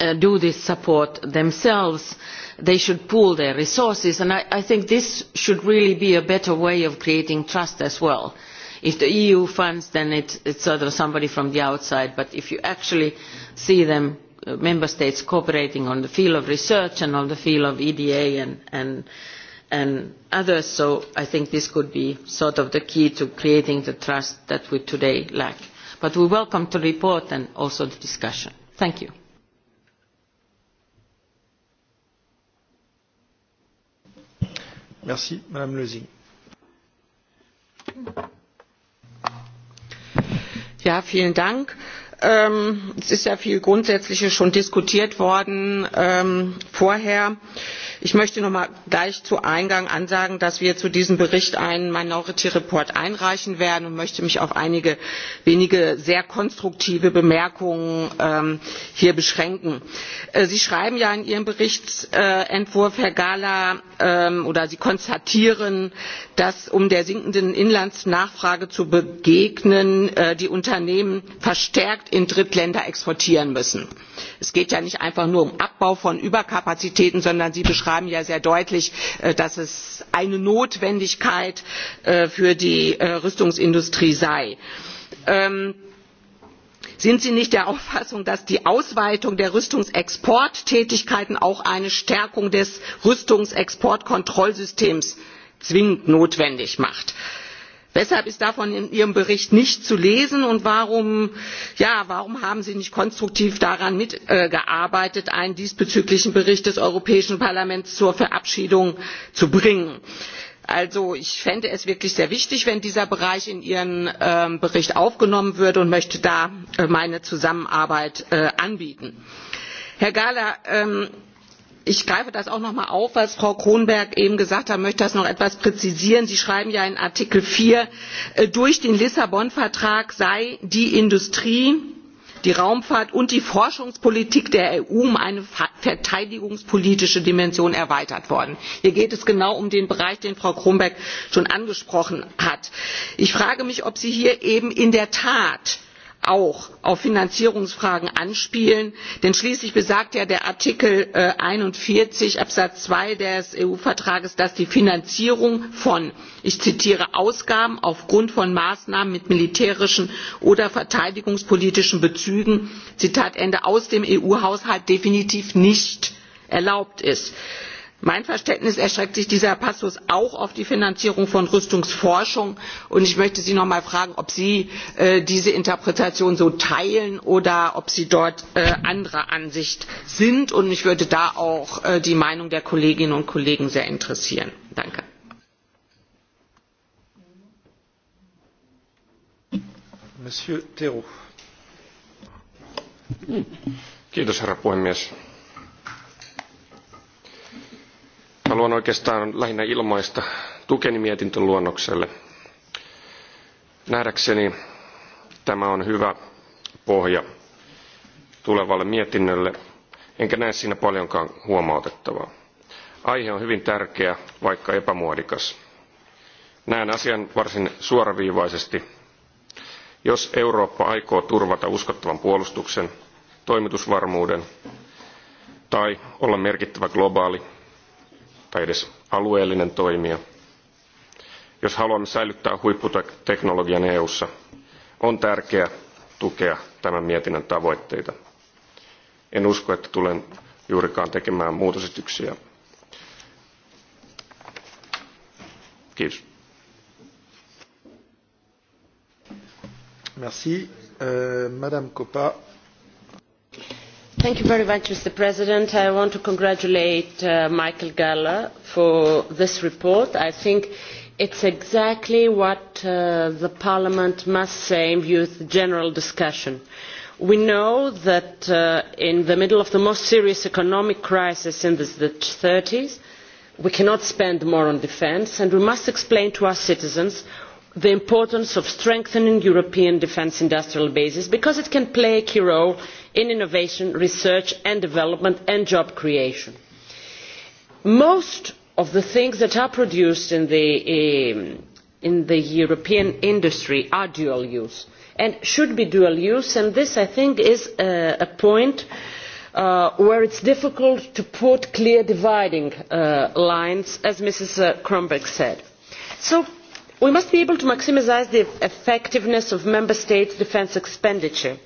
H: uh, do this support themselves they should pool their resources and i think this should really be a better way of creating trust as well if the eu funds then it is sort of somebody from the outside but if you actually see the uh, member states cooperating in the field of research and in the field of eda and, others so i think this could be sort of the key to creating the trust that we today lack. but we welcome the report and also the discussion. thank you.
F: Ja, vielen ähm, es ist ja viel Grundsätzliches schon diskutiert worden ähm, vorher ich möchte noch einmal gleich zu eingang ansagen dass wir zu diesem bericht einen minority report einreichen werden und möchte mich auf einige wenige sehr konstruktive bemerkungen ähm, hier beschränken. Äh, sie schreiben ja in ihrem berichtsentwurf herr gahler ähm, oder sie konstatieren dass um der sinkenden inlandsnachfrage zu begegnen äh, die unternehmen verstärkt in drittländer exportieren müssen es geht ja nicht einfach nur um abbau von überkapazitäten sondern sie beschreiben ja sehr deutlich äh, dass es eine notwendigkeit äh, für die äh, rüstungsindustrie sei. Ähm, sind sie nicht der <laughs> auffassung dass die ausweitung der rüstungsexporttätigkeiten auch eine stärkung des rüstungsexportkontrollsystems zwingend notwendig macht? weshalb ist davon in ihrem bericht nichts zu lesen und warum, haben sie nicht konstruktiv daran mitgearbeitet äh, einen diesbezüglichen bericht des europäischen parlaments zur verabschiedung zu bringen? ich fände es wirklich sehr wichtig wenn dieser bereich in ihren ähm, bericht aufgenommen würde und möchte da äh, meine zusammenarbeit äh, anbieten. herr gahler ähm, ich greife das auch noch einmal auf was frau kronberg eben gesagt hat möchte das noch etwas präzisieren sie schreiben ja in artikel vier äh, durch den lissabon vertrag sei die industrie die raumfahrt und die forschungspolitik der eu um eine verteidigungspolitische dimension erweitert worden. hier geht es genau um den bereich den frau kronberg schon angesprochen hat. ich frage mich ob sie hier eben in der tat auch auf finanzierungsfragen anspielen denn schließlich besagt ja der artikel äh, einundvierzig absatz zwei des eu vertrags dass die finanzierung von ich zitiere ausgaben aufgrund von maßnahmen mit militärischen oder verteidigungspolitischen bezügen zitat ende aus dem eu haushalt definitiv nicht erlaubt ist mein verständnis erstreckt sich dieser passus auch auf die finanzierung von rüstungsforschung und ich möchte sie noch einmal fragen ob sie äh, diese interpretation so teilen oder ob sie dort äh, anderer ansicht sind und mich würde da auch äh, die meinung der kolleginnen und kollegen sehr interessieren. danke.
I: arvoisa puhemies haluan oikeastaan lähinnä ilmaista tukeni mietintöluonnokselle. Nähdäkseni tämä on hyvä pohja tulevalle mietinnölle, enkä näe siinä paljonkaan huomautettavaa. Aihe on hyvin tärkeä, vaikka epämuodikas. Näen asian varsin suoraviivaisesti. Jos Eurooppa aikoo turvata uskottavan puolustuksen, toimitusvarmuuden tai olla merkittävä globaali tai edes alueellinen toimija. Jos haluamme säilyttää huipputeknologian EU:ssa, on tärkeää tukea tämän mietinnön tavoitteita. En usko, että tulen juurikaan tekemään muutosesityksiä. Kiitos.
A: Merci. Euh, Madame Coppa
D: much, mr president i want to congratulate uh, michael gahler for this report. i think it is exactly what uh, parliament must say in view of the general discussion. we know that uh, in the middle of the most serious economic crisis in the thirties we cannot spend more on defence and we must explain to our citizens the importance of strengthening european defence industrial bases because it can play a key role in in innovation research and development and job creation. most of the things that are produced um, in the, european industry are dual use and should be dual use and this i think is a, point uh, where it is difficult to put clear dividing uh, lines as mrs uh, krombeck said. so we must be able to maximise the effectiveness of member states' defence expenditure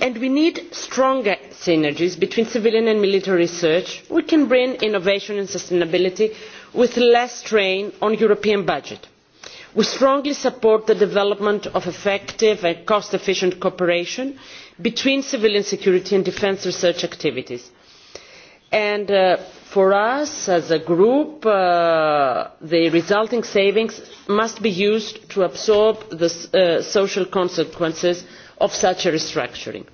D: and we need stronger synergies between civilian and military research. we can bring innovation and sustainability with less strain on the european budget. we strongly support the development of effective and cost efficient cooperation between civilian security and defence research activities and uh, for us as a group uh, the resulting savings must be used to absorb the uh, social consequences of such a restructuring.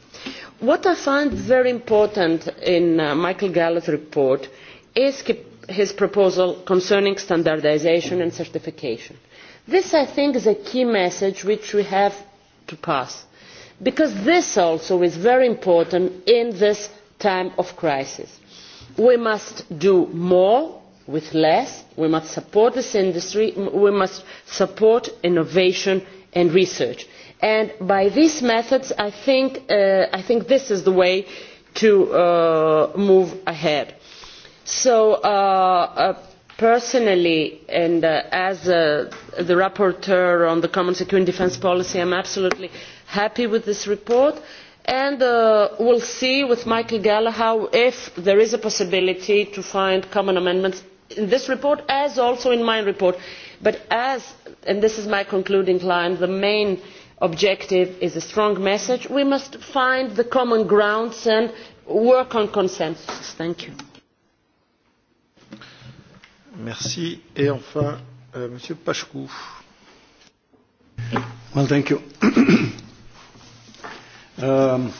D: what i find very important in michael gallagher's report is his proposal concerning standardisation and certification. this i think is a key message which we have to pass because this also is very important in this time of crisis we must do more with less we must support this industry we must support innovation and research and by these methods i think, uh, this is the way to uh, move ahead. so uh, personally and as the rapporteur on the common security and defence policy i am absolutely happy with this report and uh, we will see with michael gallagher if there is a possibility to find common amendments in this report as also in my report but as and this is my concluding line the main objective is a strong message we must find the common ground and work on consensus. thank
J: you. <clears throat> Um,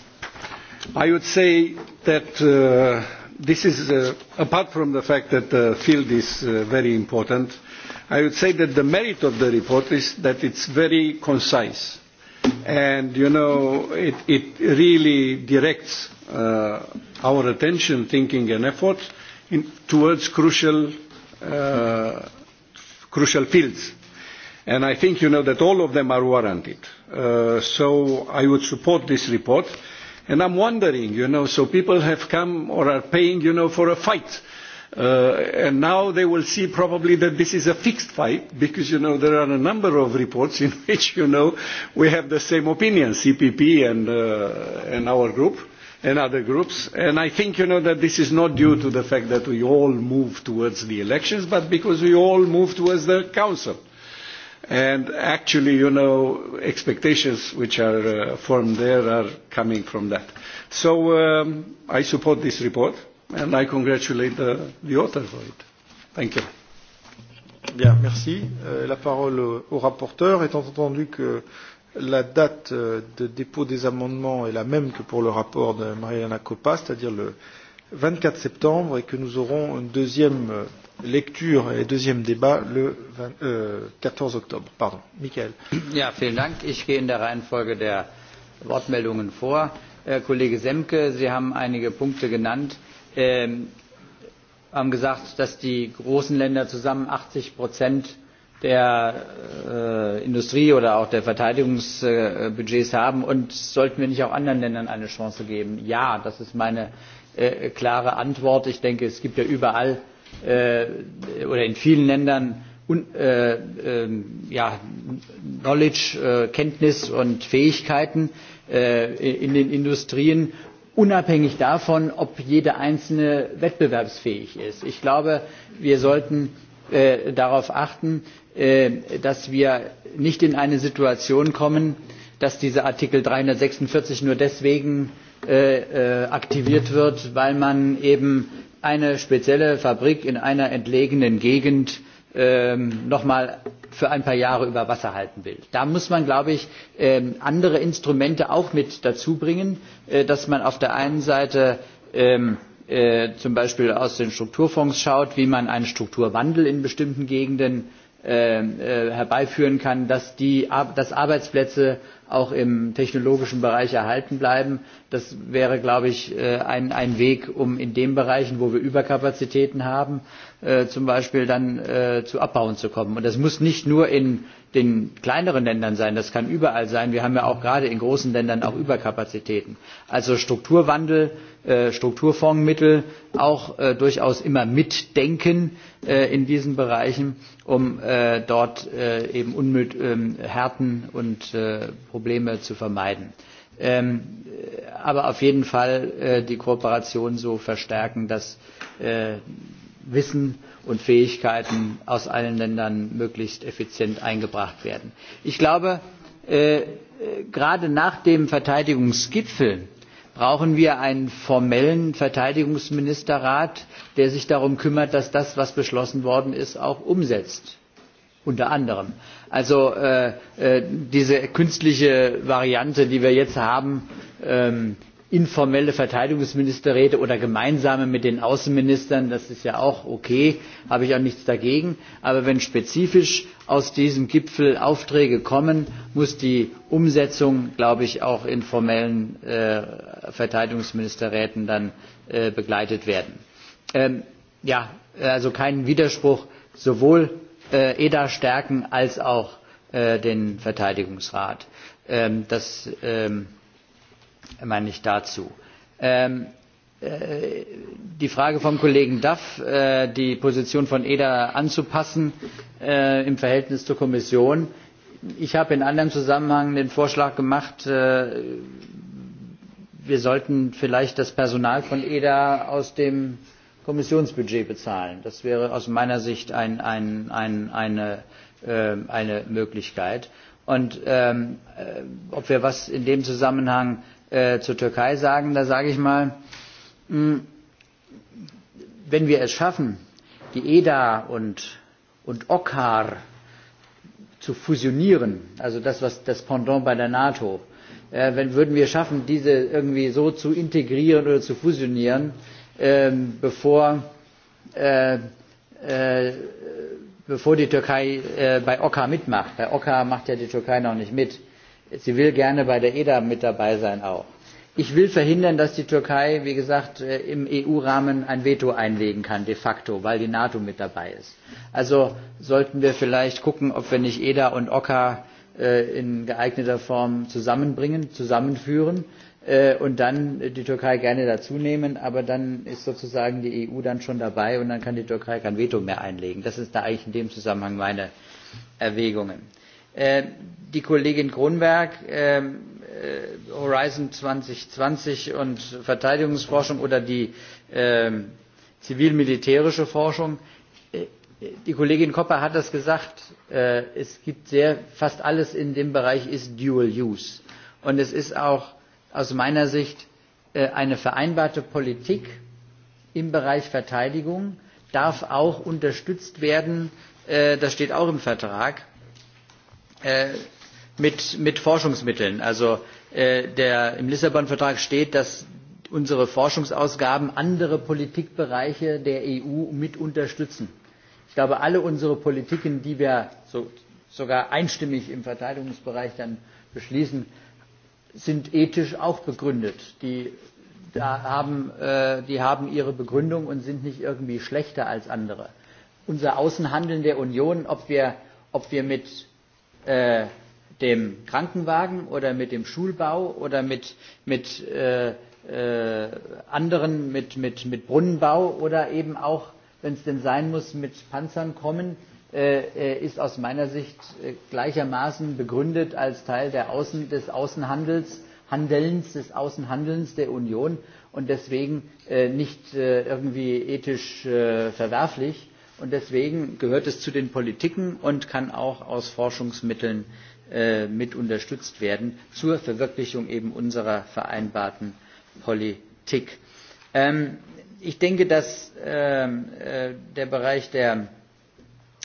J: I would say that uh, this is, uh, apart from the fact that the field is uh, very important, I would say that the merit of the report is that it's very concise. And, you know, it, really directs our attention, thinking and effort towards crucial, crucial fields and I think you know that all of them are warranted. Uh, so I would support this report. And I'm wondering, you know, so people have come or are paying, you know, for a fight. Uh, and now they will see probably that this is a fixed fight because you know there are a number of reports <laughs> in which you know we have the same opinion CPP and uh, and our group and other groups and I think you know that this is not due to the fact that we all move towards the elections but because we all move towards the council And actually, you know, expectations which are uh, formed there are coming from that. So um, I support this report and I congratulate the, the author
A: for it. Thank you. Bien, merci. Euh, la parole au, rapporteur, étant entendu que la date euh, de dépôt des amendements est la même que pour le rapport de Mariana Coppa, c'est-à-dire le 24 septembre, et que nous aurons une deuxième euh, lecture et deuxième débat le 20, euh, 14 octobre. Pardon.
K: Michael. Ja, vielen Dank. Ich gehe in der Reihenfolge der Wortmeldungen vor. Herr äh, Kollege Semke, Sie haben einige Punkte genannt. Ähm, haben gesagt, dass die großen Länder zusammen 80 Prozent der äh, Industrie oder auch der Verteidigungsbudgets äh, haben und sollten wir nicht auch anderen Ländern eine Chance geben? Ja, das ist meine äh, klare Antwort. Ich denke, es gibt ja überall äh, äh, oder in vielen Ländern un, äh, äh, ja, Knowledge, äh, Kenntnis und Fähigkeiten äh, in den Industrien unabhängig davon, ob jede einzelne wettbewerbsfähig ist. Ich glaube, wir sollten äh, darauf achten, äh, dass wir nicht in eine Situation kommen, dass dieser Artikel 346 nur deswegen äh, äh, aktiviert wird, weil man eben eine spezielle Fabrik in einer entlegenen Gegend ähm, noch mal für ein paar Jahre über Wasser halten will. Da muss man, glaube ich, ähm, andere Instrumente auch mit dazu bringen, äh, dass man auf der einen Seite ähm, äh, zum Beispiel aus den Strukturfonds schaut, wie man einen Strukturwandel in bestimmten Gegenden ähm, äh, herbeiführen kann, dass, die, dass Arbeitsplätze auch im technologischen Bereich erhalten bleiben. Das wäre, glaube ich, äh, ein, ein Weg, um in den Bereichen, wo wir Überkapazitäten haben, äh, zum Beispiel dann äh, zu Abbauen zu kommen. Und das muss nicht nur in den kleineren Ländern sein, das kann überall sein. Wir haben ja auch gerade in großen Ländern auch Überkapazitäten. Also Strukturwandel, Strukturfondsmittel auch durchaus immer mitdenken in diesen Bereichen, um dort eben Unmüt, ähm, Härten und Probleme zu vermeiden. Ähm, aber auf jeden Fall äh, die Kooperation so verstärken, dass äh, Wissen und Fähigkeiten aus allen Ländern möglichst effizient eingebracht werden. Ich glaube, äh, äh gerade nach dem Verteidigungsgipfel brauchen wir einen formellen Verteidigungsministerrat, der sich darum kümmert, dass das, was beschlossen worden ist, auch umsetzt unter anderem. Also äh, äh, diese künstliche Variante, die wir jetzt haben, ähm, informelle Verteidigungsministerräte oder gemeinsame mit den Außenministern, das ist ja auch okay, habe ich auch nichts dagegen. Aber wenn spezifisch aus diesem Gipfel Aufträge kommen, muss die Umsetzung, glaube ich, auch in formellen äh, Verteidigungsministerräten dann äh, begleitet werden. Ähm, ja, also kein Widerspruch sowohl Äh, eda stärken als auch äh, den verteidigungsrat. Ähm, das ähm, meine ich dazu. Ähm, äh, die Frage vom Kollegen Duff, die Position von EDA anzupassen im Verhältnis zur Kommission. Ich habe in anderem Zusammenhang den Vorschlag gemacht, wir sollten vielleicht das Personal von EDA aus dem Kommissionsbudget bezahlen. Das wäre aus meiner Sicht ein, ein, ein, eine, äh, eine Möglichkeit. Und ähm, äh, ob wir was in dem Zusammenhang äh, zur Türkei sagen, da sage ich mal, mh, hm, wenn wir es schaffen, die EDA und, und OCCAR zu fusionieren, also das, was das Pendant bei der NATO, äh, wenn, würden wir schaffen, diese irgendwie so zu integrieren oder zu fusionieren, äh, Ähm, äh, äh, bevor, die Türkei äh, bei OCCA mitmacht. Bei OCCA macht ja die Türkei noch nicht mit. Sie will gerne bei der EDA mit dabei sein auch. Ich will verhindern, dass die Türkei, wie gesagt, im EU-Rahmen ein Veto einlegen kann, de facto, weil die NATO mit dabei ist. Also sollten wir vielleicht gucken, ob wir nicht EDA und OCCA in geeigneter Form zusammenbringen, zusammenführen Äh, und dann die Türkei gerne dazunehmen, aber dann ist sozusagen die EU dann schon dabei und dann kann die Türkei kein Veto mehr einlegen. Das ist da eigentlich in dem Zusammenhang meine Erwägungen. Äh, die Kollegin Kronberg, ähm, äh, Horizon 2020 und Verteidigungsforschung oder die ähm, zivil-militärische Forschung, die kollegin koppa hat das gesagt es gibt sehr, fast alles in dem bereich ist dual use und es ist auch aus meiner Sicht äh, eine vereinbarte Politik im Bereich Verteidigung darf auch unterstützt werden, äh, das steht auch im Vertrag, äh, mit, mit Forschungsmitteln. Also der, im Lissabon-Vertrag steht, dass unsere Forschungsausgaben andere Politikbereiche der EU mit unterstützen. Ich glaube, alle unsere Politiken, die wir so, sogar einstimmig im Verteidigungsbereich dann beschließen, sind ethisch auch begründet. Die, da haben, äh, die haben ihre Begründung und sind nicht irgendwie schlechter als andere. Unser Außenhandeln der Union, ob wir, ob wir mit äh, dem Krankenwagen oder mit dem Schulbau oder mit, mit äh, äh, anderen, mit, mit, mit Brunnenbau oder eben auch, wenn es denn sein muss, mit Panzern kommen, Äh, äh, ist aus meiner Sicht äh, gleichermaßen begründet als Teil der Außen, des Außenhandels, Handelns, des Außenhandelns der Union und deswegen nicht irgendwie ethisch verwerflich. Und deswegen gehört es zu den Politiken und kann auch aus Forschungsmitteln mit unterstützt werden zur Verwirklichung eben unserer vereinbarten Politik. Ähm, ich denke, dass ähm, der Bereich der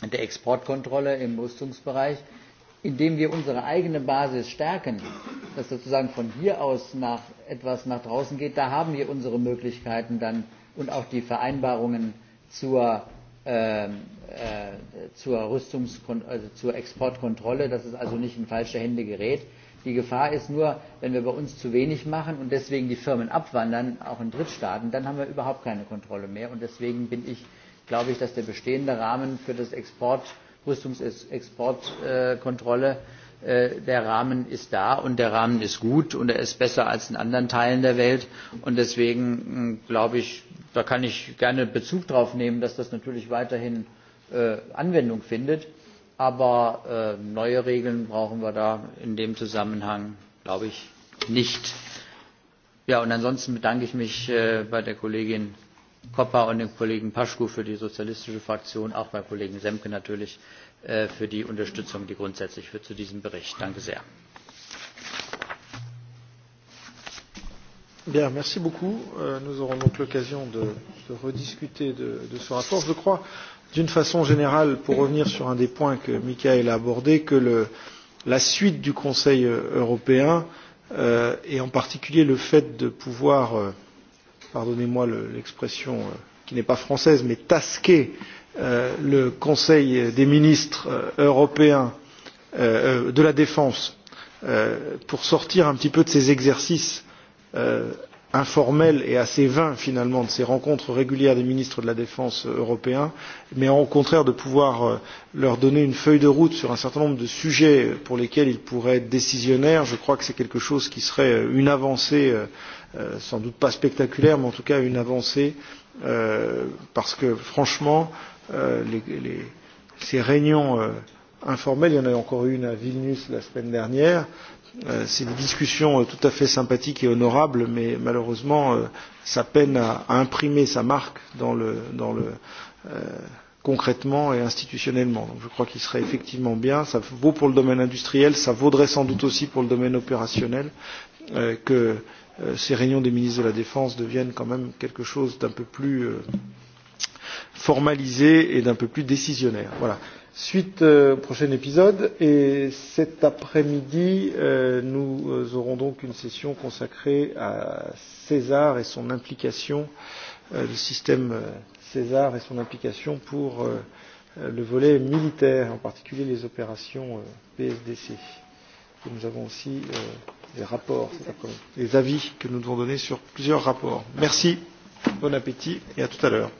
K: der Exportkontrolle im Rüstungsbereich, indem wir unsere eigene Basis stärken, dass sozusagen von hier aus nach etwas nach draußen geht, da haben wir unsere Möglichkeiten dann und auch die Vereinbarungen zur, äh, äh, zur, Rüstungskon also zur Exportkontrolle, dass es also nicht in falsche Hände gerät. Die Gefahr ist nur, wenn wir bei uns zu wenig machen und deswegen die Firmen abwandern, auch in Drittstaaten, dann haben wir überhaupt keine Kontrolle mehr. Und deswegen bin ich glaube ich, dass der bestehende Rahmen für das Export, Rüstungsexportkontrolle, äh, der Rahmen ist da und der Rahmen ist gut und er ist besser als in anderen Teilen der Welt. Und deswegen hm, glaube ich, da kann ich gerne Bezug darauf nehmen, dass das natürlich weiterhin äh, Anwendung findet. Aber äh, neue Regeln brauchen wir da in dem Zusammenhang, glaube ich, nicht. Ja, und ansonsten bedanke ich mich äh, bei der Kollegin Koppa und dem Kollegen pacu für die sozialistische Fraktion, auch beim Kollegen Semke natürlich äh, für die Unterstützung, die grundsätzlich zu diesem Bericht. Danke sehr.
A: Bien, merci beaucoup. la suite du Conseil euh, européen euh, et en particulier le fait de pouvoir euh, pardonnez-moi l'expression euh, qui n'est pas française, mais tasquer euh, le Conseil des ministres euh, européens de la défense pour sortir un petit peu de ces exercices informels et assez vains finalement de ces rencontres régulières des ministres de la défense européens, mais au contraire de pouvoir leur donner une feuille de route sur un certain nombre de sujets pour lesquels ils pourraient être décisionnaires, je crois que c'est quelque chose qui serait une avancée euh, Euh, sans doute pas spectaculaire, mais en tout cas une avancée, euh, parce que franchement, euh, les, les, ces réunions euh, informelles, il y en a encore une à Vilnius la semaine dernière, euh, c'est des discussions euh, tout à fait sympathiques et honorables, mais malheureusement, euh, ça peine à, à imprimer sa marque dans le, dans le, euh, concrètement et institutionnellement. Donc je crois qu'il serait effectivement bien, ça vaut pour le domaine industriel, ça vaudrait sans doute aussi pour le domaine opérationnel, euh, que euh, Euh, ces réunions des ministres de la Défense deviennent quand même quelque chose d'un peu plus euh, formalisé et d'un peu plus décisionnaire. Voilà. Suite euh, prochain épisode et cet après-midi euh, nous euh, aurons donc une session consacrée à César et son implication, euh, le système César et son implication pour euh, le volet militaire, en particulier les opérations euh, PSDC. que nous avons aussi euh, les rapports, les avis que nous devons donner sur plusieurs rapports. Merci, bon appétit et à tout à l'heure.